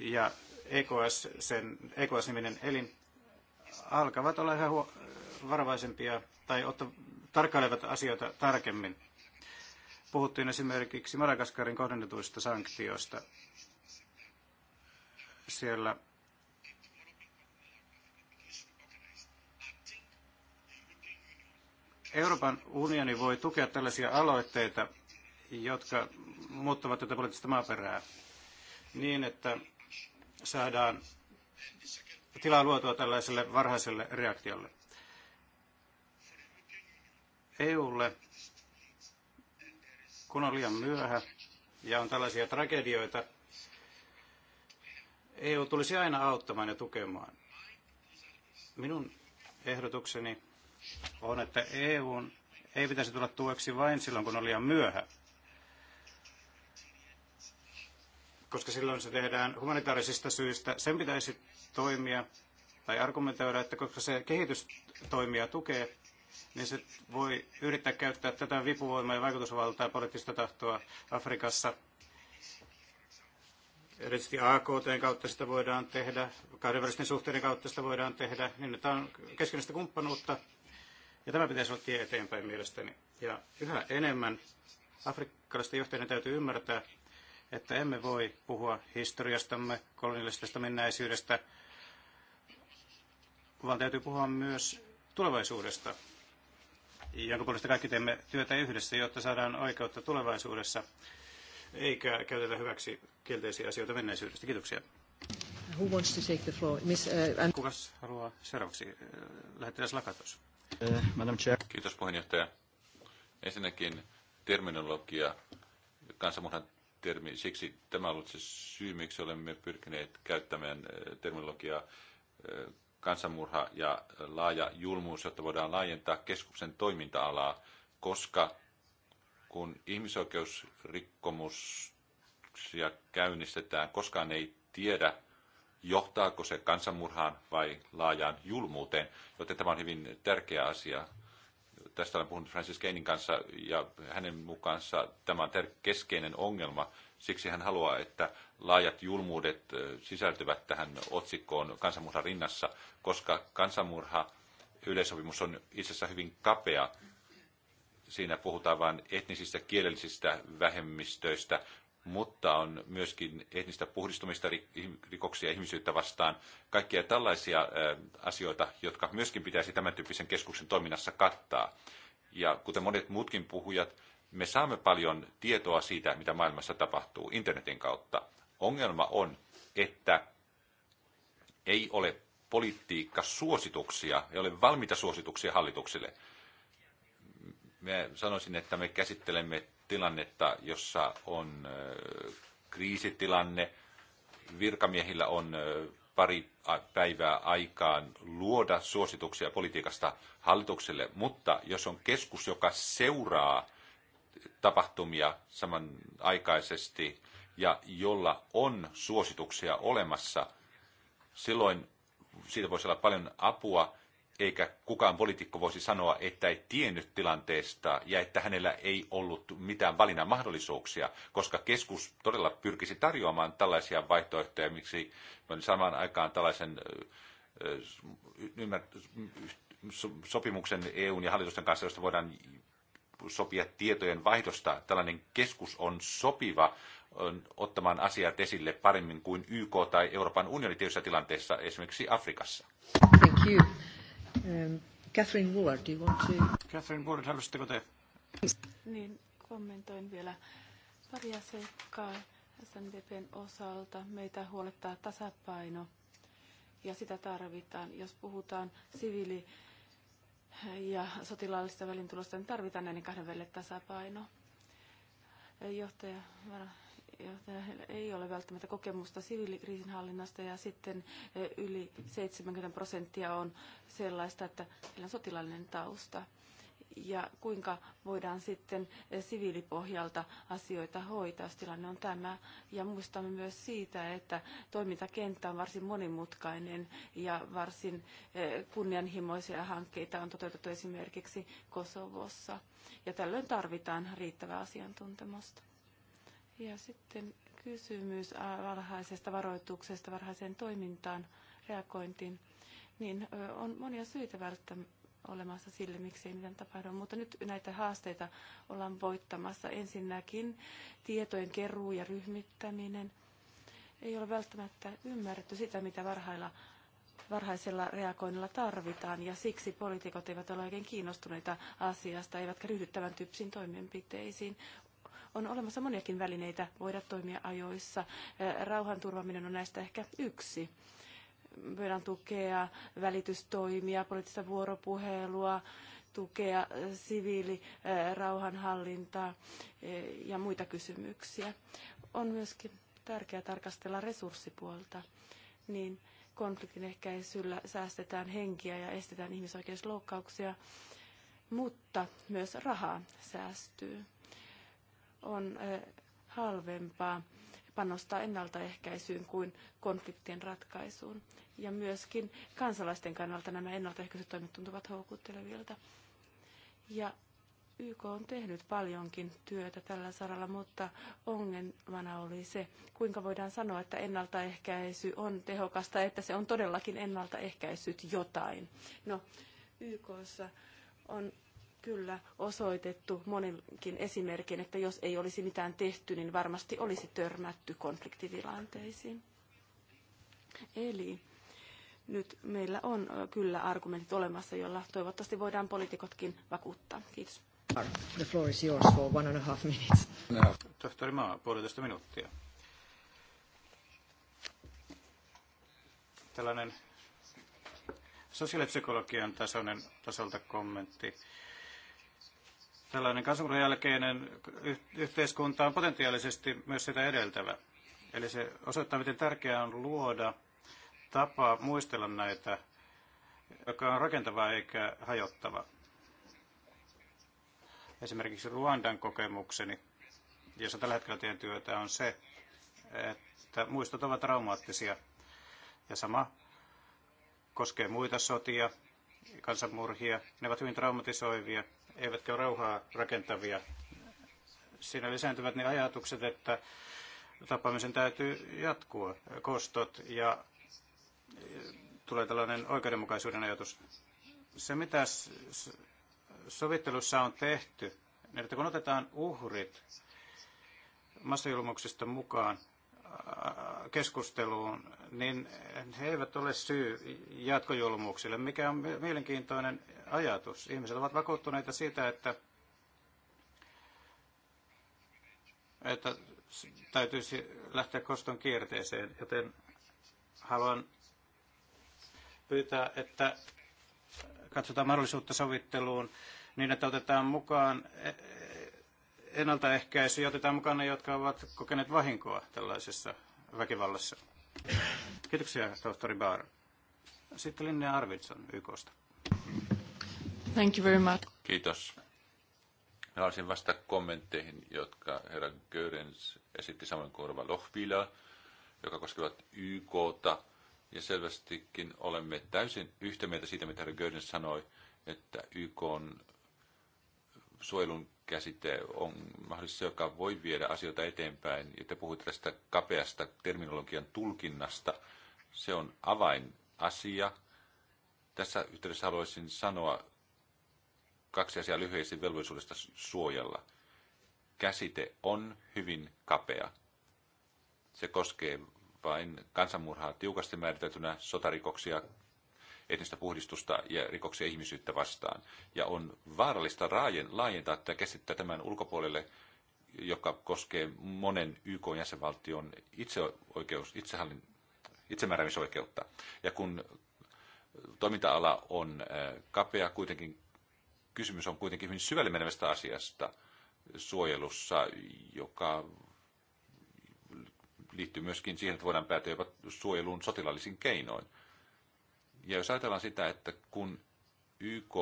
ja EKS, sen EKS-niminen elin alkavat olla yhä varovaisempia tai otta, tarkkailevat asioita tarkemmin. Puhuttiin esimerkiksi Madagaskarin kohdennetuista sanktioista siellä Euroopan unioni voi tukea tällaisia aloitteita, jotka muuttavat tätä poliittista maaperää niin, että saadaan tilaa luotua tällaiselle varhaiselle reaktiolle. EUlle, kun on liian myöhä ja on tällaisia tragedioita, EU tulisi aina auttamaan ja tukemaan. Minun ehdotukseni on, että EU ei pitäisi tulla tueksi vain silloin, kun on liian myöhä. Koska silloin se tehdään humanitaarisista syistä. Sen pitäisi toimia tai argumentoida, että koska se kehitystoimia tukee, niin se voi yrittää käyttää tätä vipuvoimaa ja vaikutusvaltaa ja poliittista tahtoa Afrikassa – Erityisesti AKTn kautta sitä voidaan tehdä, kahdenvälisten suhteiden kautta sitä voidaan tehdä, niin tämä on keskinäistä kumppanuutta. Ja tämä pitäisi olla tie eteenpäin mielestäni. Ja yhä enemmän afrikkalaisten johtajien täytyy ymmärtää, että emme voi puhua historiastamme, kolonialistisesta mennäisyydestä, vaan täytyy puhua myös tulevaisuudesta, jonka puolesta kaikki teemme työtä yhdessä, jotta saadaan oikeutta tulevaisuudessa eikä käytetä hyväksi kielteisiä asioita menneisyydestä. Kiitoksia. Who wants to take the floor? Miss, uh, and... Kukas haluaa seuraavaksi? Uh, lähettiläs Lakatos. Uh, Kiitos puheenjohtaja. Ensinnäkin terminologia, kansanmurhan termi, siksi tämä on ollut se syy, miksi olemme pyrkineet käyttämään uh, terminologiaa uh, kansanmurha ja laaja julmuus, jotta voidaan laajentaa keskuksen toiminta-alaa, koska kun ihmisoikeusrikkomuksia käynnistetään, koskaan ei tiedä, johtaako se kansanmurhaan vai laajaan julmuuteen, joten tämä on hyvin tärkeä asia. Tästä olen puhunut Francis Keinin kanssa ja hänen mukaansa tämä on keskeinen ongelma. Siksi hän haluaa, että laajat julmuudet sisältyvät tähän otsikkoon kansanmurhan rinnassa, koska kansanmurha yleisopimus on itse asiassa hyvin kapea Siinä puhutaan vain etnisistä kielellisistä vähemmistöistä, mutta on myöskin etnistä puhdistumista, rikoksia ihmisyyttä vastaan, kaikkia tällaisia asioita, jotka myöskin pitäisi tämän tyyppisen keskuksen toiminnassa kattaa. Ja kuten monet muutkin puhujat, me saamme paljon tietoa siitä, mitä maailmassa tapahtuu internetin kautta. Ongelma on, että ei ole politiikka suosituksia, ei ole valmiita suosituksia hallituksille. Mä sanoisin, että me käsittelemme tilannetta, jossa on kriisitilanne. Virkamiehillä on pari päivää aikaan luoda suosituksia politiikasta hallitukselle, mutta jos on keskus, joka seuraa tapahtumia samanaikaisesti ja jolla on suosituksia olemassa, silloin siitä voisi olla paljon apua eikä kukaan poliitikko voisi sanoa, että ei tiennyt tilanteesta ja että hänellä ei ollut mitään valinnan mahdollisuuksia, koska keskus todella pyrkisi tarjoamaan tällaisia vaihtoehtoja, miksi samaan aikaan tällaisen sopimuksen EUn ja hallitusten kanssa, josta voidaan sopia tietojen vaihdosta. Tällainen keskus on sopiva ottamaan asiat esille paremmin kuin YK tai Euroopan unioni tietyissä tilanteissa, esimerkiksi Afrikassa. Thank you. Um, Catherine Ward, do you want to... Catherine Ward, haluaisitteko te? Niin, kommentoin vielä paria seikkaa SNDPn osalta. Meitä huolettaa tasapaino ja sitä tarvitaan. Jos puhutaan siviili- ja sotilaallista välintulosta, niin tarvitaan näiden kahden välille tasapaino. Johtaja ja heillä ei ole välttämättä kokemusta siviilikriisinhallinnasta ja sitten eh, yli 70 prosenttia on sellaista, että heillä on sotilaallinen tausta. Ja kuinka voidaan sitten eh, siviilipohjalta asioita hoitaa, jos tilanne on tämä. Ja muistamme myös siitä, että toimintakenttä on varsin monimutkainen ja varsin eh, kunnianhimoisia hankkeita on toteutettu esimerkiksi Kosovossa. Ja tällöin tarvitaan riittävää asiantuntemusta. Ja sitten kysymys varhaisesta varoituksesta, varhaiseen toimintaan, reagointiin, niin on monia syitä välttämättä olemassa sille, ei mitään tapahdu. Mutta nyt näitä haasteita ollaan voittamassa. Ensinnäkin tietojen keruu ja ryhmittäminen. Ei ole välttämättä ymmärretty sitä, mitä varhailla, varhaisella reagoinnilla tarvitaan, ja siksi poliitikot eivät ole oikein kiinnostuneita asiasta, eivätkä ryhdy tämän tyyppisiin toimenpiteisiin on olemassa moniakin välineitä voida toimia ajoissa. Rauhanturvaminen on näistä ehkä yksi. Voidaan tukea välitystoimia, poliittista vuoropuhelua, tukea siviilirauhanhallintaa ja muita kysymyksiä. On myöskin tärkeää tarkastella resurssipuolta, niin konfliktin ehkäisyllä säästetään henkiä ja estetään ihmisoikeusloukkauksia, mutta myös rahaa säästyy on halvempaa panostaa ennaltaehkäisyyn kuin konfliktien ratkaisuun. Ja myöskin kansalaisten kannalta nämä ennaltaehkäisytoimet tuntuvat houkuttelevilta. Ja YK on tehnyt paljonkin työtä tällä saralla, mutta ongelmana oli se, kuinka voidaan sanoa, että ennaltaehkäisy on tehokasta, että se on todellakin ennaltaehkäisyt jotain. No, YKssa on kyllä osoitettu monenkin esimerkin, että jos ei olisi mitään tehty, niin varmasti olisi törmätty konfliktitilanteisiin. Eli nyt meillä on kyllä argumentit olemassa, jolla toivottavasti voidaan poliitikotkin vakuuttaa. Kiitos. The floor is yours for one and a half minutes. No. Tohtori Maa, puolitoista minuuttia. Tällainen sosiaalipsykologian tasoinen, tasolta kommentti Tällainen kasvun jälkeinen yhteiskunta on potentiaalisesti myös sitä edeltävä. Eli se osoittaa, miten tärkeää on luoda tapa muistella näitä, joka on rakentava eikä hajottava. Esimerkiksi Ruandan kokemukseni, jossa tällä hetkellä teen työtä, on se, että muistot ovat traumaattisia. Ja sama koskee muita sotia, kansanmurhia. Ne ovat hyvin traumatisoivia eivätkä ole rauhaa rakentavia. Siinä lisääntyvät ne ajatukset, että tapaamisen täytyy jatkua, kostot ja e, tulee tällainen oikeudenmukaisuuden ajatus. Se, mitä sovittelussa on tehty, niin että kun otetaan uhrit massajulmuksista mukaan keskusteluun, niin he eivät ole syy jatkojulmuuksille, mikä on mielenkiintoinen ajatus. Ihmiset ovat vakuuttuneita siitä, että, että täytyisi lähteä koston kierteeseen, joten haluan pyytää, että katsotaan mahdollisuutta sovitteluun niin, että otetaan mukaan e- e- ennaltaehkäisy ja otetaan mukaan ne, jotka ovat kokeneet vahinkoa tällaisessa väkivallassa. Kiitoksia, tohtori Baar. Sitten Linnea Arvidsson YKsta. Thank you very much. Kiitos. haluaisin vastata kommentteihin, jotka herra Görens esitti samoin kuin Orva Lohvila, joka koskevat YKta. Ja selvästikin olemme täysin yhtä mieltä siitä, mitä herra Görens sanoi, että YK on suojelun käsite on mahdollisesti se, joka voi viedä asioita eteenpäin. Ja te puhuitte tästä kapeasta terminologian tulkinnasta. Se on avainasia. Tässä yhteydessä haluaisin sanoa kaksi asiaa lyhyesti velvollisuudesta suojella. Käsite on hyvin kapea. Se koskee vain kansanmurhaa tiukasti määriteltynä, sotarikoksia, etnistä puhdistusta ja rikoksia ihmisyyttä vastaan. Ja on vaarallista laajentaa tätä käsittää tämän ulkopuolelle, joka koskee monen YK-jäsenvaltion itseoikeus, itsehallin, itsemääräämisoikeutta. Ja kun toiminta-ala on äh, kapea, kuitenkin kysymys on kuitenkin hyvin syvälle menevästä asiasta suojelussa, joka liittyy myöskin siihen, että voidaan päätyä jopa suojeluun sotilaallisin keinoin. Ja jos ajatellaan sitä, että kun YK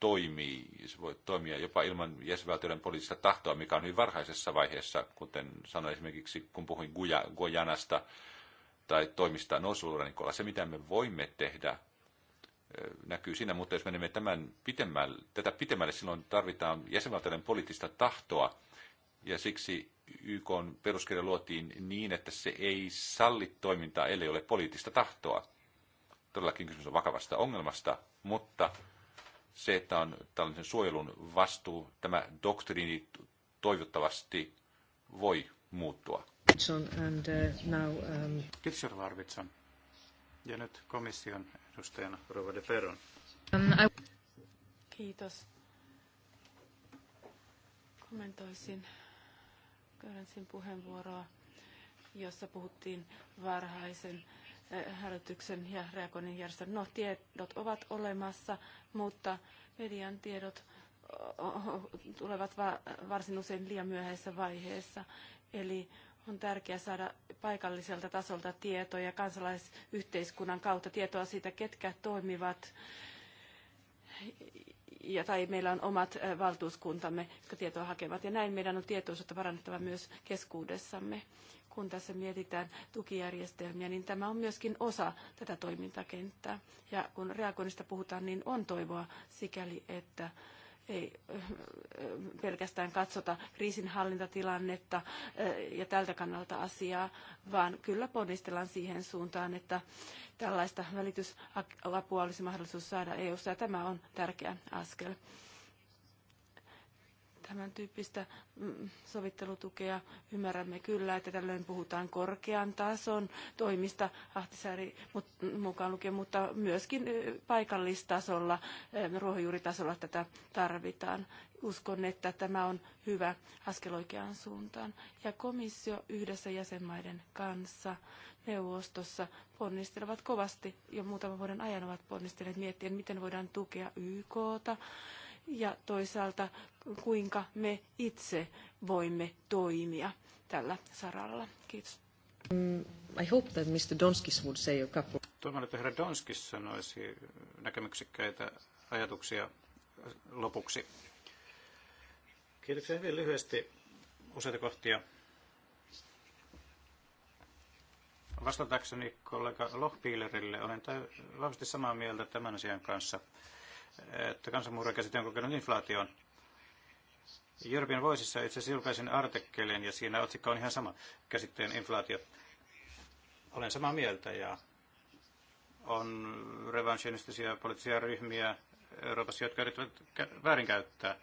toimii, se voi toimia jopa ilman jäsenvaltioiden poliittista tahtoa, mikä on hyvin varhaisessa vaiheessa, kuten sanoin esimerkiksi, kun puhuin Gujanasta tai toimista nousulurannikolla. Se, mitä me voimme tehdä, näkyy siinä, mutta jos menemme tämän pitemmälle, tätä pitemmälle, silloin tarvitaan jäsenvaltioiden poliittista tahtoa, ja siksi YK peruskirja luotiin niin, että se ei salli toimintaa, ellei ole poliittista tahtoa. Todellakin kysymys on vakavasta ongelmasta, mutta se, että on tällaisen suojelun vastuu, tämä doktriini toivottavasti voi muuttua. And, uh, now, um... Kiitos, Arvitsan. Ja nyt komission edustajana Rova de Ferron. Um, Kiitos. Kommentoisin Körensin puheenvuoroa, jossa puhuttiin varhaisen eh, hälytyksen ja reagoinnin järjestelmän. No, tiedot ovat olemassa, mutta median tiedot tulevat varsin usein liian myöhäisessä vaiheessa. Eli on tärkeää saada paikalliselta tasolta tietoja kansalaisyhteiskunnan kautta, tietoa siitä, ketkä toimivat, ja, tai meillä on omat valtuuskuntamme, jotka tietoa hakevat. Ja näin meidän on tietoisuutta parannettava myös keskuudessamme. Kun tässä mietitään tukijärjestelmiä, niin tämä on myöskin osa tätä toimintakenttää. Ja kun reagoinnista puhutaan, niin on toivoa sikäli, että ei pelkästään katsota kriisinhallintatilannetta ja tältä kannalta asiaa, vaan kyllä ponnistellaan siihen suuntaan, että tällaista välitysapua olisi mahdollisuus saada EU-ssa. Tämä on tärkeä askel tämän tyyppistä mm, sovittelutukea ymmärrämme kyllä, että tällöin puhutaan korkean tason toimista Ahtisaari mukaan lukien, mutta myöskin paikallistasolla, ruohonjuuritasolla tätä tarvitaan. Uskon, että tämä on hyvä askel oikeaan suuntaan. Ja komissio yhdessä jäsenmaiden kanssa neuvostossa ponnistelevat kovasti, jo muutaman vuoden ajan ovat ponnistelleet miettien, miten voidaan tukea YKta, ja toisaalta kuinka me itse voimme toimia tällä saralla. Kiitos. Mm, I hope that Mr. Donskis would say a couple. Toivon, että herra Donskis sanoisi näkemyksikkäitä ajatuksia lopuksi. Kiitoksia hyvin lyhyesti useita kohtia. Vastatakseni kollega Lohpiilerille olen vahvasti samaa mieltä tämän asian kanssa että kansanmurron käsite on kokenut inflaation. European Voicesissa itse asiassa julkaisin artikkelin ja siinä otsikko on ihan sama käsitteen inflaatio. Olen samaa mieltä ja on revanssionistisia poliittisia ryhmiä Euroopassa, jotka yrittävät väärinkäyttää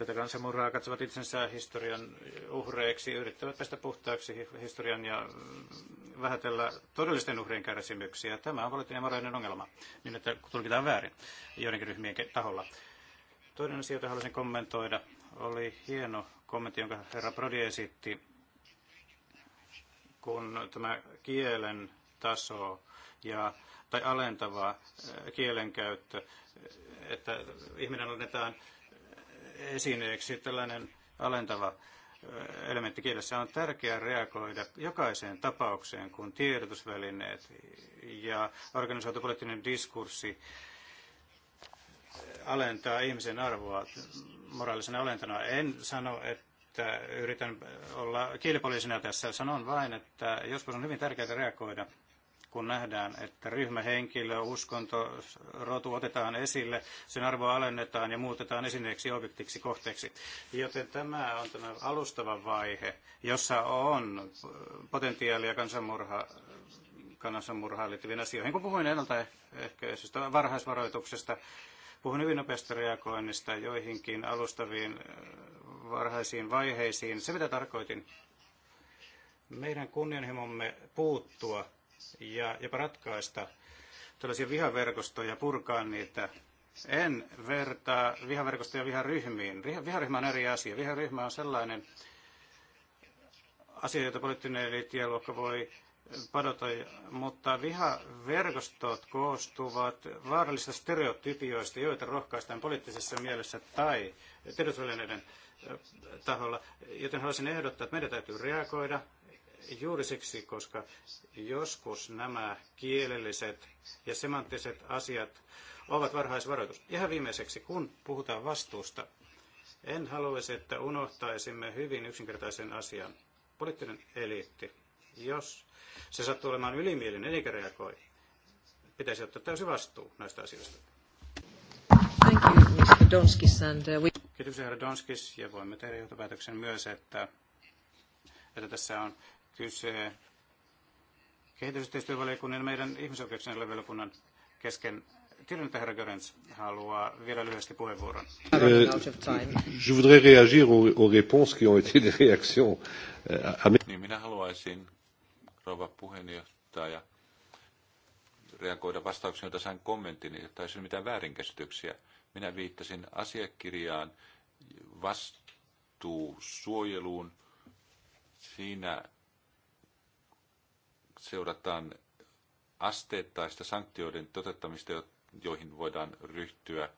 tätä kansanmurhaa katsovat itsensä historian uhreiksi, yrittävät päästä puhtaaksi historian ja vähätellä todellisten uhrien kärsimyksiä. Tämä on poliittinen moraalinen ongelma, niin että tulkitaan väärin joidenkin ryhmien taholla. Toinen asia, jota haluaisin kommentoida, oli hieno kommentti, jonka herra Prodi esitti, kun tämä kielen taso ja, tai alentava kielenkäyttö, että ihminen annetaan esineeksi tällainen alentava elementti kielessä on tärkeää reagoida jokaiseen tapaukseen, kun tiedotusvälineet ja organisoitu poliittinen diskurssi alentaa ihmisen arvoa moraalisena alentana. En sano, että yritän olla kilpolisena tässä. Sanon vain, että joskus on hyvin tärkeää reagoida kun nähdään, että ryhmä, uskonto, rotu otetaan esille, sen arvoa alennetaan ja muutetaan esineeksi objektiksi kohteeksi. Joten tämä on tämä alustava vaihe, jossa on potentiaalia kansanmurha kansanmurhaan liittyviin asioihin. Kun puhuin ennaltaehkäisystä, varhaisvaroituksesta, puhun hyvin nopeasta reagoinnista joihinkin alustaviin äh, varhaisiin vaiheisiin. Se mitä tarkoitin, meidän kunnianhimomme puuttua ja jopa ratkaista tällaisia vihaverkostoja, purkaa niitä. En vertaa vihaverkostoja viharyhmiin. Viharyhmä on eri asia. Viharyhmä on sellainen asia, jota poliittinen eliitti voi padota, mutta vihaverkostot koostuvat vaarallisista stereotypioista, joita rohkaistaan poliittisessa mielessä tai tiedotusvälineiden taholla. Joten haluaisin ehdottaa, että meidän täytyy reagoida juuri siksi, koska joskus nämä kielelliset ja semanttiset asiat ovat varhaisvaroitus. Ihan viimeiseksi, kun puhutaan vastuusta, en haluaisi, että unohtaisimme hyvin yksinkertaisen asian. Poliittinen eliitti, jos se sattuu olemaan ylimielinen eikä reagoi, pitäisi ottaa täysi vastuu näistä asioista. Thank you, Mr. Donskis, and uh, we... Kiitoksia, herra Donskis, ja voimme tehdä johtopäätöksen myös, että, että tässä on kyse kehitysyhteistyövaliokunnan ja meidän ihmisoikeuksien valiokunnan kesken. Tilanne herra Görens haluaa vielä lyhyesti puheenvuoron. Euh, je voudrais réagir aux réponses qui ont été des réactions. Euh, niin, minä haluaisin, rouva puheenjohtaja, reagoida vastauksiin, joita sain niin että ei ole mitään väärinkäsityksiä. Minä viittasin asiakirjaan vastuusuojeluun. Siinä seurataan asteittaista sanktioiden toteuttamista, joihin voidaan ryhtyä,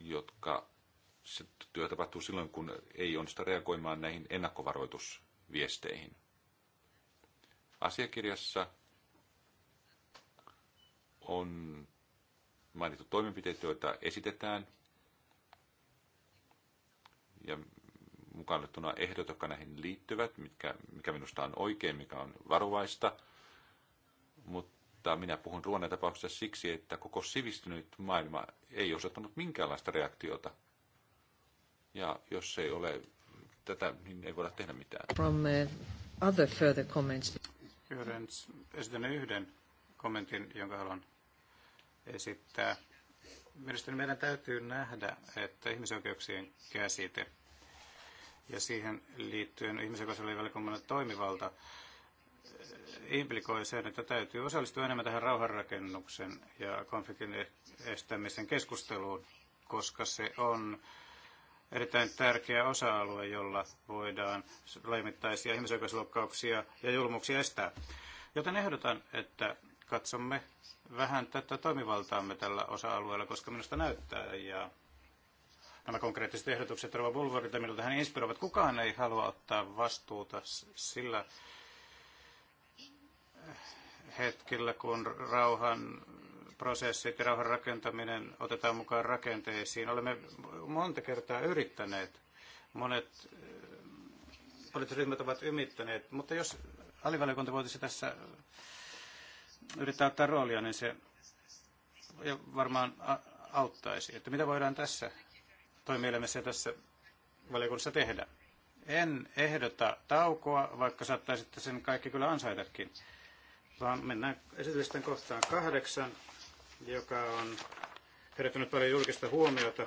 jotka se työ tapahtuu silloin, kun ei onnistu reagoimaan näihin ennakkovaroitusviesteihin. Asiakirjassa on mainittu toimenpiteet, joita esitetään ja mukaan ehdot, jotka näihin liittyvät, mitkä, mikä minusta on oikein, mikä on varovaista. Mutta minä puhun ruoan tapauksessa siksi, että koko sivistynyt maailma ei osoittanut minkäänlaista reaktiota. Ja jos ei ole tätä, niin ei voida tehdä mitään. From uh, other further comments. esitän yhden kommentin, jonka haluan esittää. Mielestäni meidän täytyy nähdä, että ihmisoikeuksien käsite – ja siihen liittyen ihmisoikeusvaliokunnan toimivalta eh, implikoi sen, että täytyy osallistua enemmän tähän rauhanrakennuksen ja konfliktin e- estämisen keskusteluun, koska se on erittäin tärkeä osa-alue, jolla voidaan laimittaisia ihmisoikeusloukkauksia ja julmuuksia estää. Joten ehdotan, että katsomme vähän tätä toimivaltaamme tällä osa-alueella, koska minusta näyttää ja nämä konkreettiset ehdotukset Rova Bulvarilta, miltä hän inspiroivat. Kukaan ei halua ottaa vastuuta sillä hetkellä, kun rauhan prosessit ja rauhan rakentaminen otetaan mukaan rakenteisiin. Olemme monta kertaa yrittäneet. Monet eh, poliittiset ryhmät ovat ymittäneet, mutta jos alivaliokunta voisi tässä yrittää ottaa roolia, niin se varmaan auttaisi. Että mitä voidaan tässä toimielimessä ja tässä valiokunnassa tehdä. En ehdota taukoa, vaikka saattaisitte sen kaikki kyllä ansaitakin, vaan mennään esitysten kohtaan kahdeksan, joka on herättänyt paljon julkista huomiota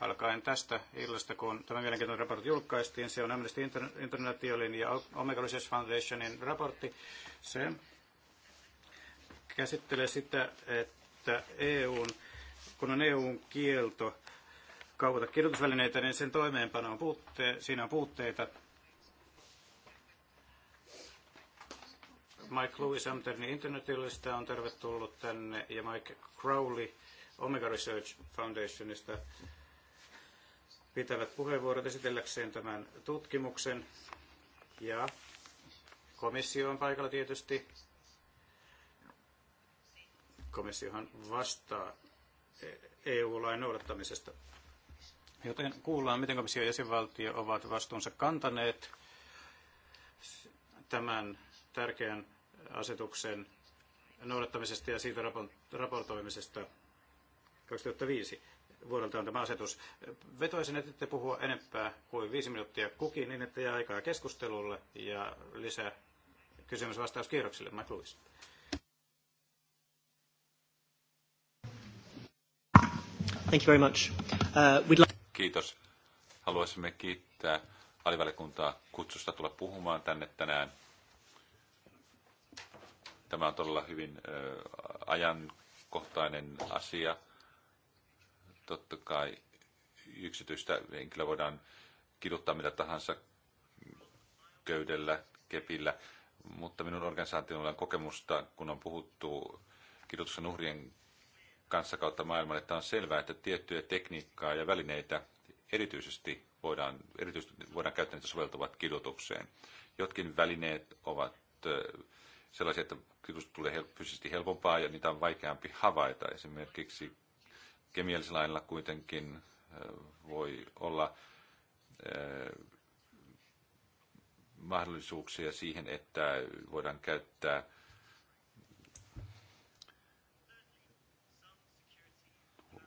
alkaen tästä illasta, kun tämä mielenkiintoinen raportti julkaistiin. Se on Amnesty Internationalin ja Omega Research Foundationin raportti. Se käsittelee sitä, että EUn, kun on EUn kielto kaupata kirjoitusvälineitä, niin sen toimeenpano on puutte, siinä on puutteita. Mike Lewis Amternin internetistä on tervetullut tänne ja Mike Crowley Omega Research Foundationista pitävät puheenvuorot esitelläkseen tämän tutkimuksen. Ja komissio on paikalla tietysti. Komissiohan vastaa EU-lain e noudattamisesta. Joten kuullaan, miten komissio ja jäsenvaltio ovat vastuunsa kantaneet tämän tärkeän asetuksen noudattamisesta ja siitä raportoimisesta 2005 vuodelta on tämä asetus. Vetoisin, että ette puhua enempää kuin viisi minuuttia kukin, niin että jää aikaa keskustelulle ja lisää kysymysvastauskierroksille. Mike Lewis. Thank you very much. Uh, we'd kiitos. Haluaisimme kiittää alivälikuntaa kutsusta tulla puhumaan tänne tänään. Tämä on todella hyvin ajankohtainen asia. Totta kai yksityistä henkilöä voidaan kiduttaa mitä tahansa köydellä, kepillä, mutta minun organisaatiolla on kokemusta, kun on puhuttu kidutuksen uhrien kanssa kautta maailman, että on selvää, että tiettyjä tekniikkaa ja välineitä erityisesti voidaan, erityisesti voidaan käyttää niitä soveltuvat kidutukseen. Jotkin välineet ovat sellaisia, että kidutus tulee fyysisesti helpompaa ja niitä on vaikeampi havaita. Esimerkiksi kemiallisella lailla kuitenkin voi olla mahdollisuuksia siihen, että voidaan käyttää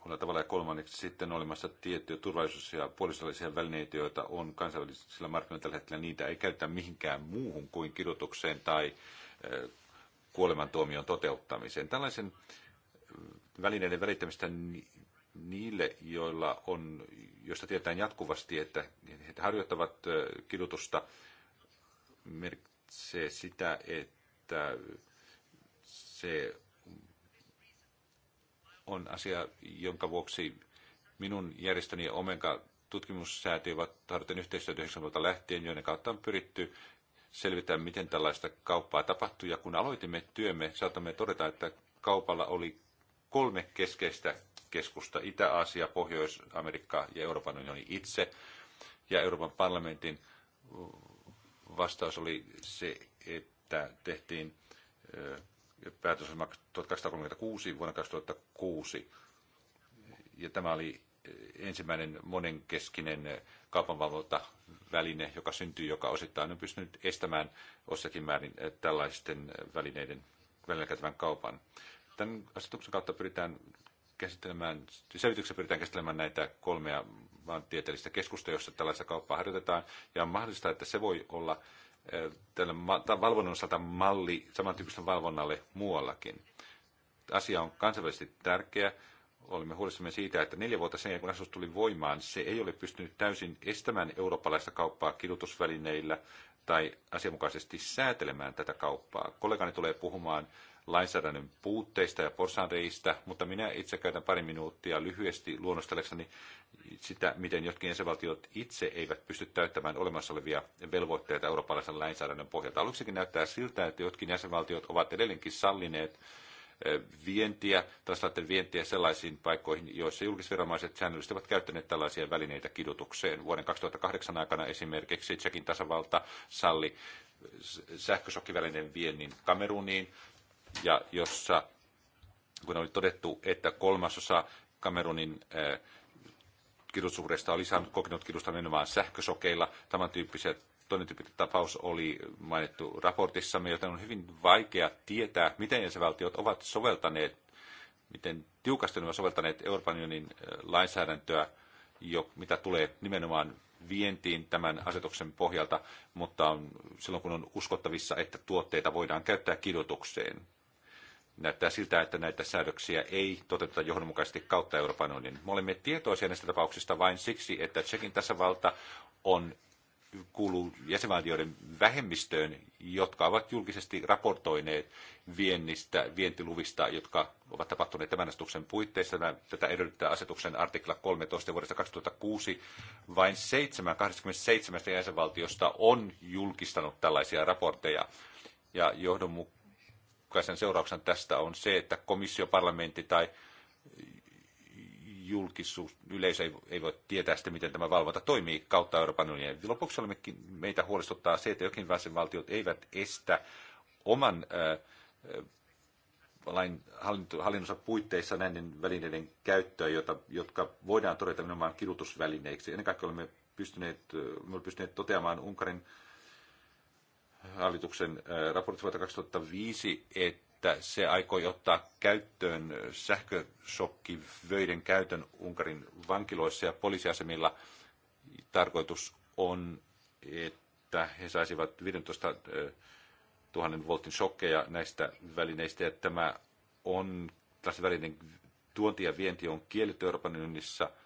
tehokkaalla tavalla. Ja kolmanneksi sitten olemassa tiettyjä turvallisuus- ja puolisollisia välineitä, joita on kansainvälisillä markkinoilla tällä hetkellä. Niitä ei käytä mihinkään muuhun kuin kidutukseen tai kuolemantuomion toteuttamiseen. Tällaisen välineiden välittämistä niille, joilla on, josta tietää jatkuvasti, että he harjoittavat kidutusta, merkitsee sitä, että se on asia, jonka vuoksi minun järjestöni ja Omenka tutkimussäätiö ovat harjoittaneet yhteistyötä 90 lähtien, joiden kautta on pyritty selvittämään, miten tällaista kauppaa tapahtui, Ja kun aloitimme työmme, saatamme todeta, että kaupalla oli kolme keskeistä keskusta, Itä-Aasia, Pohjois-Amerikka ja Euroopan unioni itse. Ja Euroopan parlamentin vastaus oli se, että tehtiin päätös 1236 vuonna 2006. Ja tämä oli eh, ensimmäinen monenkeskinen eh, kaupanvalvontaväline, joka syntyi, joka osittain on pystynyt estämään ossakin määrin eh, tällaisten välineiden välillä käytävän kaupan. Tämän asetuksen kautta pyritään käsittelemään, selvityksessä pyritään käsittelemään näitä kolmea maantieteellistä keskusta, jossa tällaista kauppaa harjoitetaan, ja on mahdollista, että se voi olla tälle valvonnan osalta malli samantyyppiselle valvonnalle muuallakin. Asia on kansainvälisesti tärkeä. Olemme huolissamme siitä, että neljä vuotta sen jälkeen, kun asetus tuli voimaan, se ei ole pystynyt täysin estämään eurooppalaista kauppaa kidutusvälineillä tai asianmukaisesti säätelemään tätä kauppaa. Kollegani tulee puhumaan lainsäädännön puutteista ja porsanreistä, mutta minä itse käytän pari minuuttia lyhyesti luonnostelekseni sitä, miten jotkin jäsenvaltiot itse eivät pysty täyttämään olemassa olevia velvoitteita eurooppalaisen lainsäädännön pohjalta. Aluksikin näyttää siltä, että jotkin jäsenvaltiot ovat edelleenkin sallineet vientiä, translaattorin vientiä sellaisiin paikkoihin, joissa julkisviranomaiset säännöllisesti ovat käyttäneet tällaisia välineitä kidutukseen. Vuoden 2008 aikana esimerkiksi Tsekin tasavalta salli sähkösokkivälineen viennin Kameruniin ja jossa, kun oli todettu, että kolmasosa Kamerunin eh, kidutusuhreista oli saanut kokenut kidusta nimenomaan sähkösokeilla. Tämän tyyppiset toinen tyyppinen tapaus oli mainittu raportissamme, joten on hyvin vaikea tietää, miten jäsenvaltiot ovat soveltaneet, miten tiukasti ovat soveltaneet Euroopan unionin eh, lainsäädäntöä, jo, mitä tulee nimenomaan vientiin tämän asetuksen pohjalta, mutta on, silloin kun on uskottavissa, että tuotteita voidaan käyttää kidutukseen. Näyttää siltä, että näitä säädöksiä ei toteuteta johdonmukaisesti kautta Euroopan unionin. Me olemme tietoisia näistä tapauksista vain siksi, että Tsekin tasavalta on kuuluu jäsenvaltioiden vähemmistöön, jotka ovat julkisesti raportoineet viennistä, vientiluvista, jotka ovat tapahtuneet tämän asetuksen puitteissa. Tätä edellyttää asetuksen artikla 13 vuodesta 2006. Vain 7, 27 jäsenvaltiosta on julkistanut tällaisia raportteja. Ja johdonmuk- sen seurauksena tästä on se, että komissio, parlamentti tai julkisuus, yleisö ei, ei voi tietää sitä, miten tämä valvonta toimii kautta Euroopan unionin. Lopuksi olemmekin, meitä huolestuttaa se, että jokin valtiot eivät estä oman äh, lain hallinnossa puitteissa näiden välineiden käyttöä, jota, jotka voidaan todeta nimenomaan kidutusvälineiksi. Ennen kaikkea olemme pystyneet, olemme pystyneet toteamaan Unkarin äh, hallituksen äh, raportti vuotta 2005, että se aikoi ottaa käyttöön sähkösokkivöiden käytön Unkarin vankiloissa ja poliisiasemilla. Tarkoitus on, että he saisivat 15 000 äh, voltin shokkeja näistä välineistä, ja tämä on, tällaisen välineen tuonti ja vienti on kielletty Euroopan unionissa –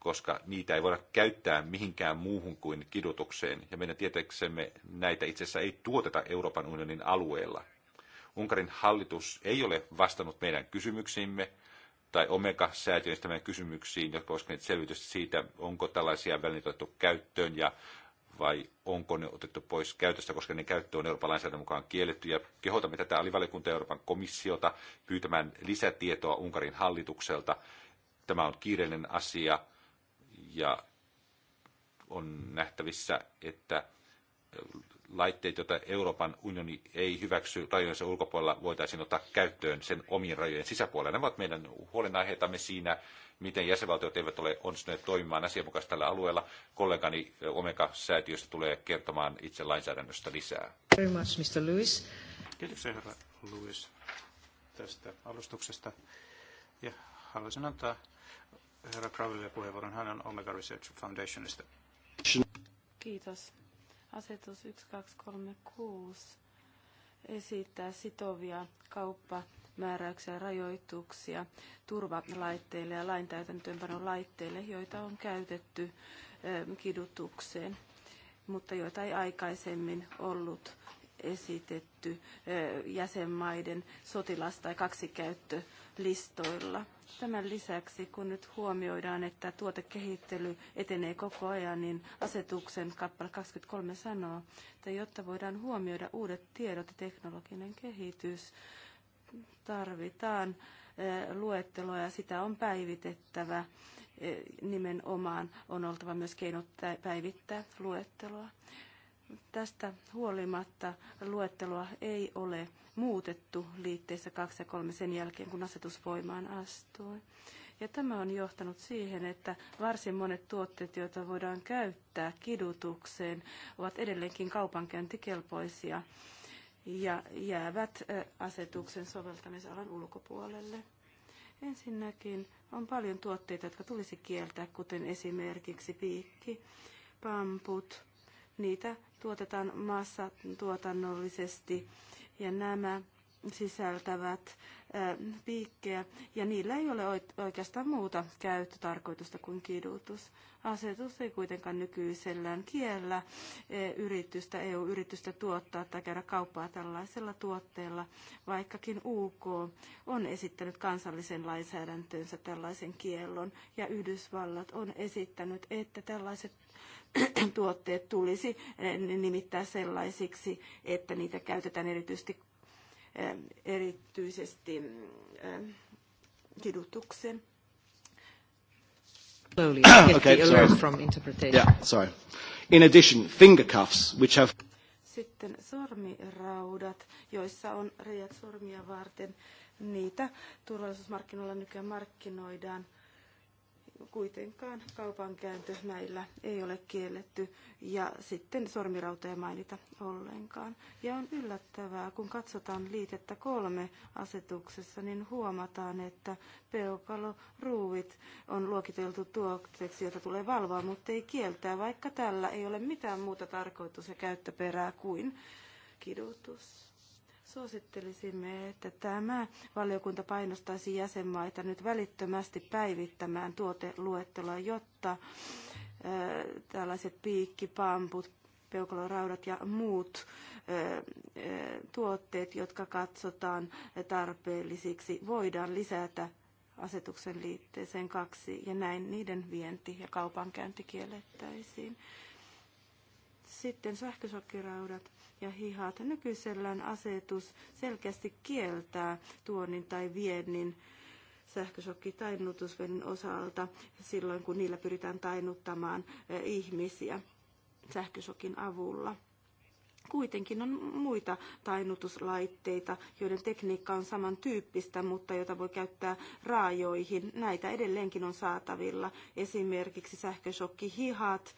koska niitä ei voida käyttää mihinkään muuhun kuin kidutukseen, ja meidän tietääksemme näitä itse asiassa ei tuoteta Euroopan unionin alueella. Unkarin hallitus ei ole vastannut meidän kysymyksiimme tai Omega-säätiön kysymyksiin, jotka koskevat selvitystä siitä, onko tällaisia välineitä otettu käyttöön ja vai onko ne otettu pois käytöstä, koska ne käyttö on Euroopan lainsäädännön mukaan kielletty. Ja kehotamme tätä alivaliokunta Euroopan komissiota pyytämään lisätietoa Unkarin hallitukselta. Tämä on kiireinen asia ja on nähtävissä, että laitteet, joita Euroopan unioni ei hyväksy rajojensa ulkopuolella, voitaisiin ottaa käyttöön sen omien rajojen sisäpuolella. Nämä ovat meidän huolenaiheitamme siinä, miten jäsenvaltiot eivät ole onnistuneet toimimaan asianmukaisesti tällä alueella. Kollegani Omega-säätiöstä tulee kertomaan itse lainsäädännöstä lisää. Very much, Mr. Lewis. Kiitoksia, herra Lewis, tästä alustuksesta. Ja haluaisin antaa herra Crowleylle puheenvuoron. Hän on Omega Research Foundationista. Kiitos. Asetus 1236 esittää sitovia kauppamääräyksiä ja rajoituksia turvalaitteille ja lain laitteille, joita on käytetty eh, kidutukseen, mutta joita ei aikaisemmin ollut esitetty jäsenmaiden sotilas- tai kaksikäyttölistoilla. Tämän lisäksi, kun nyt huomioidaan, että tuotekehittely etenee koko ajan, niin asetuksen kappale 23 sanoo, että jotta voidaan huomioida uudet tiedot ja teknologinen kehitys, tarvitaan luetteloa ja sitä on päivitettävä. Nimenomaan on oltava myös keinot päivittää luetteloa. Tästä huolimatta luettelua ei ole muutettu liitteissä 2 ja 3 sen jälkeen, kun asetus voimaan astui. Ja tämä on johtanut siihen, että varsin monet tuotteet, joita voidaan käyttää kidutukseen, ovat edelleenkin kaupankäyntikelpoisia ja jäävät asetuksen soveltamisalan ulkopuolelle. Ensinnäkin on paljon tuotteita, jotka tulisi kieltää, kuten esimerkiksi piikki, pamput, Niitä tuotetaan maassa tuotannollisesti ja nämä sisältävät piikkejä, ja niillä ei ole oikeastaan muuta käyttötarkoitusta kuin kidutus. Asetus ei kuitenkaan nykyisellään kiellä yritystä, EU-yritystä tuottaa tai käydä kauppaa tällaisella tuotteella, vaikkakin UK on esittänyt kansallisen lainsäädäntöönsä tällaisen kiellon, ja Yhdysvallat on esittänyt, että tällaiset tuotteet tulisi nimittää sellaisiksi, että niitä käytetään erityisesti erityisesti kidutuksen. Slowly, okay, sorry. from interpretation. Yeah, sorry. In addition, finger cuffs, which have... Sitten sormiraudat, joissa on reiät sormia varten. Niitä turvallisuusmarkkinoilla nykyään markkinoidaan – kuitenkaan kaupankäyntö näillä ei ole kielletty ja sitten sormirautoja mainita ollenkaan. Ja on yllättävää, kun katsotaan liitettä kolme asetuksessa, niin huomataan, että peukaloruuvit on luokiteltu tuotteeksi, jota tulee valvoa, mutta ei kieltää, vaikka tällä ei ole mitään muuta tarkoitus ja käyttöperää kuin kidutus. Suosittelisimme, että tämä valiokunta painostaisi jäsenmaita nyt välittömästi päivittämään tuoteluetteloa, jotta tällaiset piikkipamput, peukaloraudat ja muut tuotteet, jotka katsotaan tarpeellisiksi, voidaan lisätä asetuksen liitteeseen kaksi ja näin niiden vienti ja kaupankäynti kiellettäisiin. Sitten sähkösokkiraudat ja hihat. Nykyisellään asetus selkeästi kieltää tuonnin tai viennin sähkösokki tainnutusveden osalta silloin, kun niillä pyritään tainnuttamaan e, ihmisiä sähkösokin avulla. Kuitenkin on muita tainnutuslaitteita, joiden tekniikka on samantyyppistä, mutta jota voi käyttää raajoihin. Näitä edelleenkin on saatavilla. Esimerkiksi sähkösokkihihat,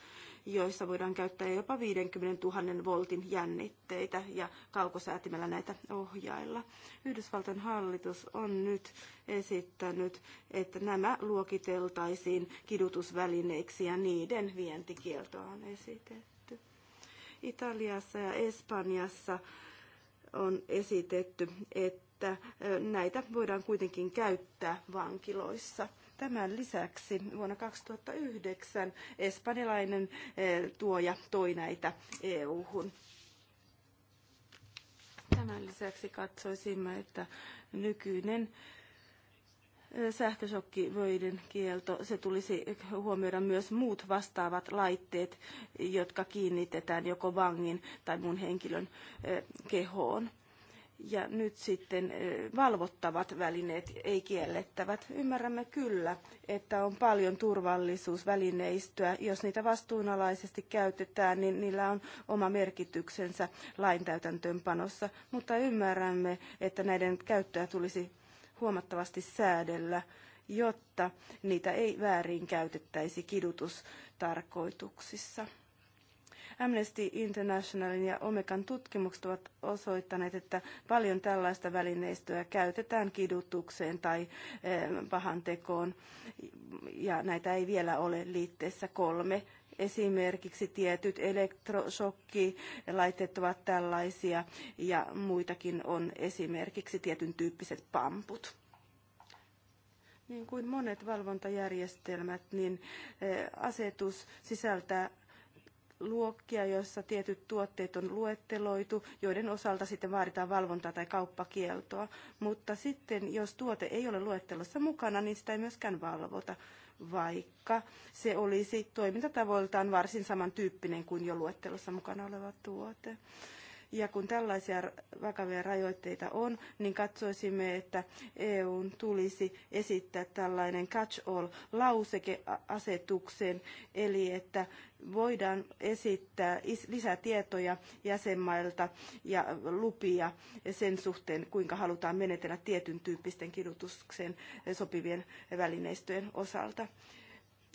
joissa voidaan käyttää jopa 50 000 voltin jännitteitä ja kaukosäätimellä näitä ohjailla. Yhdysvaltain hallitus on nyt esittänyt, että nämä luokiteltaisiin kidutusvälineiksi ja niiden vientikieltoa on esitetty. Italiassa ja Espanjassa on esitetty, että näitä voidaan kuitenkin käyttää vankiloissa – Tämän lisäksi vuonna 2009 espanjalainen eh, tuoja toi näitä EU-hun. Tämän lisäksi katsoisimme, että nykyinen eh, sähkösokkivöiden kielto, se tulisi huomioida myös muut vastaavat laitteet, jotka kiinnitetään joko vangin tai muun henkilön eh, kehoon ja nyt sitten eh, valvottavat välineet, ei kiellettävät. Ymmärrämme kyllä, että on paljon turvallisuusvälineistöä. Jos niitä vastuunalaisesti käytetään, niin niillä on oma merkityksensä lain täytäntöönpanossa, mutta ymmärrämme, että näiden käyttöä tulisi huomattavasti säädellä, jotta niitä ei väärin käytettäisi kidutustarkoituksissa. Amnesty Internationalin ja Omekan tutkimukset ovat osoittaneet, että paljon tällaista välineistöä käytetään kidutukseen tai eh, pahantekoon, ja näitä ei vielä ole liitteessä kolme esimerkiksi tietyt elektrosokkilaitteet ovat tällaisia ja muitakin on esimerkiksi tietyn tyyppiset pamput. Niin kuin monet valvontajärjestelmät, niin eh, asetus sisältää luokkia, joissa tietyt tuotteet on luetteloitu, joiden osalta sitten vaaditaan valvontaa tai kauppakieltoa. Mutta sitten, jos tuote ei ole luettelossa mukana, niin sitä ei myöskään valvota, vaikka se olisi toimintatavoiltaan varsin samantyyppinen kuin jo luettelossa mukana oleva tuote. Ja kun tällaisia vakavia rajoitteita on, niin katsoisimme, että EUn tulisi esittää tällainen catch-all-lauseke asetukseen, eli että voidaan esittää lisätietoja jäsenmailta ja lupia sen suhteen, kuinka halutaan menetellä tietyn tyyppisten kidutukseen sopivien välineistöjen osalta.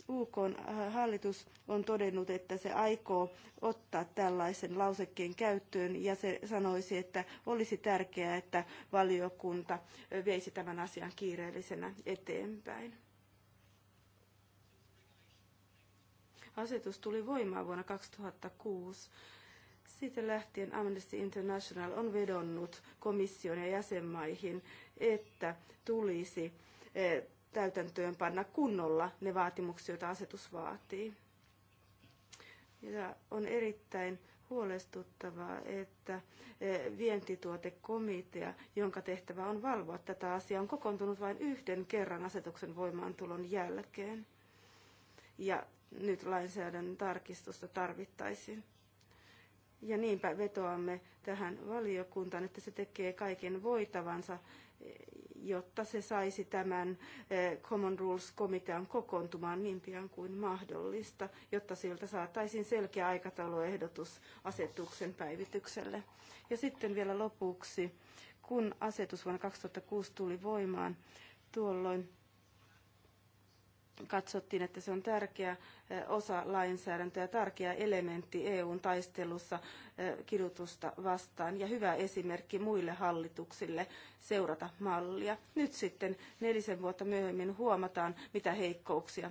UK äh, hallitus on todennut, että se aikoo ottaa tällaisen lausekkeen käyttöön ja se sanoisi, että olisi tärkeää, että valiokunta äh, veisi tämän asian kiireellisenä eteenpäin. Asetus tuli voimaan vuonna 2006. Siitä lähtien Amnesty International on vedonnut komission ja jäsenmaihin, että tulisi äh, täytäntöön panna kunnolla ne vaatimukset, joita asetus vaatii. Ja on erittäin huolestuttavaa, että eh, vientituotekomitea, jonka tehtävä on valvoa tätä asiaa, on kokoontunut vain yhden kerran asetuksen voimaantulon jälkeen. Ja nyt lainsäädännön tarkistusta tarvittaisiin. Ja niinpä vetoamme tähän valiokuntaan, että se tekee kaiken voitavansa, jotta se saisi tämän eh, Common Rules-komitean kokoontumaan niin pian kuin mahdollista, jotta siltä saataisiin selkeä aikatauluehdotus asetuksen päivitykselle. Ja sitten vielä lopuksi, kun asetus vuonna 2006 tuli voimaan, tuolloin katsottiin, että se on tärkeä osa lainsäädäntöä ja tärkeä elementti EUn taistelussa kidutusta vastaan ja hyvä esimerkki muille hallituksille seurata mallia. Nyt sitten nelisen vuotta myöhemmin huomataan, mitä heikkouksia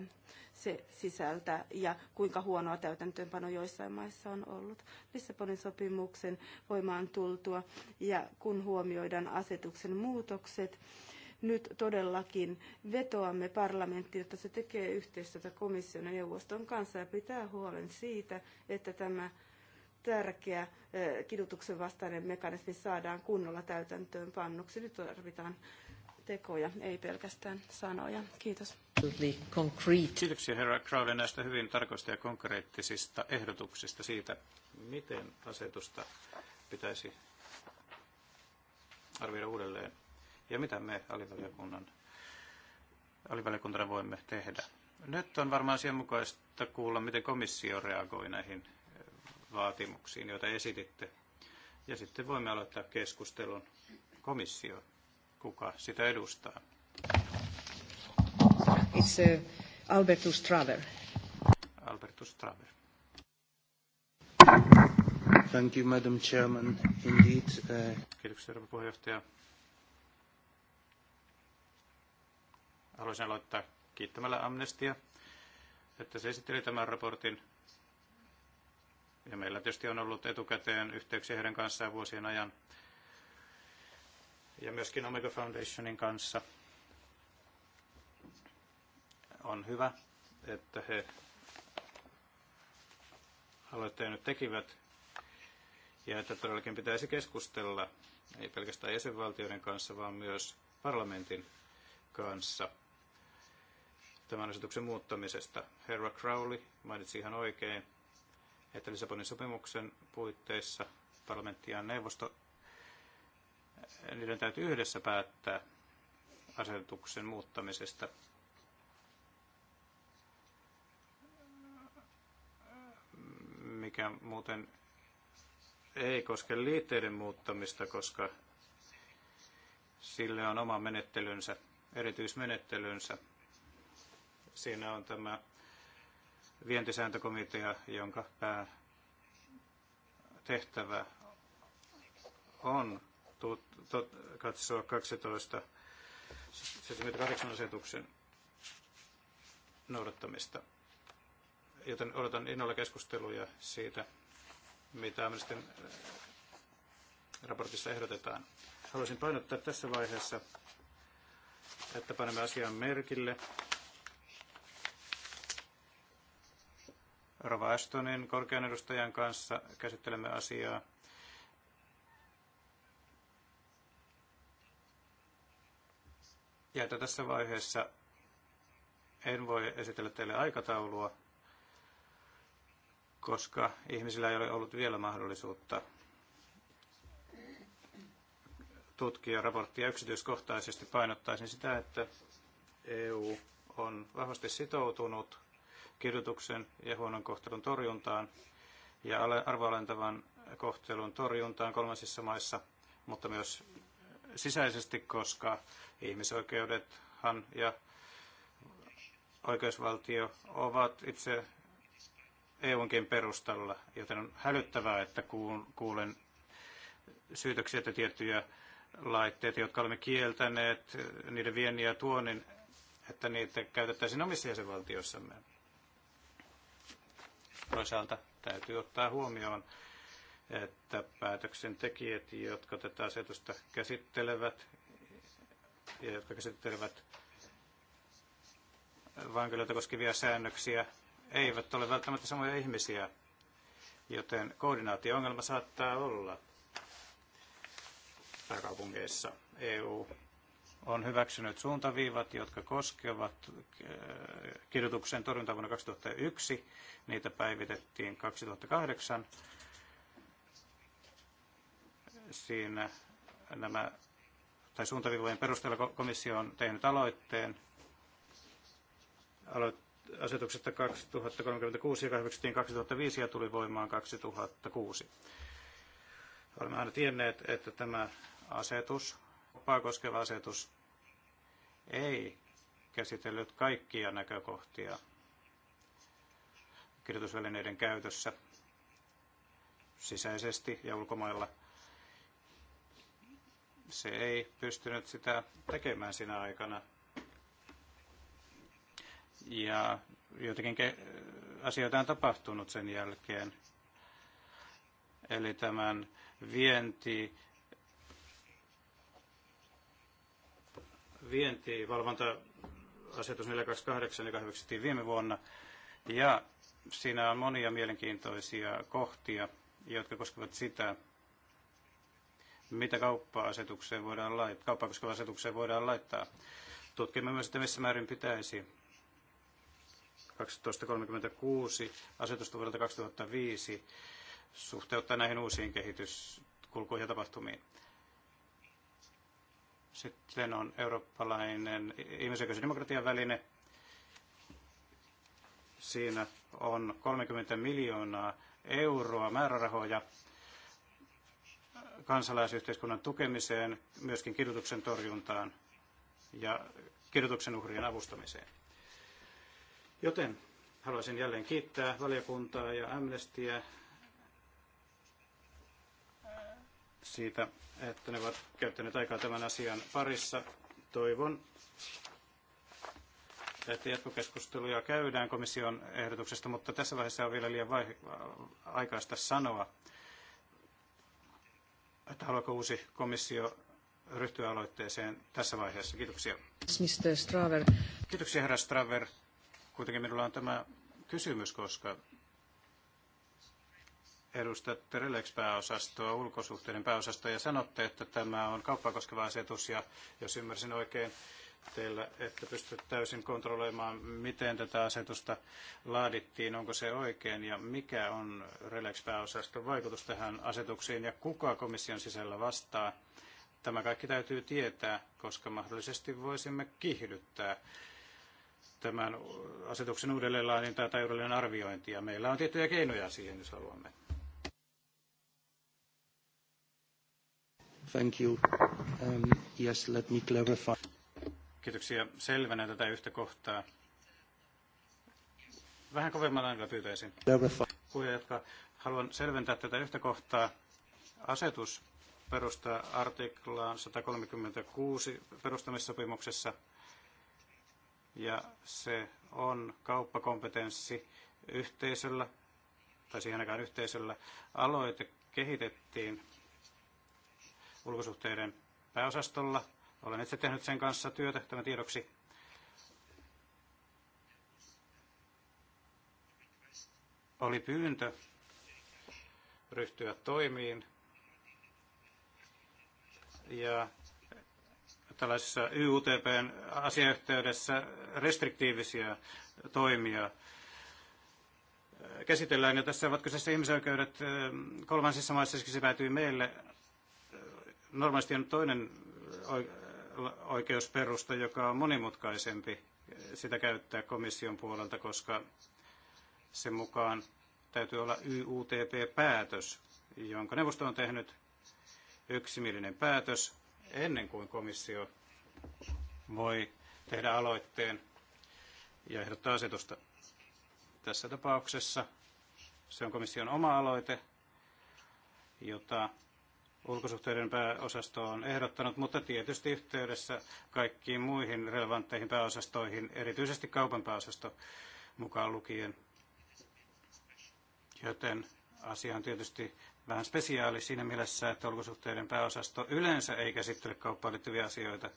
se sisältää ja kuinka huonoa täytäntöönpano joissain maissa on ollut. Lissabonin sopimuksen voimaan tultua ja kun huomioidaan asetuksen muutokset, nyt todellakin vetoamme parlamenttiin, että se tekee yhteistyötä komission ja neuvoston kanssa ja pitää huolen siitä, että tämä tärkeä eh, kidutuksen vastainen mekanismi saadaan kunnolla täytäntöön pannuksi. Nyt tarvitaan tekoja, ei pelkästään sanoja. Kiitos. Kiitoksia herra Crowley näistä hyvin tarkoista ja konkreettisista ehdotuksista siitä, miten asetusta pitäisi arvioida uudelleen ja mitä me alivaliokuntana voimme tehdä. Nyt on varmaan mukaista kuulla, miten komissio reagoi näihin eh, vaatimuksiin, joita esititte. Ja sitten voimme aloittaa keskustelun komissio, kuka sitä edustaa. It's uh, Albertus Traver. Albertus Traver. Thank you, Madam Chairman. Indeed, uh... Kiitoksia, herra puheenjohtaja. Haluaisin aloittaa kiittämällä Amnestia, että se esitteli tämän raportin. Ja meillä tietysti on ollut etukäteen yhteyksiä heidän kanssaan vuosien ajan ja myöskin Omega Foundationin kanssa. On hyvä, että he aloitteen nyt tekivät ja että todellakin pitäisi keskustella ei pelkästään jäsenvaltioiden kanssa, vaan myös parlamentin kanssa tämän asetuksen muuttamisesta. Herra Crowley mainitsi ihan oikein, että Lissabonin sopimuksen puitteissa parlamentti ja neuvosto, niiden täytyy yhdessä päättää asetuksen muuttamisesta. mikä muuten ei koske liitteiden muuttamista, koska sille on oma menettelynsä, erityismenettelynsä Siinä on tämä vientisääntökomitea, jonka tehtävä on tut, tut, katsoa 12 78 asetuksen noudattamista. Joten odotan innolla keskusteluja siitä, mitä Amnestin äh, raportissa ehdotetaan. Haluaisin painottaa tässä vaiheessa, että panemme asian merkille Rova Ashtonin korkean edustajan kanssa käsittelemme asiaa. Ja että tässä vaiheessa en voi esitellä teille aikataulua, koska ihmisillä ei ole ollut vielä mahdollisuutta tutkia raporttia yksityiskohtaisesti. Painottaisin sitä, että EU on vahvasti sitoutunut kidutuksen ja huonon kohtelun torjuntaan ja arvoalentavan kohtelun torjuntaan kolmansissa maissa, mutta myös sisäisesti, koska ihmisoikeudethan ja oikeusvaltio ovat itse EUnkin perustalla, joten on hälyttävää, että kuulen syytöksiä, että tiettyjä laitteita, jotka olemme kieltäneet, niiden viennin ja tuonin, että niitä käytettäisiin omissa jäsenvaltioissamme. Toisaalta täytyy ottaa huomioon, että päätöksentekijät, jotka tätä asetusta käsittelevät ja jotka käsittelevät vankiloita koskevia säännöksiä, eivät ole välttämättä samoja ihmisiä, joten koordinaatio-ongelma saattaa olla pääkaupungeissa EU on hyväksynyt suuntaviivat, jotka koskevat eh, kirjoituksen torjuntaa vuonna 2001. Niitä päivitettiin 2008. Siinä nämä, tai suuntaviivojen perusteella komissio on tehnyt aloitteen aloit- asetuksesta 2036, joka hyväksyttiin 2005 ja tuli voimaan 2006. Olemme aina tienneet, että tämä asetus, kopaa koskeva asetus ei käsitellyt kaikkia näkökohtia kirjoitusvälineiden käytössä sisäisesti ja ulkomailla. Se ei pystynyt sitä tekemään sinä aikana. Ja joitakin asioita on tapahtunut sen jälkeen. Eli tämän vienti vientivalvonta-asetus 428, joka hyväksyttiin viime vuonna. Ja siinä on monia mielenkiintoisia kohtia, jotka koskevat sitä, mitä kauppa-asetukseen voidaan laittaa, kauppaa koskevaan asetukseen voidaan laittaa. Tutkimme myös, että missä määrin pitäisi 1236 asetusta vuodelta 2005 suhteuttaa näihin uusiin kehityskulkuihin ja tapahtumiin. Sitten on eurooppalainen ihmisoikeus- ja demokratian väline. Siinä on 30 miljoonaa euroa määrärahoja kansalaisyhteiskunnan tukemiseen, myöskin kidutuksen torjuntaan ja kidutuksen uhrien avustamiseen. Joten haluaisin jälleen kiittää valiokuntaa ja Amnestyä siitä, että ne ovat käyttäneet aikaa tämän asian parissa. Toivon, että jatkokeskusteluja käydään komission ehdotuksesta, mutta tässä vaiheessa on vielä liian vai- aikaista sanoa, että haluaako uusi komissio ryhtyä aloitteeseen tässä vaiheessa. Kiitoksia. Mr. Kiitoksia, herra Straver. Kuitenkin minulla on tämä kysymys, koska edustatte Relex-pääosastoa, ulkosuhteiden pääosastoa, ja sanotte, että tämä on kauppaa koskeva asetus, ja jos ymmärsin oikein teillä, että pystytte täysin kontrolloimaan, miten tätä asetusta laadittiin, onko se oikein, ja mikä on Relex-pääosaston vaikutus tähän asetuksiin, ja kuka komission sisällä vastaa. Tämä kaikki täytyy tietää, koska mahdollisesti voisimme kiihdyttää tämän asetuksen uudelleenlaadintaa tai uudelleen arviointia. Meillä on tiettyjä keinoja siihen, jos haluamme. Thank you. Um, yes, let me clarify. Kiitoksia. Selvänä tätä yhtä kohtaa. Vähän kovemmalla äänellä pyytäisin. Clarify. haluan selventää tätä yhtä kohtaa. Asetus perustaa artiklaan 136 perustamissopimuksessa ja se on kauppakompetenssi yhteisöllä, tai siihen aikaan yhteisöllä, aloite kehitettiin ulkosuhteiden pääosastolla. Olen itse tehnyt sen kanssa työtä tämän tiedoksi. Oli pyyntö ryhtyä toimiin ja tällaisessa YUTPn asiayhteydessä restriktiivisiä toimia käsitellään. Ja tässä ovat kyseessä ihmisoikeudet kolmansissa maissa, siksi se meille. Normaalisti on toinen oikeusperusta, joka on monimutkaisempi sitä käyttää komission puolelta, koska sen mukaan täytyy olla YUTP-päätös, jonka neuvosto on tehnyt yksimielinen päätös ennen kuin komissio voi tehdä aloitteen ja ehdottaa asetusta. Tässä tapauksessa se on komission oma aloite, jota ulkosuhteiden pääosasto on ehdottanut, mutta tietysti yhteydessä kaikkiin muihin relevantteihin pääosastoihin, erityisesti kaupan pääosasto mukaan lukien. Joten asia on tietysti vähän spesiaali siinä mielessä, että ulkosuhteiden pääosasto yleensä ei käsittele kauppaan liittyviä asioita,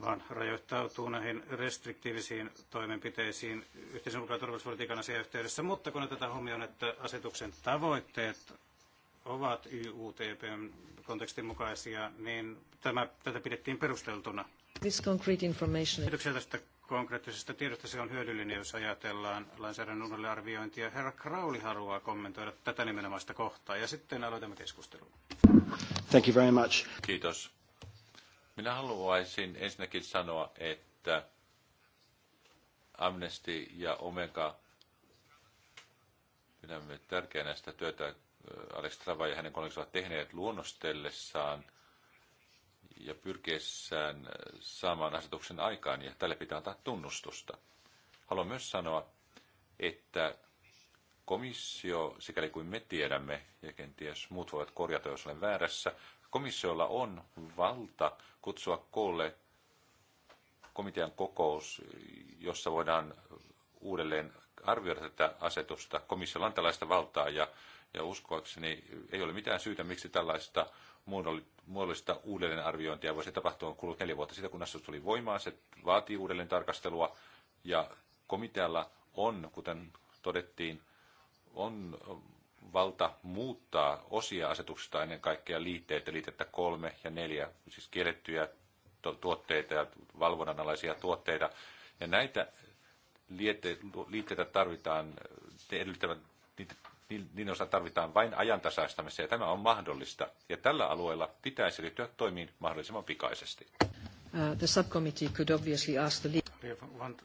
vaan rajoittautuu näihin restriktiivisiin toimenpiteisiin yhteisen ulko- ja turvallisuuspolitiikan asiayhteydessä. Mutta kun otetaan huomioon, että asetuksen tavoitteet ovat YUTPn kontekstin mukaisia, niin tämä, tätä pidettiin perusteltuna. This concrete information. Kiitoksia tästä konkreettisesta tiedosta. Se on hyödyllinen, jos ajatellaan lainsäädännön arviointia. Herra Krauli haluaa kommentoida tätä nimenomaista kohtaa ja sitten aloitamme keskustelun. Thank you very much. Kiitos. Minä haluaisin ensinnäkin sanoa, että Amnesty ja Omega pidämme tärkeänä sitä työtä, Alex Trava ja hänen kollegansa ovat tehneet luonnostellessaan ja pyrkiessään saamaan asetuksen aikaan, ja tälle pitää antaa tunnustusta. Haluan myös sanoa, että komissio, sikäli kuin me tiedämme, ja kenties muut voivat korjata, jos olen väärässä, komissiolla on valta kutsua koolle komitean kokous, jossa voidaan uudelleen arvioida tätä asetusta. Komissiolla on tällaista valtaa ja ja uskoakseni ei ole mitään syytä, miksi tällaista muodollista uudelleenarviointia voisi tapahtua. On kulunut neljä vuotta siitä, kun asetus tuli voimaan. Se vaatii uudelleen tarkastelua ja komitealla on, kuten todettiin, on valta muuttaa osia asetuksesta ennen kaikkea liitteitä, liitettä kolme ja neljä, siis kiellettyjä tuotteita ja valvonnan tuotteita. Ja näitä liitteitä tarvitaan, edellyttävät, niitä niin, niin osa tarvitaan vain ajantasaistamista ja tämä on mahdollista. Ja tällä alueella pitäisi ryhtyä toimiin mahdollisimman pikaisesti. Uh, the subcommittee could obviously ask the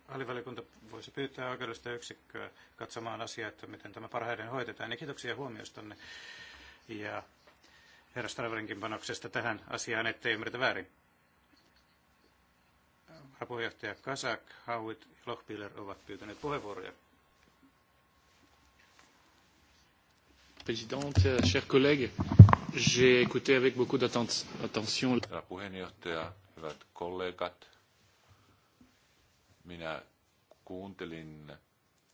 Alivaliokunta voisi pyytää oikeudellista yksikköä katsomaan asiaa, että miten tämä parhaiten hoitetaan. Ja niin kiitoksia huomiostanne ja herra Straverinkin panoksesta tähän asiaan, ettei ymmärretä väärin. Varapuheenjohtaja Kasak, Hauit ja Lochbiller ovat pyytäneet puheenvuoroja. présidente, chers collègues, j'ai écouté avec beaucoup d'attention. Herra puheenjohtaja, hyvät kollegat, minä kuuntelin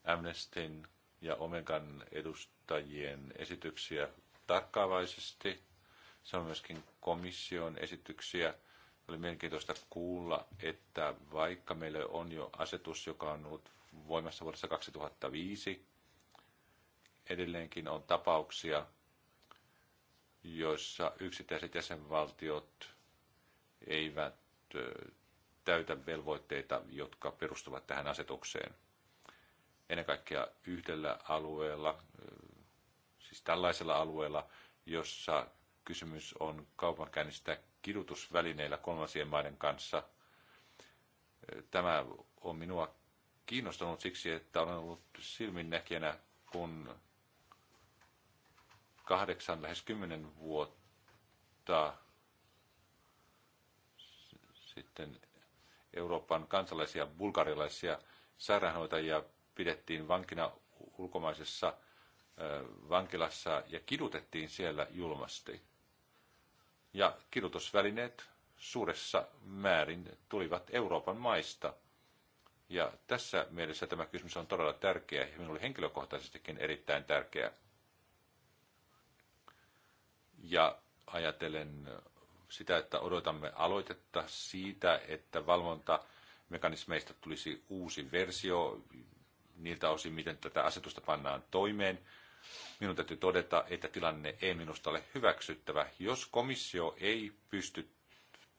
Amnestyn ja Omegan edustajien esityksiä tarkkaavaisesti. Se on myöskin komission esityksiä. Oli mielenkiintoista kuulla, että vaikka meillä on jo asetus, joka on ollut voimassa vuodessa 2005, edelleenkin on tapauksia, joissa yksittäiset jäsenvaltiot eivät täytä velvoitteita, jotka perustuvat tähän asetukseen. Ennen kaikkea yhdellä alueella, siis tällaisella alueella, jossa kysymys on kaupankäynnistä kidutusvälineillä kolmansien maiden kanssa. Tämä on minua kiinnostanut siksi, että olen ollut silminnäkijänä, kun kahdeksan, lähes kymmenen vuotta sitten Euroopan kansalaisia bulgarilaisia sairaanhoitajia pidettiin vankina ulkomaisessa vankilassa ja kidutettiin siellä julmasti. Ja kidutusvälineet suuressa määrin tulivat Euroopan maista. Ja tässä mielessä tämä kysymys on todella tärkeä ja minulle henkilökohtaisestikin erittäin tärkeä ja ajatellen sitä, että odotamme aloitetta siitä, että valvontamekanismeista tulisi uusi versio niiltä osin, miten tätä asetusta pannaan toimeen. Minun täytyy todeta, että tilanne ei minusta ole hyväksyttävä. Jos komissio ei pysty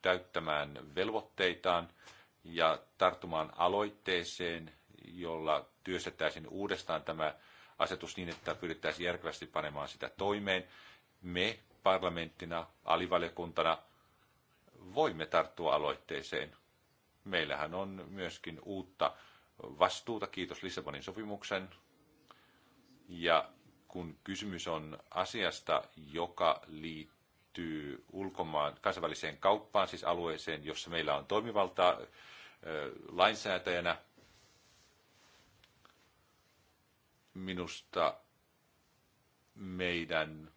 täyttämään velvoitteitaan ja tarttumaan aloitteeseen, jolla työstettäisiin uudestaan tämä asetus niin, että pyrittäisiin järkevästi panemaan sitä toimeen, me parlamenttina, alivaliokuntana voimme tarttua aloitteeseen. Meillähän on myöskin uutta vastuuta, kiitos Lissabonin sopimuksen. Ja kun kysymys on asiasta, joka liittyy ulkomaan kansainväliseen kauppaan, siis alueeseen, jossa meillä on toimivaltaa lainsäätäjänä, minusta meidän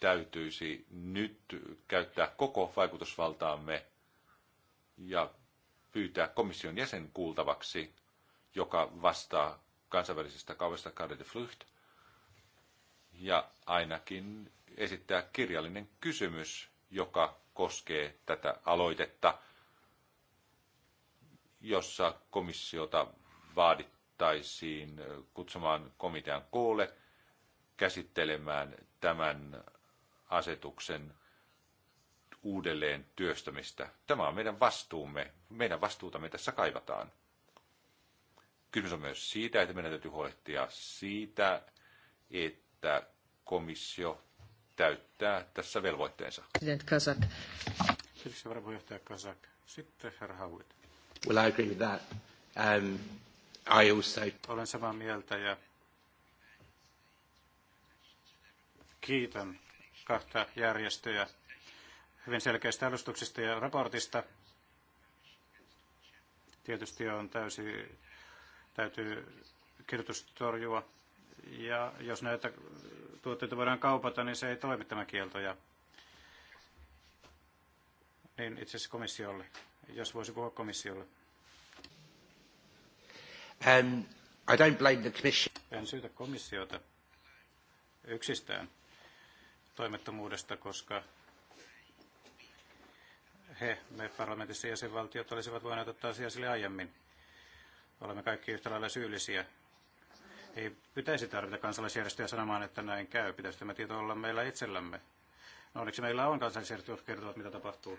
täytyisi nyt käyttää koko vaikutusvaltaamme ja pyytää komission jäsen kuultavaksi, joka vastaa kansainvälisestä kaupasta Karel de Flucht, ja ainakin esittää kirjallinen kysymys, joka koskee tätä aloitetta, jossa komissiota vaadittaisiin kutsumaan komitean koolle käsittelemään tämän asetuksen uudelleen työstämistä. Tämä on meidän vastuumme. Meidän vastuutamme tässä kaivataan. Kysymys on myös siitä, että meidän täytyy huolehtia siitä, että komissio täyttää tässä velvoitteensa. President Kazak. Kiitoksia varapuheenjohtaja Kazak. Sitten herra Howitt. Well, I agree with that. Um, I also... Olen samaa mieltä ja kiitän kahta järjestöjä hyvin selkeistä alustuksista ja raportista. Tietysti on täysi, täytyy kirjoitus Ja jos näitä tuotteita voidaan kaupata, niin se ei toimi tämä kielto. Ja niin itse asiassa komissiolle, jos voisi puhua komissiolle. Um, I don't blame the commission. En syytä komissiota yksistään toimettomuudesta, koska he, me parlamentissa ja jäsenvaltiot olisivat voineet ottaa asiaa sille aiemmin. Olemme kaikki yhtä lailla syyllisiä. Ei pitäisi tarvita kansalaisjärjestöjä sanomaan, että näin käy. Pitäisi tämä tieto olla meillä itsellämme. No onneksi meillä on kansalaisjärjestöjä, jotka kertovat, mitä tapahtuu.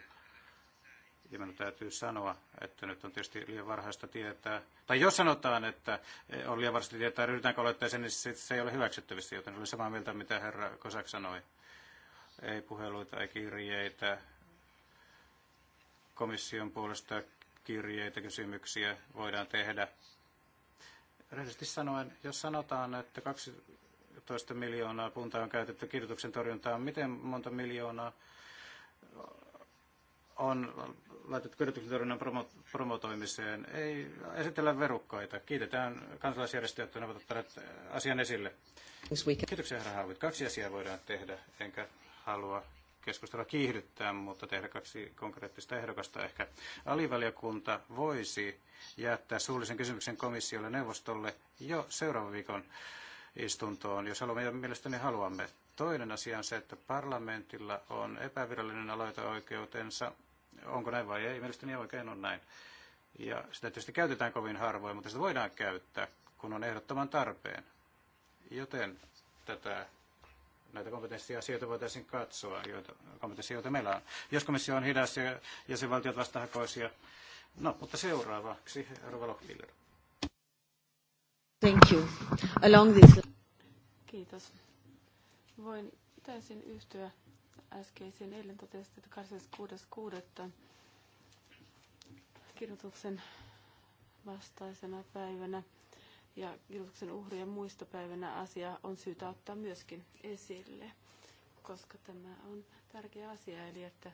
Ja minun täytyy sanoa, että nyt on tietysti liian varhaista tietää. Tai jos sanotaan, että on liian varhaista tietää, ryhdytäänkö olettaa sen, niin se ei ole hyväksyttävissä, joten olen samaa mieltä, mitä herra Kosak sanoi ei puheluita, ei kirjeitä, komission puolesta kirjeitä, kysymyksiä voidaan tehdä. Rehellisesti sanoen, jos sanotaan, että 12 miljoonaa puntaa on käytetty kirjoituksen torjuntaan, miten monta miljoonaa on laitettu kirjoituksen torjunnan promo- promotoimiseen? Ei esitellä verukkaita. Kiitetään kansalaisjärjestöjä, että ne ovat ottaneet asian esille. Kiitoksia, herra Haavit. Kaksi asiaa voidaan tehdä, enkä halua keskustella kiihdyttää, mutta tehdä kaksi konkreettista ehdokasta ehkä. Alivaliokunta voisi jättää suullisen kysymyksen komissiolle neuvostolle jo seuraavan viikon istuntoon, jos haluamme ja mielestäni haluamme. Toinen asia on se, että parlamentilla on epävirallinen aloiteoikeutensa. Onko näin vai ei? Mielestäni oikein on näin. Ja sitä tietysti käytetään kovin harvoin, mutta sitä voidaan käyttää, kun on ehdottoman tarpeen. Joten tätä näitä kompetenssiasioita voitaisiin katsoa, joita, kompetenssioita meillä on. Jos komissio on hidas ja jäsenvaltiot vastahakoisia. No, mutta seuraavaksi Rova Lockbiller. Thank you. Along this... Kiitos. Voin täysin yhtyä äskeisiin Eilen totesit, että 26.6. kirjoituksen vastaisena päivänä ja Jeesuksen uhrien muistopäivänä asia on syytä ottaa myöskin esille, koska tämä on tärkeä asia, eli että,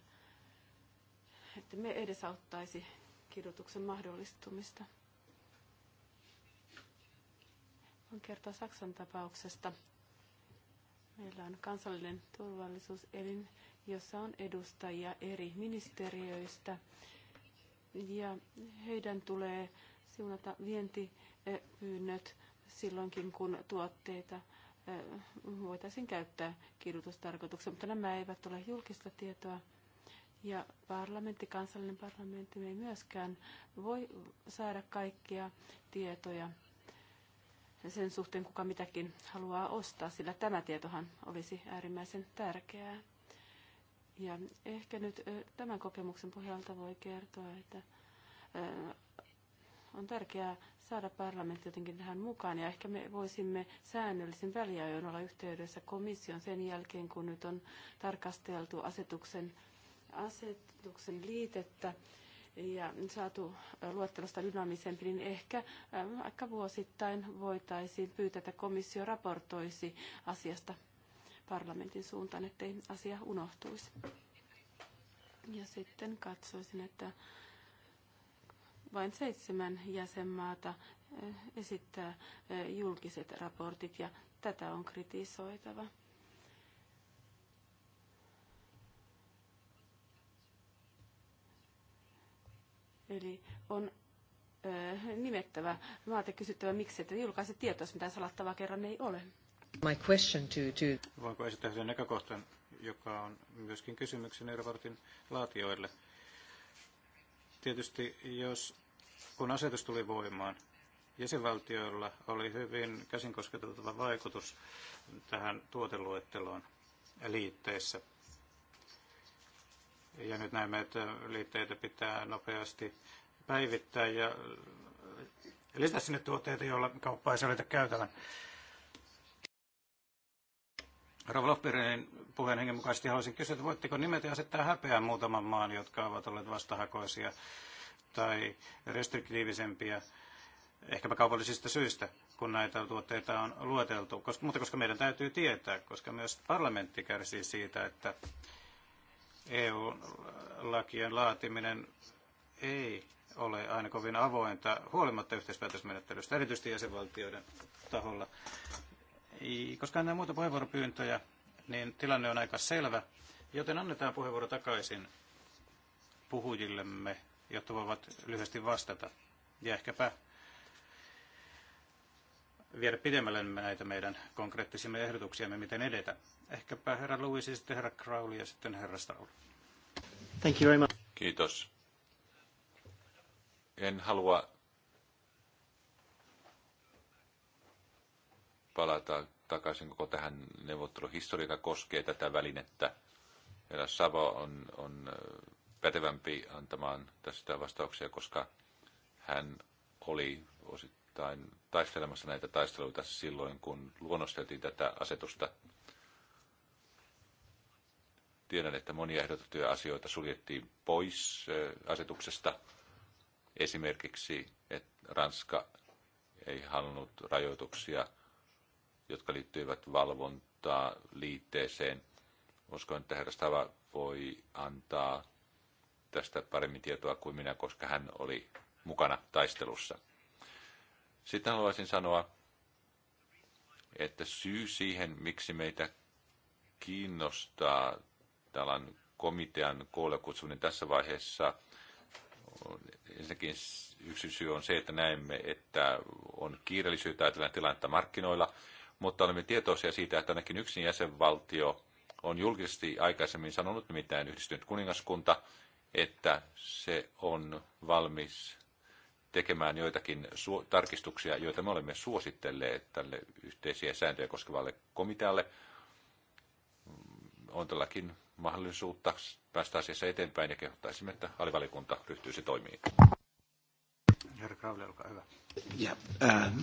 että me edesauttaisi kidutuksen mahdollistumista. On kertoa Saksan tapauksesta. Meillä on kansallinen turvallisuuselin, jossa on edustajia eri ministeriöistä, ja heidän tulee siunata vientipyynnöt silloinkin, kun tuotteita voitaisiin käyttää kidutustarkoituksia, mutta nämä eivät ole julkista tietoa. Ja parlamentti, kansallinen parlamentti, ei myöskään voi saada kaikkia tietoja sen suhteen, kuka mitäkin haluaa ostaa, sillä tämä tietohan olisi äärimmäisen tärkeää. Ja ehkä nyt tämän kokemuksen pohjalta voi kertoa, että on tärkeää saada parlamentti jotenkin tähän mukaan ja ehkä me voisimme säännöllisen väliajoin olla yhteydessä komission sen jälkeen, kun nyt on tarkasteltu asetuksen, asetuksen liitettä ja saatu luettelosta dynaamisempi, niin ehkä aika vuosittain voitaisiin pyytää, että komissio raportoisi asiasta parlamentin suuntaan, ettei asia unohtuisi. Ja sitten katsoisin, että vain seitsemän jäsenmaata eh, esittää eh, julkiset raportit ja tätä on kritisoitava. Eli on eh, nimettävä maate kysyttävä, miksi ette julkaise tietoa, mitä salattavaa kerran ei ole. My question to, to... Voinko esittää sen näkökohtan, joka on myöskin kysymyksen raportin laatioille? Tietysti jos kun asetus tuli voimaan, jäsenvaltioilla oli hyvin kosketeltava vaikutus tähän tuoteluetteloon liitteissä. Ja nyt näemme, että liitteitä pitää nopeasti päivittää ja lisätä sinne tuotteita, joilla kauppa ei selitä käytävän. Rauha Lohpirin puheen hengen mukaisesti haluaisin kysyä, että voitteko nimet ja asettaa häpeään muutaman maan, jotka ovat olleet vastahakoisia tai restriktiivisempiä, ehkäpä kaupallisista syistä, kun näitä tuotteita on lueteltu. Koska, mutta koska meidän täytyy tietää, koska myös parlamentti kärsii siitä, että EU-lakien laatiminen ei ole aina kovin avointa huolimatta yhteispäätösmenettelystä, erityisesti jäsenvaltioiden taholla. Koska on muuta puheenvuoropyyntöjä, niin tilanne on aika selvä, joten annetaan puheenvuoro takaisin puhujillemme jotta voivat lyhyesti vastata ja ehkäpä viedä pidemmälle näitä meidän konkreettisia ehdotuksiamme, miten edetä. Ehkäpä herra Louis, sitten herra Crowley ja sitten herra Staul. Thank you very much. Kiitos. En halua palata takaisin koko tähän neuvotteluhistoriaan, joka koskee tätä välinettä. Herra Savo on, on pätevämpi antamaan tästä vastauksia, koska hän oli osittain taistelemassa näitä taisteluita silloin, kun luonnosteltiin tätä asetusta. Tiedän, että monia ehdotettuja asioita suljettiin pois äh, asetuksesta. Esimerkiksi, että Ranska ei halunnut rajoituksia, jotka liittyivät valvontaa liitteeseen. Uskon, että herra Stava voi antaa tästä paremmin tietoa kuin minä, koska hän oli mukana taistelussa. Sitten haluaisin sanoa, että syy siihen, miksi meitä kiinnostaa tällainen komitean koolle kutsuminen tässä vaiheessa, ensinnäkin yksi syy on se, että näemme, että on kiireellisyyttä ajatellen tilannetta markkinoilla, mutta olemme tietoisia siitä, että ainakin yksi jäsenvaltio on julkisesti aikaisemmin sanonut, nimittäin yhdistynyt kuningaskunta, että se on valmis tekemään joitakin tarkistuksia, joita me olemme suositelleet tälle yhteisiä sääntöjä koskevalle komitealle. On tälläkin mahdollisuutta päästä asiassa eteenpäin ja kehottaisimme, että alivalikunta ryhtyisi toimiin. Herra olkaa hyvä. Yeah, ähm, äh,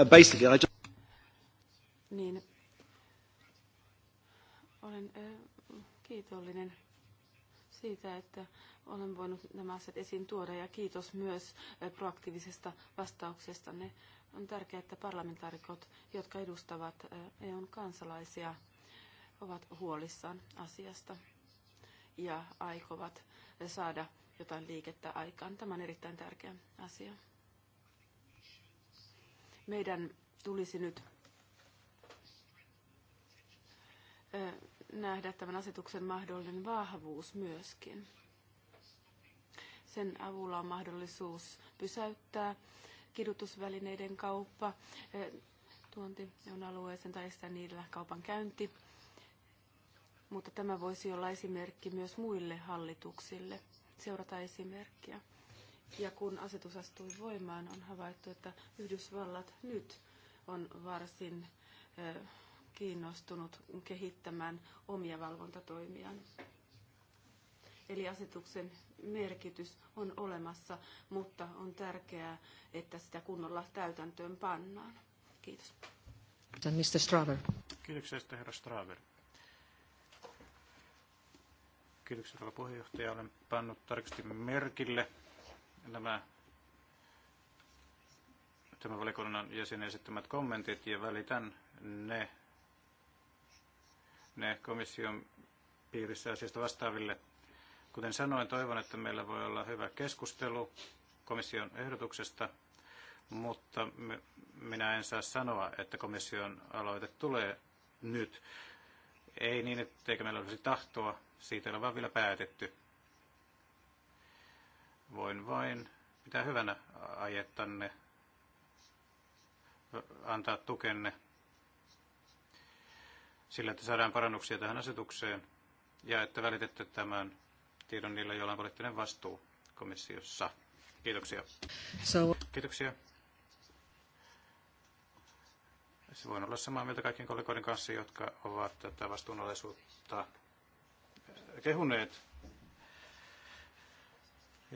um, basically I just... Niin. Olen äh, kiitollinen siitä, että olen voinut nämä asiat esiin tuoda ja kiitos myös proaktiivisesta vastauksestanne. On tärkeää, että parlamentaarikot, jotka edustavat EUn kansalaisia, ovat huolissaan asiasta ja aikovat saada jotain liikettä aikaan. Tämä on erittäin tärkeä asia. Meidän tulisi nyt nähdä tämän asetuksen mahdollinen vahvuus myöskin. Sen avulla on mahdollisuus pysäyttää kidutusvälineiden kauppa, eh, tuonti on alueeseen tai estää niillä kaupan käynti. Mutta tämä voisi olla esimerkki myös muille hallituksille. Seurata esimerkkiä. Ja kun asetus astui voimaan, on havaittu, että Yhdysvallat nyt on varsin eh, kiinnostunut kehittämään omia valvontatoimiaan. Eli asetuksen merkitys on olemassa, mutta on tärkeää, että sitä kunnolla täytäntöön pannaan. Kiitos. Mr. Straver. Kiitoksia, herra Straver. Kiitoksia, herra puheenjohtaja. Olen pannut tarkasti merkille nämä tämän valikunnan jäsenen esittämät kommentit ja välitän ne ne komission piirissä asiasta vastaaville. Kuten sanoin, toivon, että meillä voi olla hyvä keskustelu komission ehdotuksesta, mutta minä en saa sanoa, että komission aloite tulee nyt. Ei niin, etteikö meillä olisi tahtoa, siitä ei ole vaan vielä päätetty. Voin vain pitää hyvänä ajettanne, antaa tukenne sillä, että saadaan parannuksia tähän asetukseen ja että välitetty tämän tiedon niillä, joilla on poliittinen vastuu komissiossa. Kiitoksia. So. Kiitoksia. Voin olla samaa mieltä kaikkien kollegoiden kanssa, jotka ovat tätä vastuunalaisuutta kehuneet,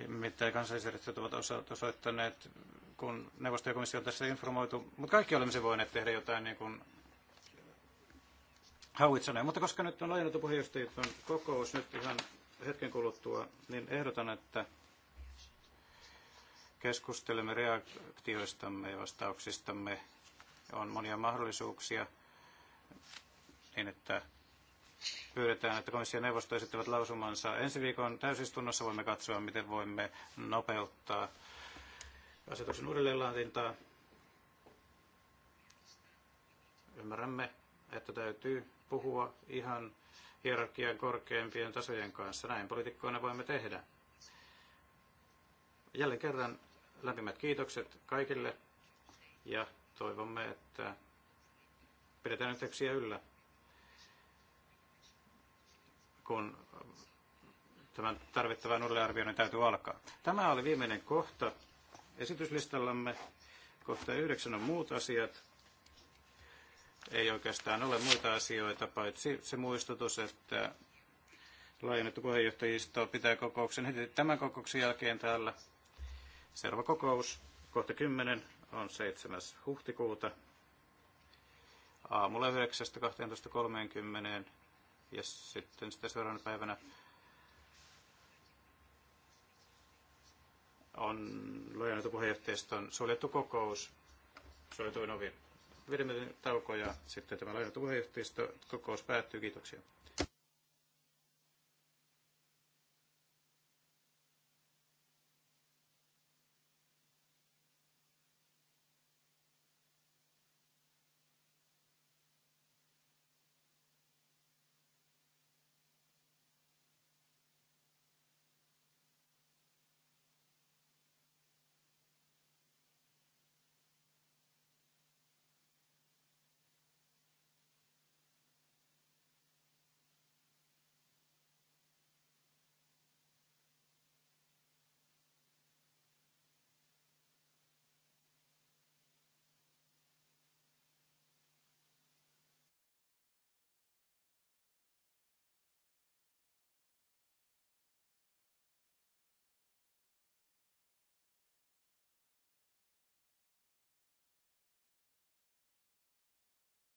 mitä kansallisjärjestöt ovat osoittaneet, kun neuvosto ja komissio on tässä informoitu. Mutta kaikki olemme se voineet tehdä jotain niin kuin hauitsoneen. Mutta koska nyt on laajennettu puheenjohtajiton kokous nyt ihan hetken kuluttua, niin ehdotan, että keskustelemme reaktioistamme ja vastauksistamme. On monia mahdollisuuksia niin, että pyydetään, että komission neuvosto esittävät lausumansa ensi viikon täysistunnossa. Voimme katsoa, miten voimme nopeuttaa asetuksen uudelleenlaatintaa. Ymmärrämme, että täytyy puhua ihan hierarkian korkeimpien tasojen kanssa. Näin poliitikkoina voimme tehdä. Jälleen kerran lämpimät kiitokset kaikille ja toivomme, että pidetään yhteyksiä yllä, kun tämän tarvittavan uudelleenarvioinnin täytyy alkaa. Tämä oli viimeinen kohta esityslistallamme. Kohta yhdeksän on muut asiat ei oikeastaan ole muita asioita, paitsi se muistutus, että laajennettu puheenjohtajisto pitää kokouksen heti tämän kokouksen jälkeen täällä. Seuraava kokous, kohta 10, on 7. huhtikuuta aamulla 9.12.30 ja sitten sitä seuraavana päivänä on laajennettu puheenjohtajiston suljettu kokous suljetuin ovin. Viiden minuutin tauko ja sitten tämä lainaton puheenjohtajisto kokous päättyy. Kiitoksia.